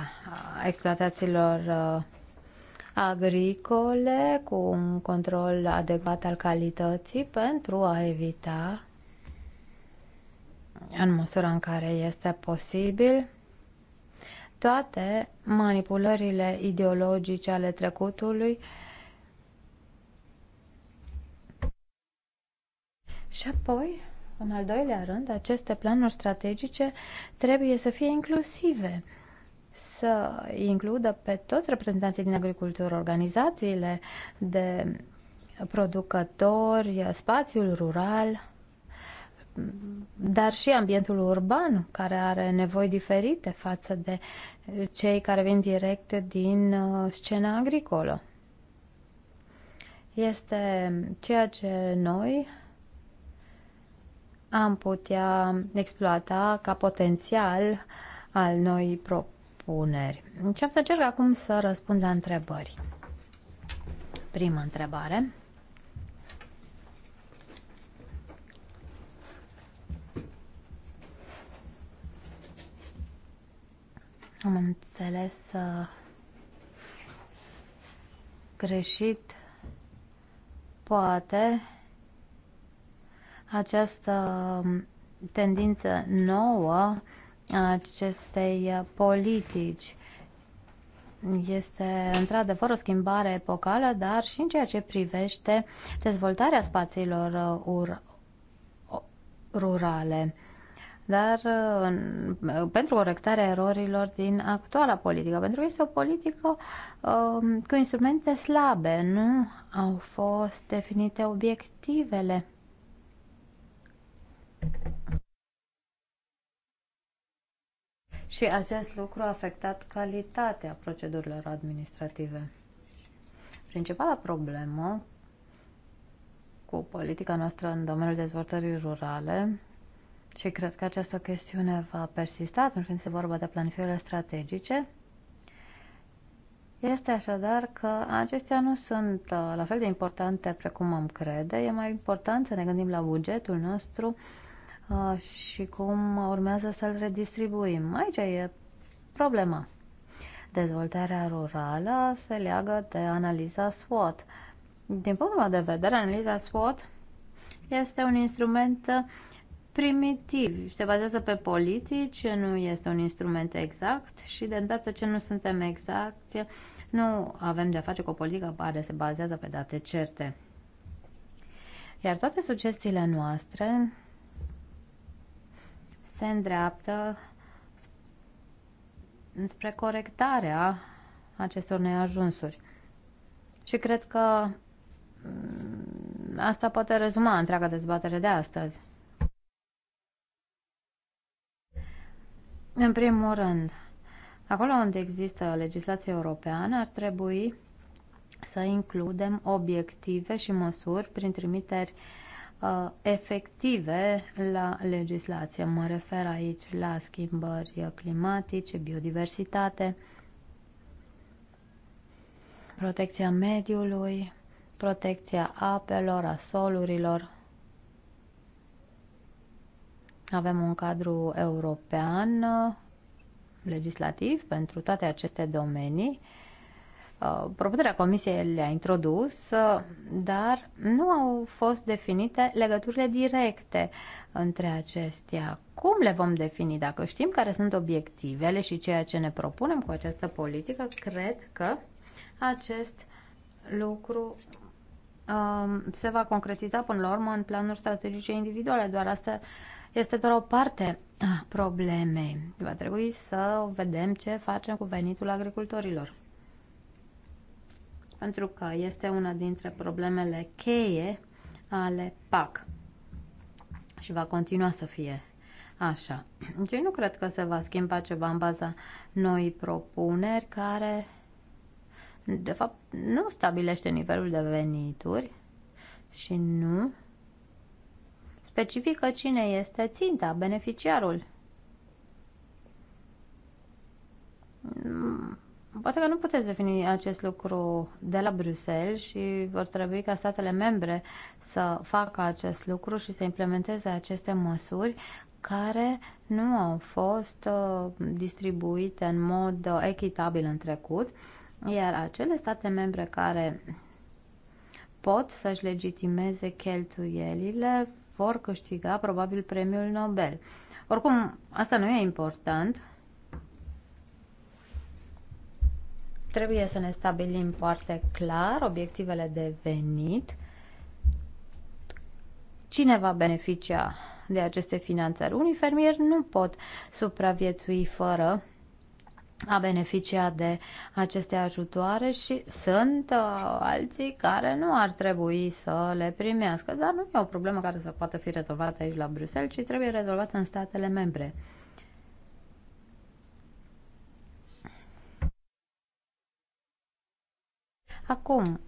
exploatațiilor uh, agricole cu un control adecvat al calității pentru a evita în măsura în care este posibil toate manipulările ideologice ale trecutului și apoi în al doilea rând, aceste planuri strategice trebuie să fie inclusive să includă pe toți reprezentanții din agricultură, organizațiile de producători, spațiul rural, dar și ambientul urban, care are nevoi diferite față de cei care vin direct din uh, scena agricolă. Este ceea ce noi am putea exploata ca potențial al noi proprii propuneri Încep am să încerc acum să răspund la întrebări. Prima întrebare. Am înțeles uh, greșit poate această um, tendință nouă acestei uh, politici. Este într-adevăr o schimbare epocală, dar și în ceea ce privește dezvoltarea spațiilor uh, ur- rurale. Dar uh, pentru corectarea erorilor din actuala politică, pentru că este o politică um, cu instrumente slabe, nu au fost definite obiectivele și acest lucru a afectat calitatea procedurilor administrative. Principala problemă cu politica noastră în domeniul dezvoltării rurale și cred că această chestiune va persista atunci când se vorba de planificările strategice, este așadar că acestea nu sunt uh, la fel de importante precum am crede. E mai important să ne gândim la bugetul nostru Ah, și cum urmează să-l redistribuim. Aici e problema. Dezvoltarea rurală se leagă de analiza SWOT. Din punctul meu de vedere, analiza SWOT este un instrument primitiv, se bazează pe politici, nu este un instrument exact și de îndată ce nu suntem exacti, nu avem de-a face cu o politică care se bazează pe date certe. Iar toate sugestiile noastre se îndreaptă spre corectarea acestor neajunsuri. Și cred că mm, asta poate rezuma întreaga dezbatere de astăzi. În primul rând, acolo unde există legislație europeană, ar trebui să includem obiective și măsuri prin trimiteri uh, uh, efective la legislație. Mă refer aici la schimbări climatice, biodiversitate, protecția mediului, protecția apelor, a solurilor. Avem un cadru european uh, legislativ pentru toate aceste domenii. Uh, Uh, propunerea Comisiei le-a introdus, uh, dar nu au fost definite legăturile directe între acestea. Cum le vom defini? Dacă știm care sunt obiectivele și ceea ce ne propunem cu această politică, cred că acest lucru um, se va concretiza până la urmă în planuri strategice individuale. Doar asta este doar o parte a problemei. Va trebui să vedem ce facem cu venitul agricultorilor pentru că este una dintre problemele cheie ale PAC și va continua să fie așa. Deci nu cred că se va schimba ceva în baza noi propuneri care de fapt nu stabilește nivelul de venituri și nu specifică cine este ținta, beneficiarul. Poate că nu puteți defini acest lucru de la Bruxelles și vor trebui ca statele membre să facă acest lucru și să implementeze aceste măsuri care nu au fost uh, distribuite în mod uh, echitabil în trecut, iar acele state membre care pot să-și legitimeze cheltuielile vor câștiga probabil premiul Nobel. Oricum, asta nu e important, Trebuie să ne stabilim foarte clar obiectivele de venit, cine va beneficia de aceste finanțări. Unii fermieri nu pot supraviețui fără a beneficia de aceste ajutoare și sunt uh, alții care nu ar trebui să le primească, dar nu e o problemă care să poată fi rezolvată aici la Bruxelles, ci trebuie rezolvată în statele membre. Acum,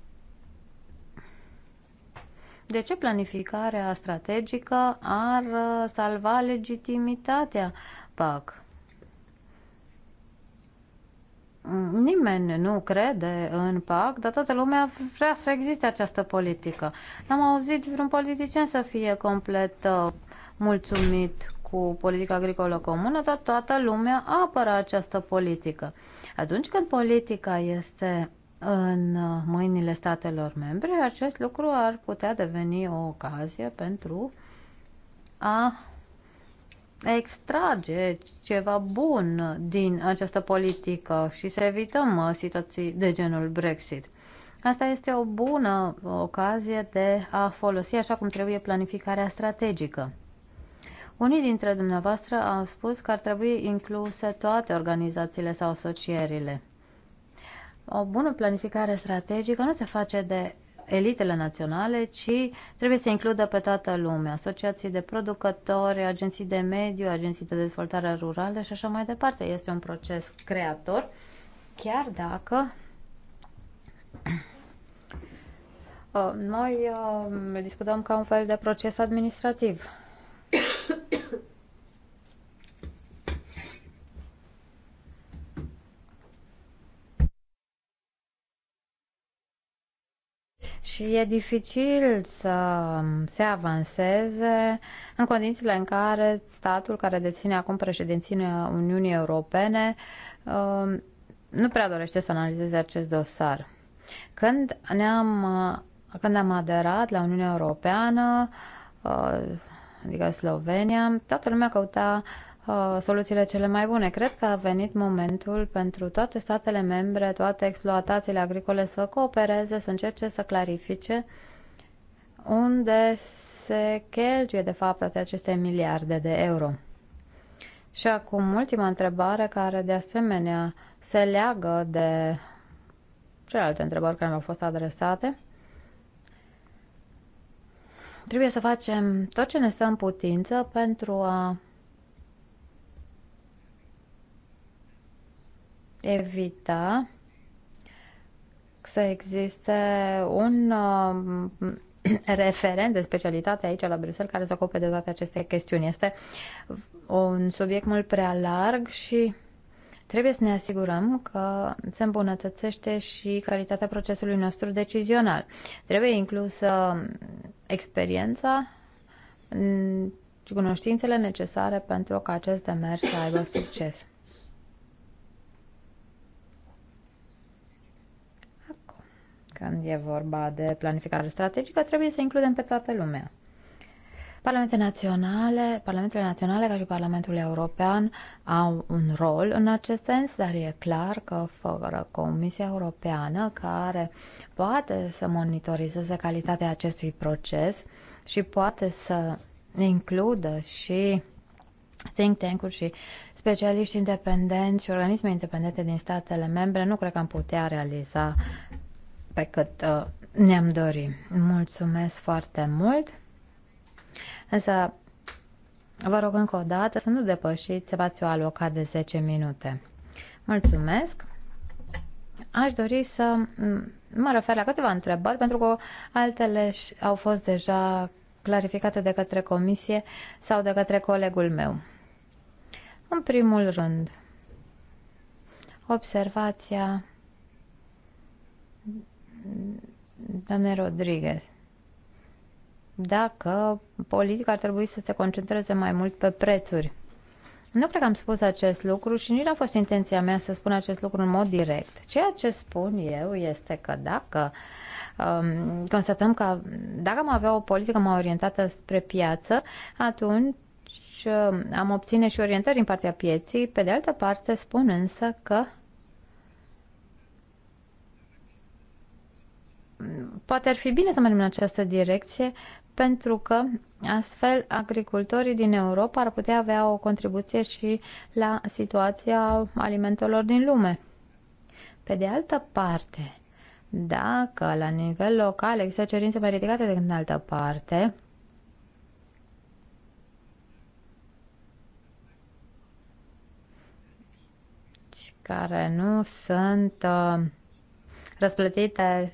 de ce planificarea strategică ar uh, salva legitimitatea PAC? Mm, nimeni nu crede în PAC, dar toată lumea vrea să existe această politică. N-am auzit vreun politician să fie complet uh, mulțumit cu politica agricolă comună, dar toată lumea apără această politică. Atunci când politica este în mâinile statelor membre, acest lucru ar putea deveni o ocazie pentru a extrage ceva bun din această politică și să evităm situații de genul Brexit. Asta este o bună ocazie de a folosi așa cum trebuie planificarea strategică. Unii dintre dumneavoastră au spus că ar trebui incluse toate organizațiile sau asocierile o bună planificare strategică nu se face de elitele naționale, ci trebuie să includă pe toată lumea, asociații de producători, agenții de mediu, agenții de dezvoltare rurală și așa mai departe. Este un proces creator, chiar dacă <clears throat> uh, noi uh, discutăm ca un fel de proces administrativ. Deci e dificil să se avanseze în condițiile în care statul care deține acum președinția Uniunii Europene um, nu prea dorește să analizeze acest dosar. Când, ne-am, uh, când am aderat la Uniunea Europeană, uh, adică Slovenia, toată lumea căuta Uh, soluțiile cele mai bune. Cred că a venit momentul pentru toate statele membre, toate exploatațiile agricole să coopereze, să încerce să clarifice unde se cheltuie de fapt toate aceste miliarde de euro. Și acum ultima întrebare care de asemenea se leagă de celelalte întrebări care mi-au fost adresate. Trebuie să facem tot ce ne stă în putință pentru a evita să existe un um, <clears throat> referent de specialitate aici la Bruxelles care se ocupe de toate aceste chestiuni. Este un subiect mult prea larg și trebuie să ne asigurăm că se îmbunătățește și calitatea procesului nostru decizional. Trebuie inclusă um, experiența mm, și cunoștințele necesare pentru ca acest demers să aibă succes. când e vorba de planificare strategică, trebuie să includem pe toată lumea. Parlamente naționale, Parlamentele naționale ca și Parlamentul European au un rol în acest sens, dar e clar că fără Comisia Europeană care poate să monitorizeze calitatea acestui proces și poate să includă și think tank-uri și specialiști independenți și organisme independente din statele membre, nu cred că am putea realiza pe cât uh, ne-am dorit. Mulțumesc foarte mult! Însă, vă rog încă o dată să nu depășiți spațiul alocat de 10 minute. Mulțumesc! Aș dori să mă refer la câteva întrebări, pentru că altele au fost deja clarificate de către comisie sau de către colegul meu. În primul rând, observația doamne Rodriguez, dacă politica ar trebui să se concentreze mai mult pe prețuri. Nu cred că am spus acest lucru și nici nu a fost intenția mea să spun acest lucru în mod direct. Ceea ce spun eu este că dacă um, constatăm că dacă am avea o politică mai orientată spre piață, atunci um, am obține și orientări în partea pieții. Pe de altă parte, spun însă că poate ar fi bine să mergem în această direcție pentru că astfel agricultorii din Europa ar putea avea o contribuție și la situația alimentelor din lume. Pe de altă parte, dacă la nivel local există cerințe mai ridicate decât în altă parte, care nu sunt uh, răsplătite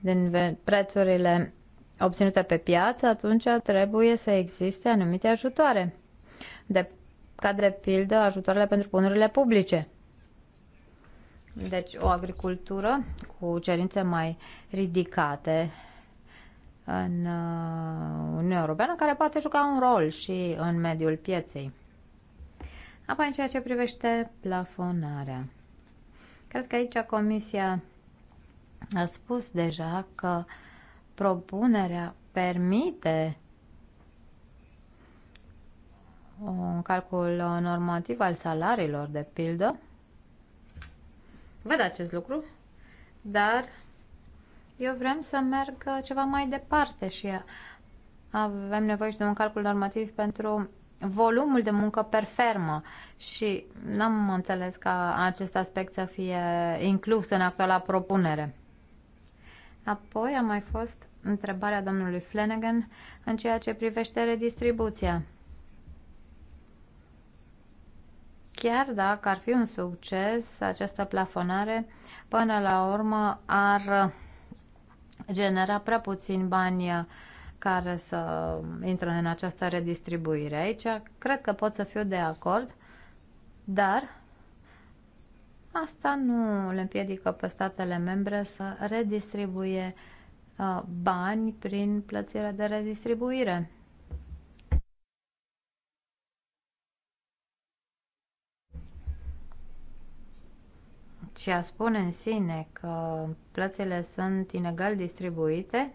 din prețurile obținute pe piață, atunci trebuie să existe anumite ajutoare, de, ca de pildă ajutoarele pentru punerile publice. Deci o agricultură cu cerințe mai ridicate în uh, Uniunea Europeană, care poate juca un rol și în mediul pieței. Apoi, în ceea ce privește plafonarea. Cred că aici Comisia a spus deja că propunerea permite un calcul normativ al salariilor, de pildă. Văd acest lucru, dar eu vrem să merg ceva mai departe și avem nevoie și de un calcul normativ pentru volumul de muncă per fermă și n-am înțeles ca acest aspect să fie inclus în actuala propunere. Apoi a mai fost întrebarea domnului Flanagan în ceea ce privește redistribuția. Chiar dacă ar fi un succes, această plafonare până la urmă ar genera prea puțini bani care să intre în această redistribuire. Aici cred că pot să fiu de acord, dar Asta nu le împiedică pe statele membre să redistribuie uh, bani prin plățirea de redistribuire. Și a spune în sine că plățile sunt inegal distribuite,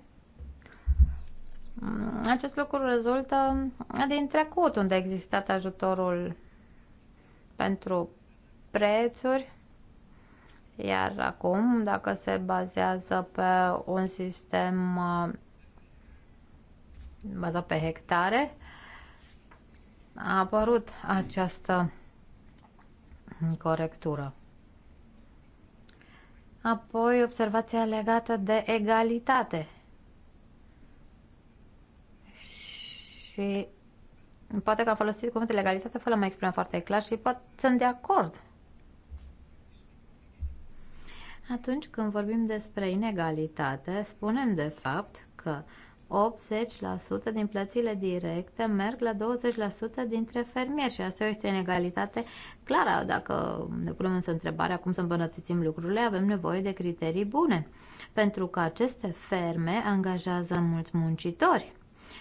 mm, acest lucru rezultă din trecut, unde a existat ajutorul pentru prețuri iar acum, dacă se bazează pe un sistem uh, bazat pe hectare, a apărut această corectură. Apoi, observația legată de egalitate. Și poate că am folosit cuvântul legalitate fără mai exprima foarte clar și pot, sunt de acord atunci când vorbim despre inegalitate, spunem de fapt că 80% din plățile directe merg la 20% dintre fermieri și asta este o inegalitate clară. Dacă ne punem însă întrebarea cum să îmbunătățim lucrurile, avem nevoie de criterii bune, pentru că aceste ferme angajează mulți muncitori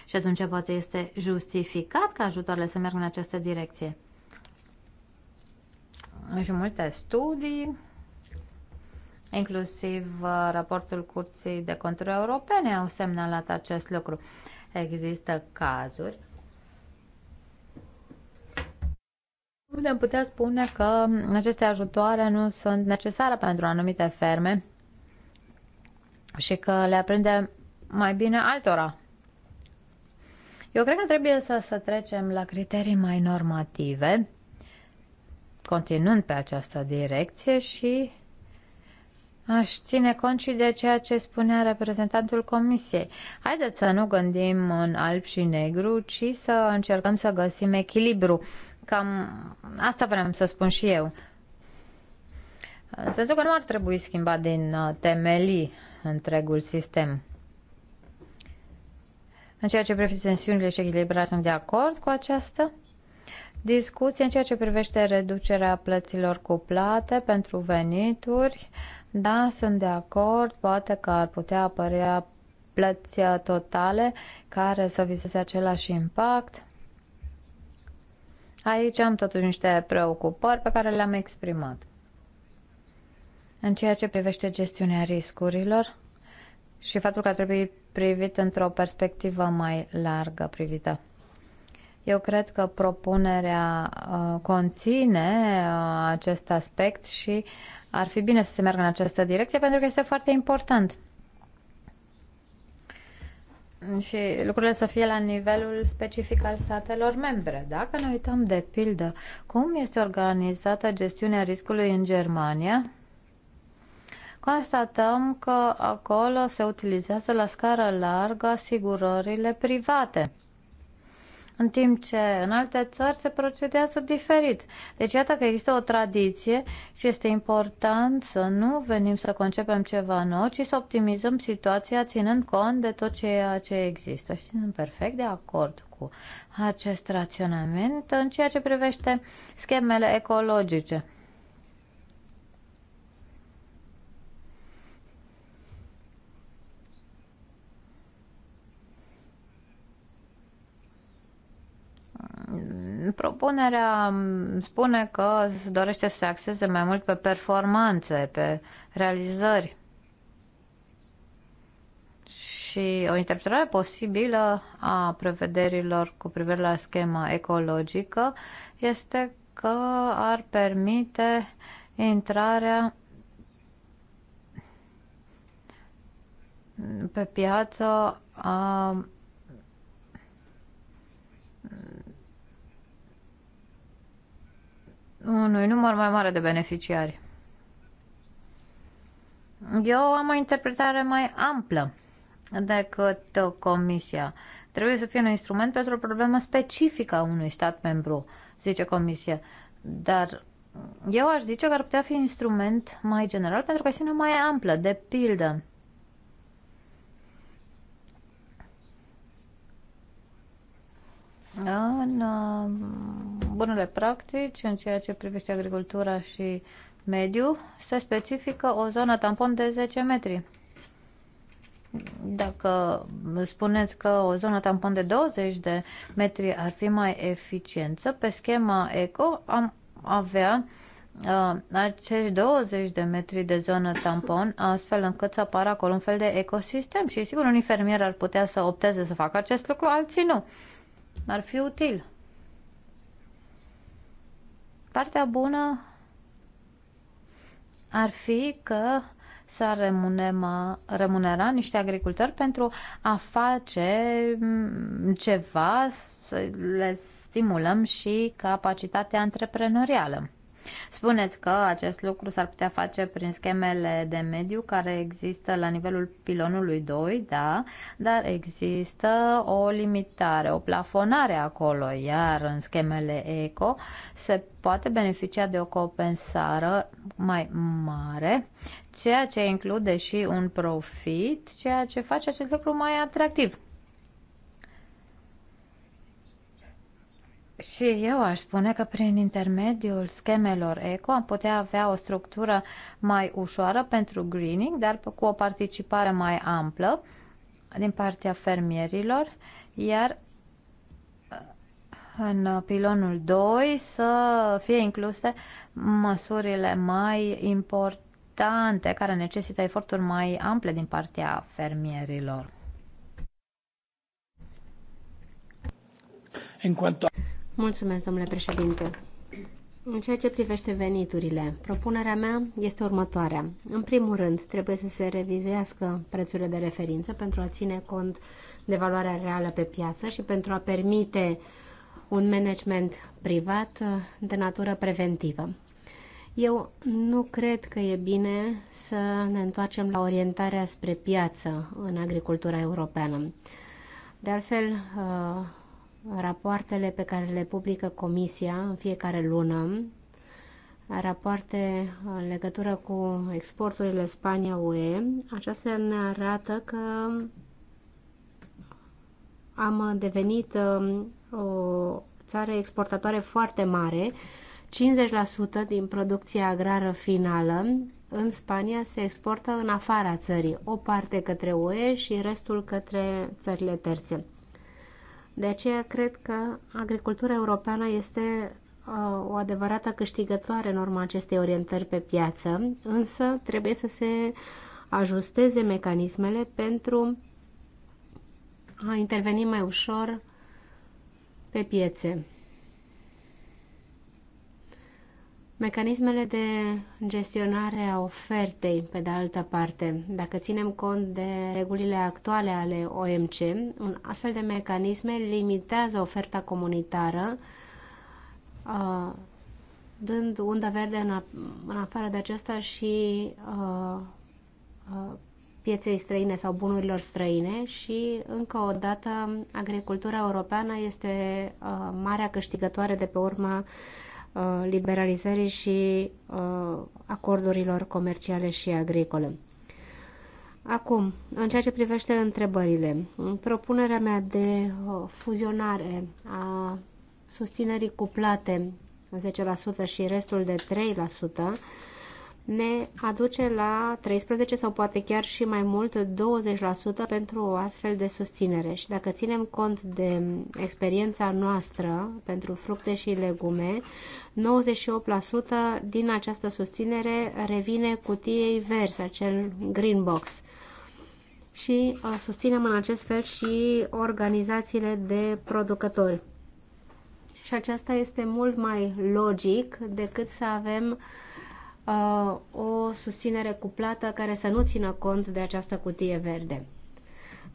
și atunci poate este justificat ca ajutoarele să meargă în această direcție. Și multe studii Inclusiv uh, raportul Curții de Conturi Europene au semnalat acest lucru. Există cazuri Nu am putea spune că aceste ajutoare nu sunt necesare pentru anumite ferme și că le aprinde mai bine altora. Eu cred că trebuie să, să trecem la criterii mai normative, continuând pe această direcție și Aș ține cont și de ceea ce spunea reprezentantul Comisiei. Haideți să nu gândim în alb și negru, ci să încercăm să găsim echilibru. Cam asta vreau să spun și eu. În sensul că nu ar trebui schimbat din uh, temelii întregul sistem. În ceea ce privește tensiunile și echilibrarea, sunt de acord cu aceasta. Discuții în ceea ce privește reducerea plăților cuplate pentru venituri. Da, sunt de acord, poate că ar putea apărea plăți totale care să vizeze același impact. Aici am totuși niște preocupări pe care le-am exprimat. În ceea ce privește gestiunea riscurilor și faptul că ar trebui privit într-o perspectivă mai largă privită eu cred că propunerea uh, conține uh, acest aspect și ar fi bine să se meargă în această direcție pentru că este foarte important. Și lucrurile să fie la nivelul specific al statelor membre. Dacă ne uităm de pildă cum este organizată gestiunea riscului în Germania, constatăm că acolo se utilizează la scară largă asigurările private – în timp ce în alte țări se procedează diferit. Deci iată că există o tradiție și este important să nu venim să concepem ceva nou, ci să optimizăm situația ținând cont de tot ceea ce există. Și sunt perfect de acord cu acest raționament în ceea ce privește schemele ecologice. Propunerea mm, spune că dorește să se axeze mai mult pe performanțe, pe realizări. Și o interpretare posibilă a prevederilor cu privire la schema ecologică este că ar permite intrarea pe piață a unui număr mai mare de beneficiari. Eu am o interpretare mai amplă decât Comisia. Trebuie să fie un instrument pentru o problemă specifică a unui stat membru, zice Comisia. Dar eu aș zice că ar putea fi un instrument mai general pentru o chestiune mai amplă, de pildă. În uh, bunele practici în ceea ce privește agricultura și mediu, se specifică o zonă tampon de 10 metri. Dacă spuneți că o zonă tampon de 20 de metri ar fi mai eficientă, pe schema ECO am avea uh, acești 20 de metri de zonă tampon, astfel încât să apară acolo un fel de ecosistem. Și sigur, un fermieri ar putea să opteze să facă acest lucru, alții nu. Ar fi util. Partea bună ar fi că s-ar remunera, remunera niște agricultori pentru a face mm, ceva, să le stimulăm și capacitatea antreprenorială. Spuneți că acest lucru s-ar putea face prin schemele de mediu care există la nivelul pilonului 2, da, dar există o limitare, o plafonare acolo, iar în schemele ECO se poate beneficia de o compensare mai mare, ceea ce include și un profit, ceea ce face acest lucru mai atractiv. Și eu aș spune că prin intermediul schemelor eco am putea avea o structură mai ușoară pentru greening, dar cu o participare mai amplă din partea fermierilor, iar uh, în pilonul 2 să fie incluse măsurile mai importante care necesită eforturi mai ample din partea fermierilor. În cuanto Mulțumesc, domnule președinte. În ceea ce privește veniturile, propunerea mea este următoarea. În primul rând, trebuie să se revizuiască prețurile de referință pentru a ține cont de valoarea reală pe piață și pentru a permite un management privat de natură preventivă. Eu nu cred că e bine să ne întoarcem la orientarea spre piață în agricultura europeană. De altfel, rapoartele pe care le publică Comisia în fiecare lună, rapoarte în legătură cu exporturile Spania-UE, aceasta ne arată că am devenit um, o țară exportatoare foarte mare. 50% din producția agrară finală în Spania se exportă în afara țării, o parte către UE și restul către țările terțe. De aceea cred că agricultura europeană este uh, o adevărată câștigătoare în urma acestei orientări pe piață, însă trebuie să se ajusteze mecanismele pentru a interveni mai ușor pe piețe. Mecanismele de gestionare a ofertei, pe de altă parte, dacă ținem cont de regulile actuale ale OMC, un astfel de mecanisme limitează oferta comunitară, uh, dând undă verde în, afară de aceasta și uh, uh, pieței străine sau bunurilor străine și, încă o dată, agricultura europeană este marea câștigătoare de pe urma Uh, liberalizării și uh, acordurilor comerciale și agricole. Acum, în ceea ce privește întrebările, propunerea mea de uh, fuzionare a susținerii cuplate 10% și restul de 3% ne aduce la 13 sau poate chiar și mai mult 20% pentru o astfel de susținere. Și dacă ținem cont de experiența noastră pentru fructe și legume, 98% din această susținere revine cutiei verzi, acel green box și uh, susținem în acest fel și organizațiile de producători. Și aceasta este mult mai logic decât să avem uh, Uh, o susținere cuplată care să nu țină cont de această cutie verde.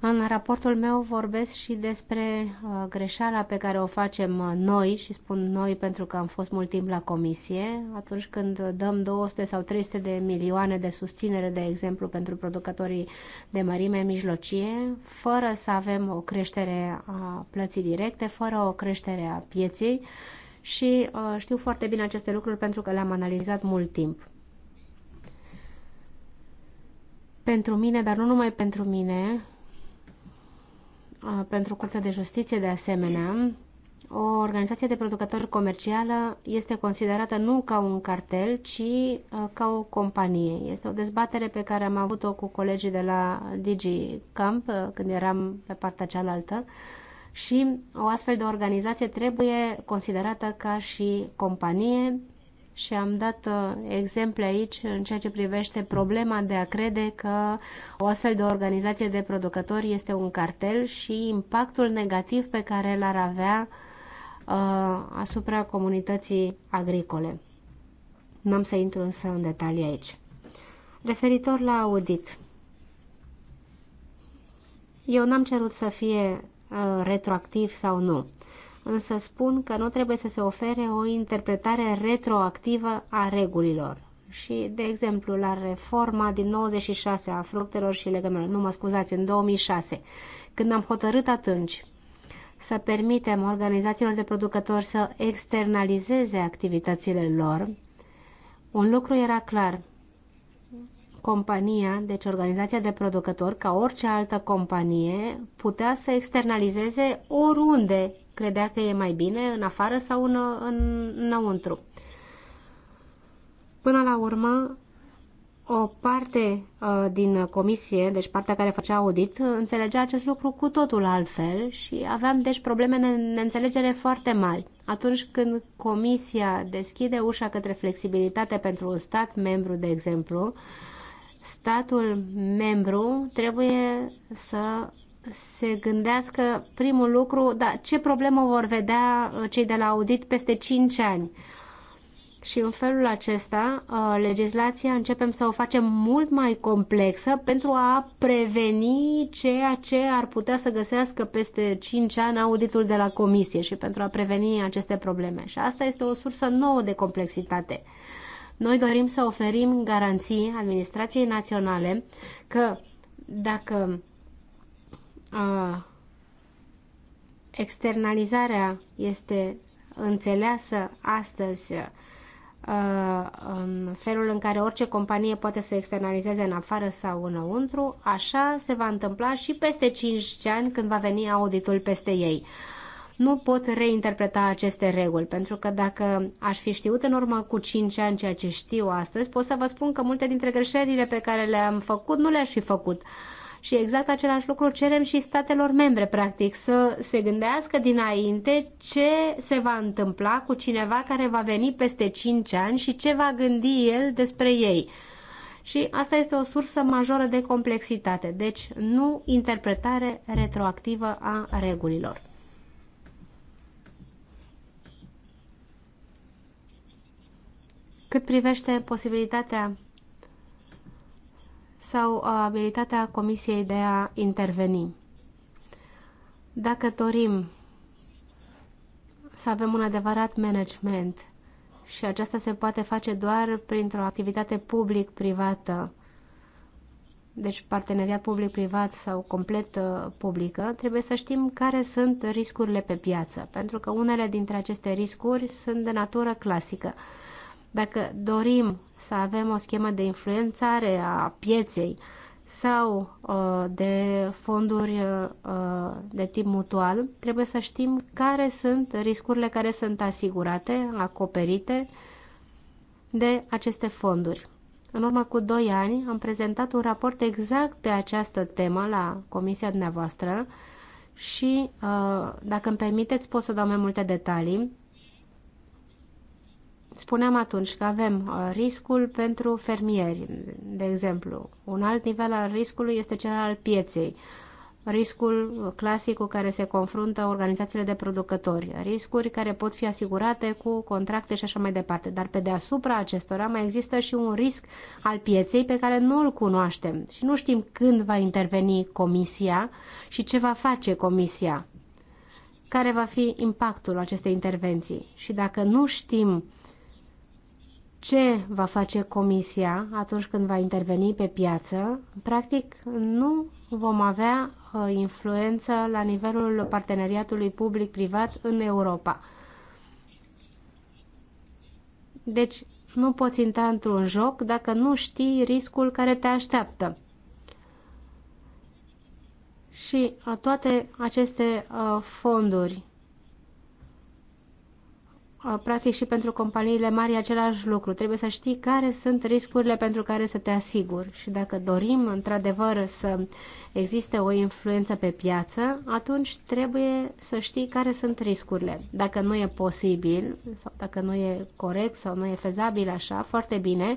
În raportul meu vorbesc și despre uh, greșeala pe care o facem uh, noi și spun noi pentru că am fost mult timp la comisie, atunci când dăm 200 sau 300 de milioane de susținere, de exemplu, pentru producătorii de mărime mijlocie, fără să avem o creștere a plății directe, fără o creștere a pieței, uh, și uh, știu foarte bine aceste lucruri pentru că le-am analizat mult timp. Pentru mine, dar nu numai pentru mine, uh, pentru Curtea de Justiție de asemenea, o organizație de producători comercială este considerată nu ca un cartel, ci uh, ca o companie. Este o dezbatere pe care am avut-o cu colegii de la DigiCamp uh, când eram pe partea cealaltă. Uh, și o astfel de organizație trebuie considerată ca și companie și am dat uh, exemple aici în ceea ce privește problema de a crede că o astfel de organizație de producători este un cartel și impactul negativ pe care l-ar avea uh, asupra comunității agricole. N-am să intru însă în detalii aici. Referitor la audit, eu n-am cerut să fie Uh, retroactiv sau nu. Însă spun că nu trebuie să se ofere o interpretare retroactivă a regulilor. Și, de exemplu, la reforma din 96 a fructelor și legămelor, nu mă scuzați, în 2006, când am hotărât atunci să permitem organizațiilor de producători să externalizeze activitățile lor, un lucru era clar, compania, deci organizația de producători, ca orice altă companie, putea să externalizeze oriunde credea că e mai bine, în afară sau în, în, înăuntru. Până la urmă, o parte uh, din comisie, deci partea care făcea audit, înțelegea acest lucru cu totul altfel și aveam deci probleme de neînțelegere foarte mari. Atunci când comisia deschide ușa către flexibilitate pentru un stat membru, de exemplu, uh, statul membru trebuie să se gândească primul lucru, dar ce problemă vor vedea uh, cei de la audit peste 5 ani. Și în felul acesta, uh, legislația începem să o facem mult mai complexă pentru a preveni ceea ce ar putea să găsească peste 5 ani auditul de la comisie și pentru a preveni aceste probleme. Și asta este o sursă nouă de complexitate. Noi dorim să oferim garanții administrației naționale că dacă uh, externalizarea este înțeleasă astăzi în felul în care orice companie poate să externalizeze în afară sau înăuntru, așa se va întâmpla și peste 5 ani când va veni auditul peste ei nu pot reinterpreta aceste reguli, pentru că dacă aș fi știut în urmă cu 5 ani ceea ce știu astăzi, pot să vă spun că multe dintre greșelile pe care le-am făcut nu le-aș fi făcut. Și exact același lucru cerem și statelor membre, practic, să se gândească dinainte ce se va întâmpla cu cineva care va veni peste 5 ani și ce va gândi el despre ei. Și asta este o sursă majoră de complexitate, deci nu interpretare retroactivă a regulilor. Cât privește posibilitatea sau uh, abilitatea Comisiei de a interveni. Dacă dorim să avem un adevărat management și aceasta se poate face doar printr-o activitate public-privată, deci parteneriat public-privat sau complet uh, publică, trebuie să știm care sunt riscurile pe piață, pentru că unele dintre aceste riscuri sunt de natură clasică dacă dorim să avem o schemă de influențare a pieței sau uh, de fonduri uh, uh, de tip mutual, trebuie să știm care sunt riscurile care sunt asigurate, acoperite de aceste fonduri. În urmă cu 2 ani am prezentat un raport exact pe această temă la comisia dumneavoastră și, dacă îmi permiteți, pot să dau mai multe detalii, Spuneam atunci că avem uh, riscul pentru fermieri, de exemplu. Un alt nivel al riscului este cel al pieței riscul clasic cu care se confruntă organizațiile de producători, riscuri care pot fi asigurate cu contracte și așa mai departe. Dar pe deasupra acestora mai există și un risc al pieței pe care nu îl cunoaștem și nu știm când va interveni comisia și ce va face comisia, care va fi impactul acestei intervenții. Și dacă nu știm ce va face Comisia atunci când va interveni pe piață, practic nu vom avea uh, influență la nivelul parteneriatului public-privat în Europa. Deci, nu poți intra într-un joc dacă nu știi riscul care te așteaptă. Și uh, toate aceste uh, fonduri Uh, practic și pentru companiile mari e același lucru. Trebuie să știi care sunt riscurile pentru care să te asiguri și dacă dorim într-adevăr să existe o influență pe piață, atunci trebuie să știi care sunt riscurile. Dacă nu e posibil sau dacă nu e corect sau nu e fezabil așa, foarte bine,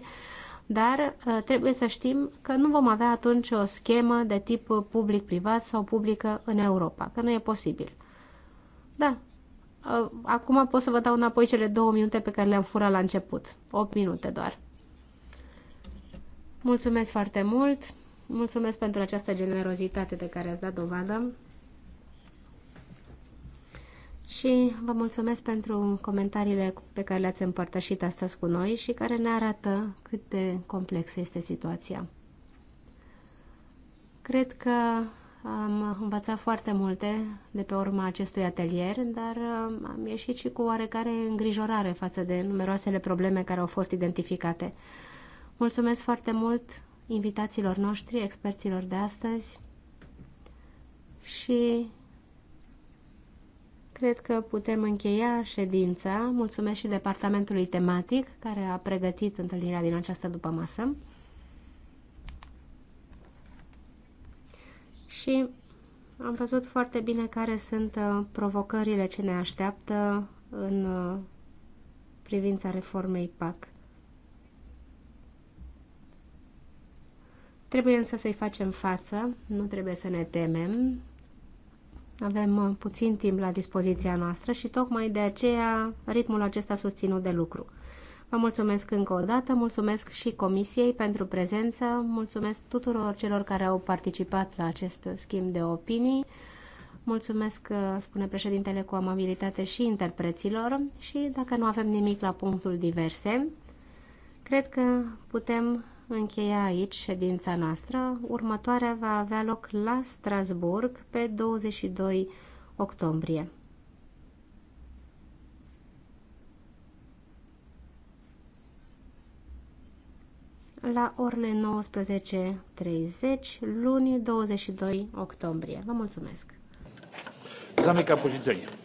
dar uh, trebuie să știm că nu vom avea atunci o schemă de tip public-privat sau publică în Europa, că nu e posibil. Da, Uh, acum pot să vă dau înapoi cele două minute pe care le-am furat la început. 8 minute doar. Mulțumesc foarte mult. Mulțumesc pentru această generozitate de care ați dat dovadă. Și vă mulțumesc pentru comentariile pe care le-ați împărtășit astăzi cu noi și care ne arată cât de complexă este situația. Cred că am învățat foarte multe de pe urma acestui atelier, dar um, am ieșit și cu oarecare îngrijorare față de numeroasele probleme care au fost identificate. Mulțumesc foarte mult invitațiilor noștri, experților de astăzi și cred că putem încheia ședința. Mulțumesc și departamentului tematic care a pregătit întâlnirea din această dupămasă. și am văzut foarte bine care sunt uh, provocările ce ne așteaptă în uh, privința reformei PAC. Trebuie însă să-i facem față, nu trebuie să ne temem. Avem uh, puțin timp la dispoziția noastră și tocmai de aceea ritmul acesta susținut de lucru. Vă mulțumesc încă o dată, mulțumesc și Comisiei pentru prezență, mulțumesc tuturor celor care au participat la acest schimb de opinii, mulțumesc, uh, spune președintele, cu amabilitate și interpreților și dacă nu avem nimic la punctul diverse, cred că putem încheia aici ședința noastră. Următoarea va avea loc la Strasburg pe 22 octombrie. la orele 19.30, luni 22 octombrie. Vă mulțumesc! Zamykam posiedzenie.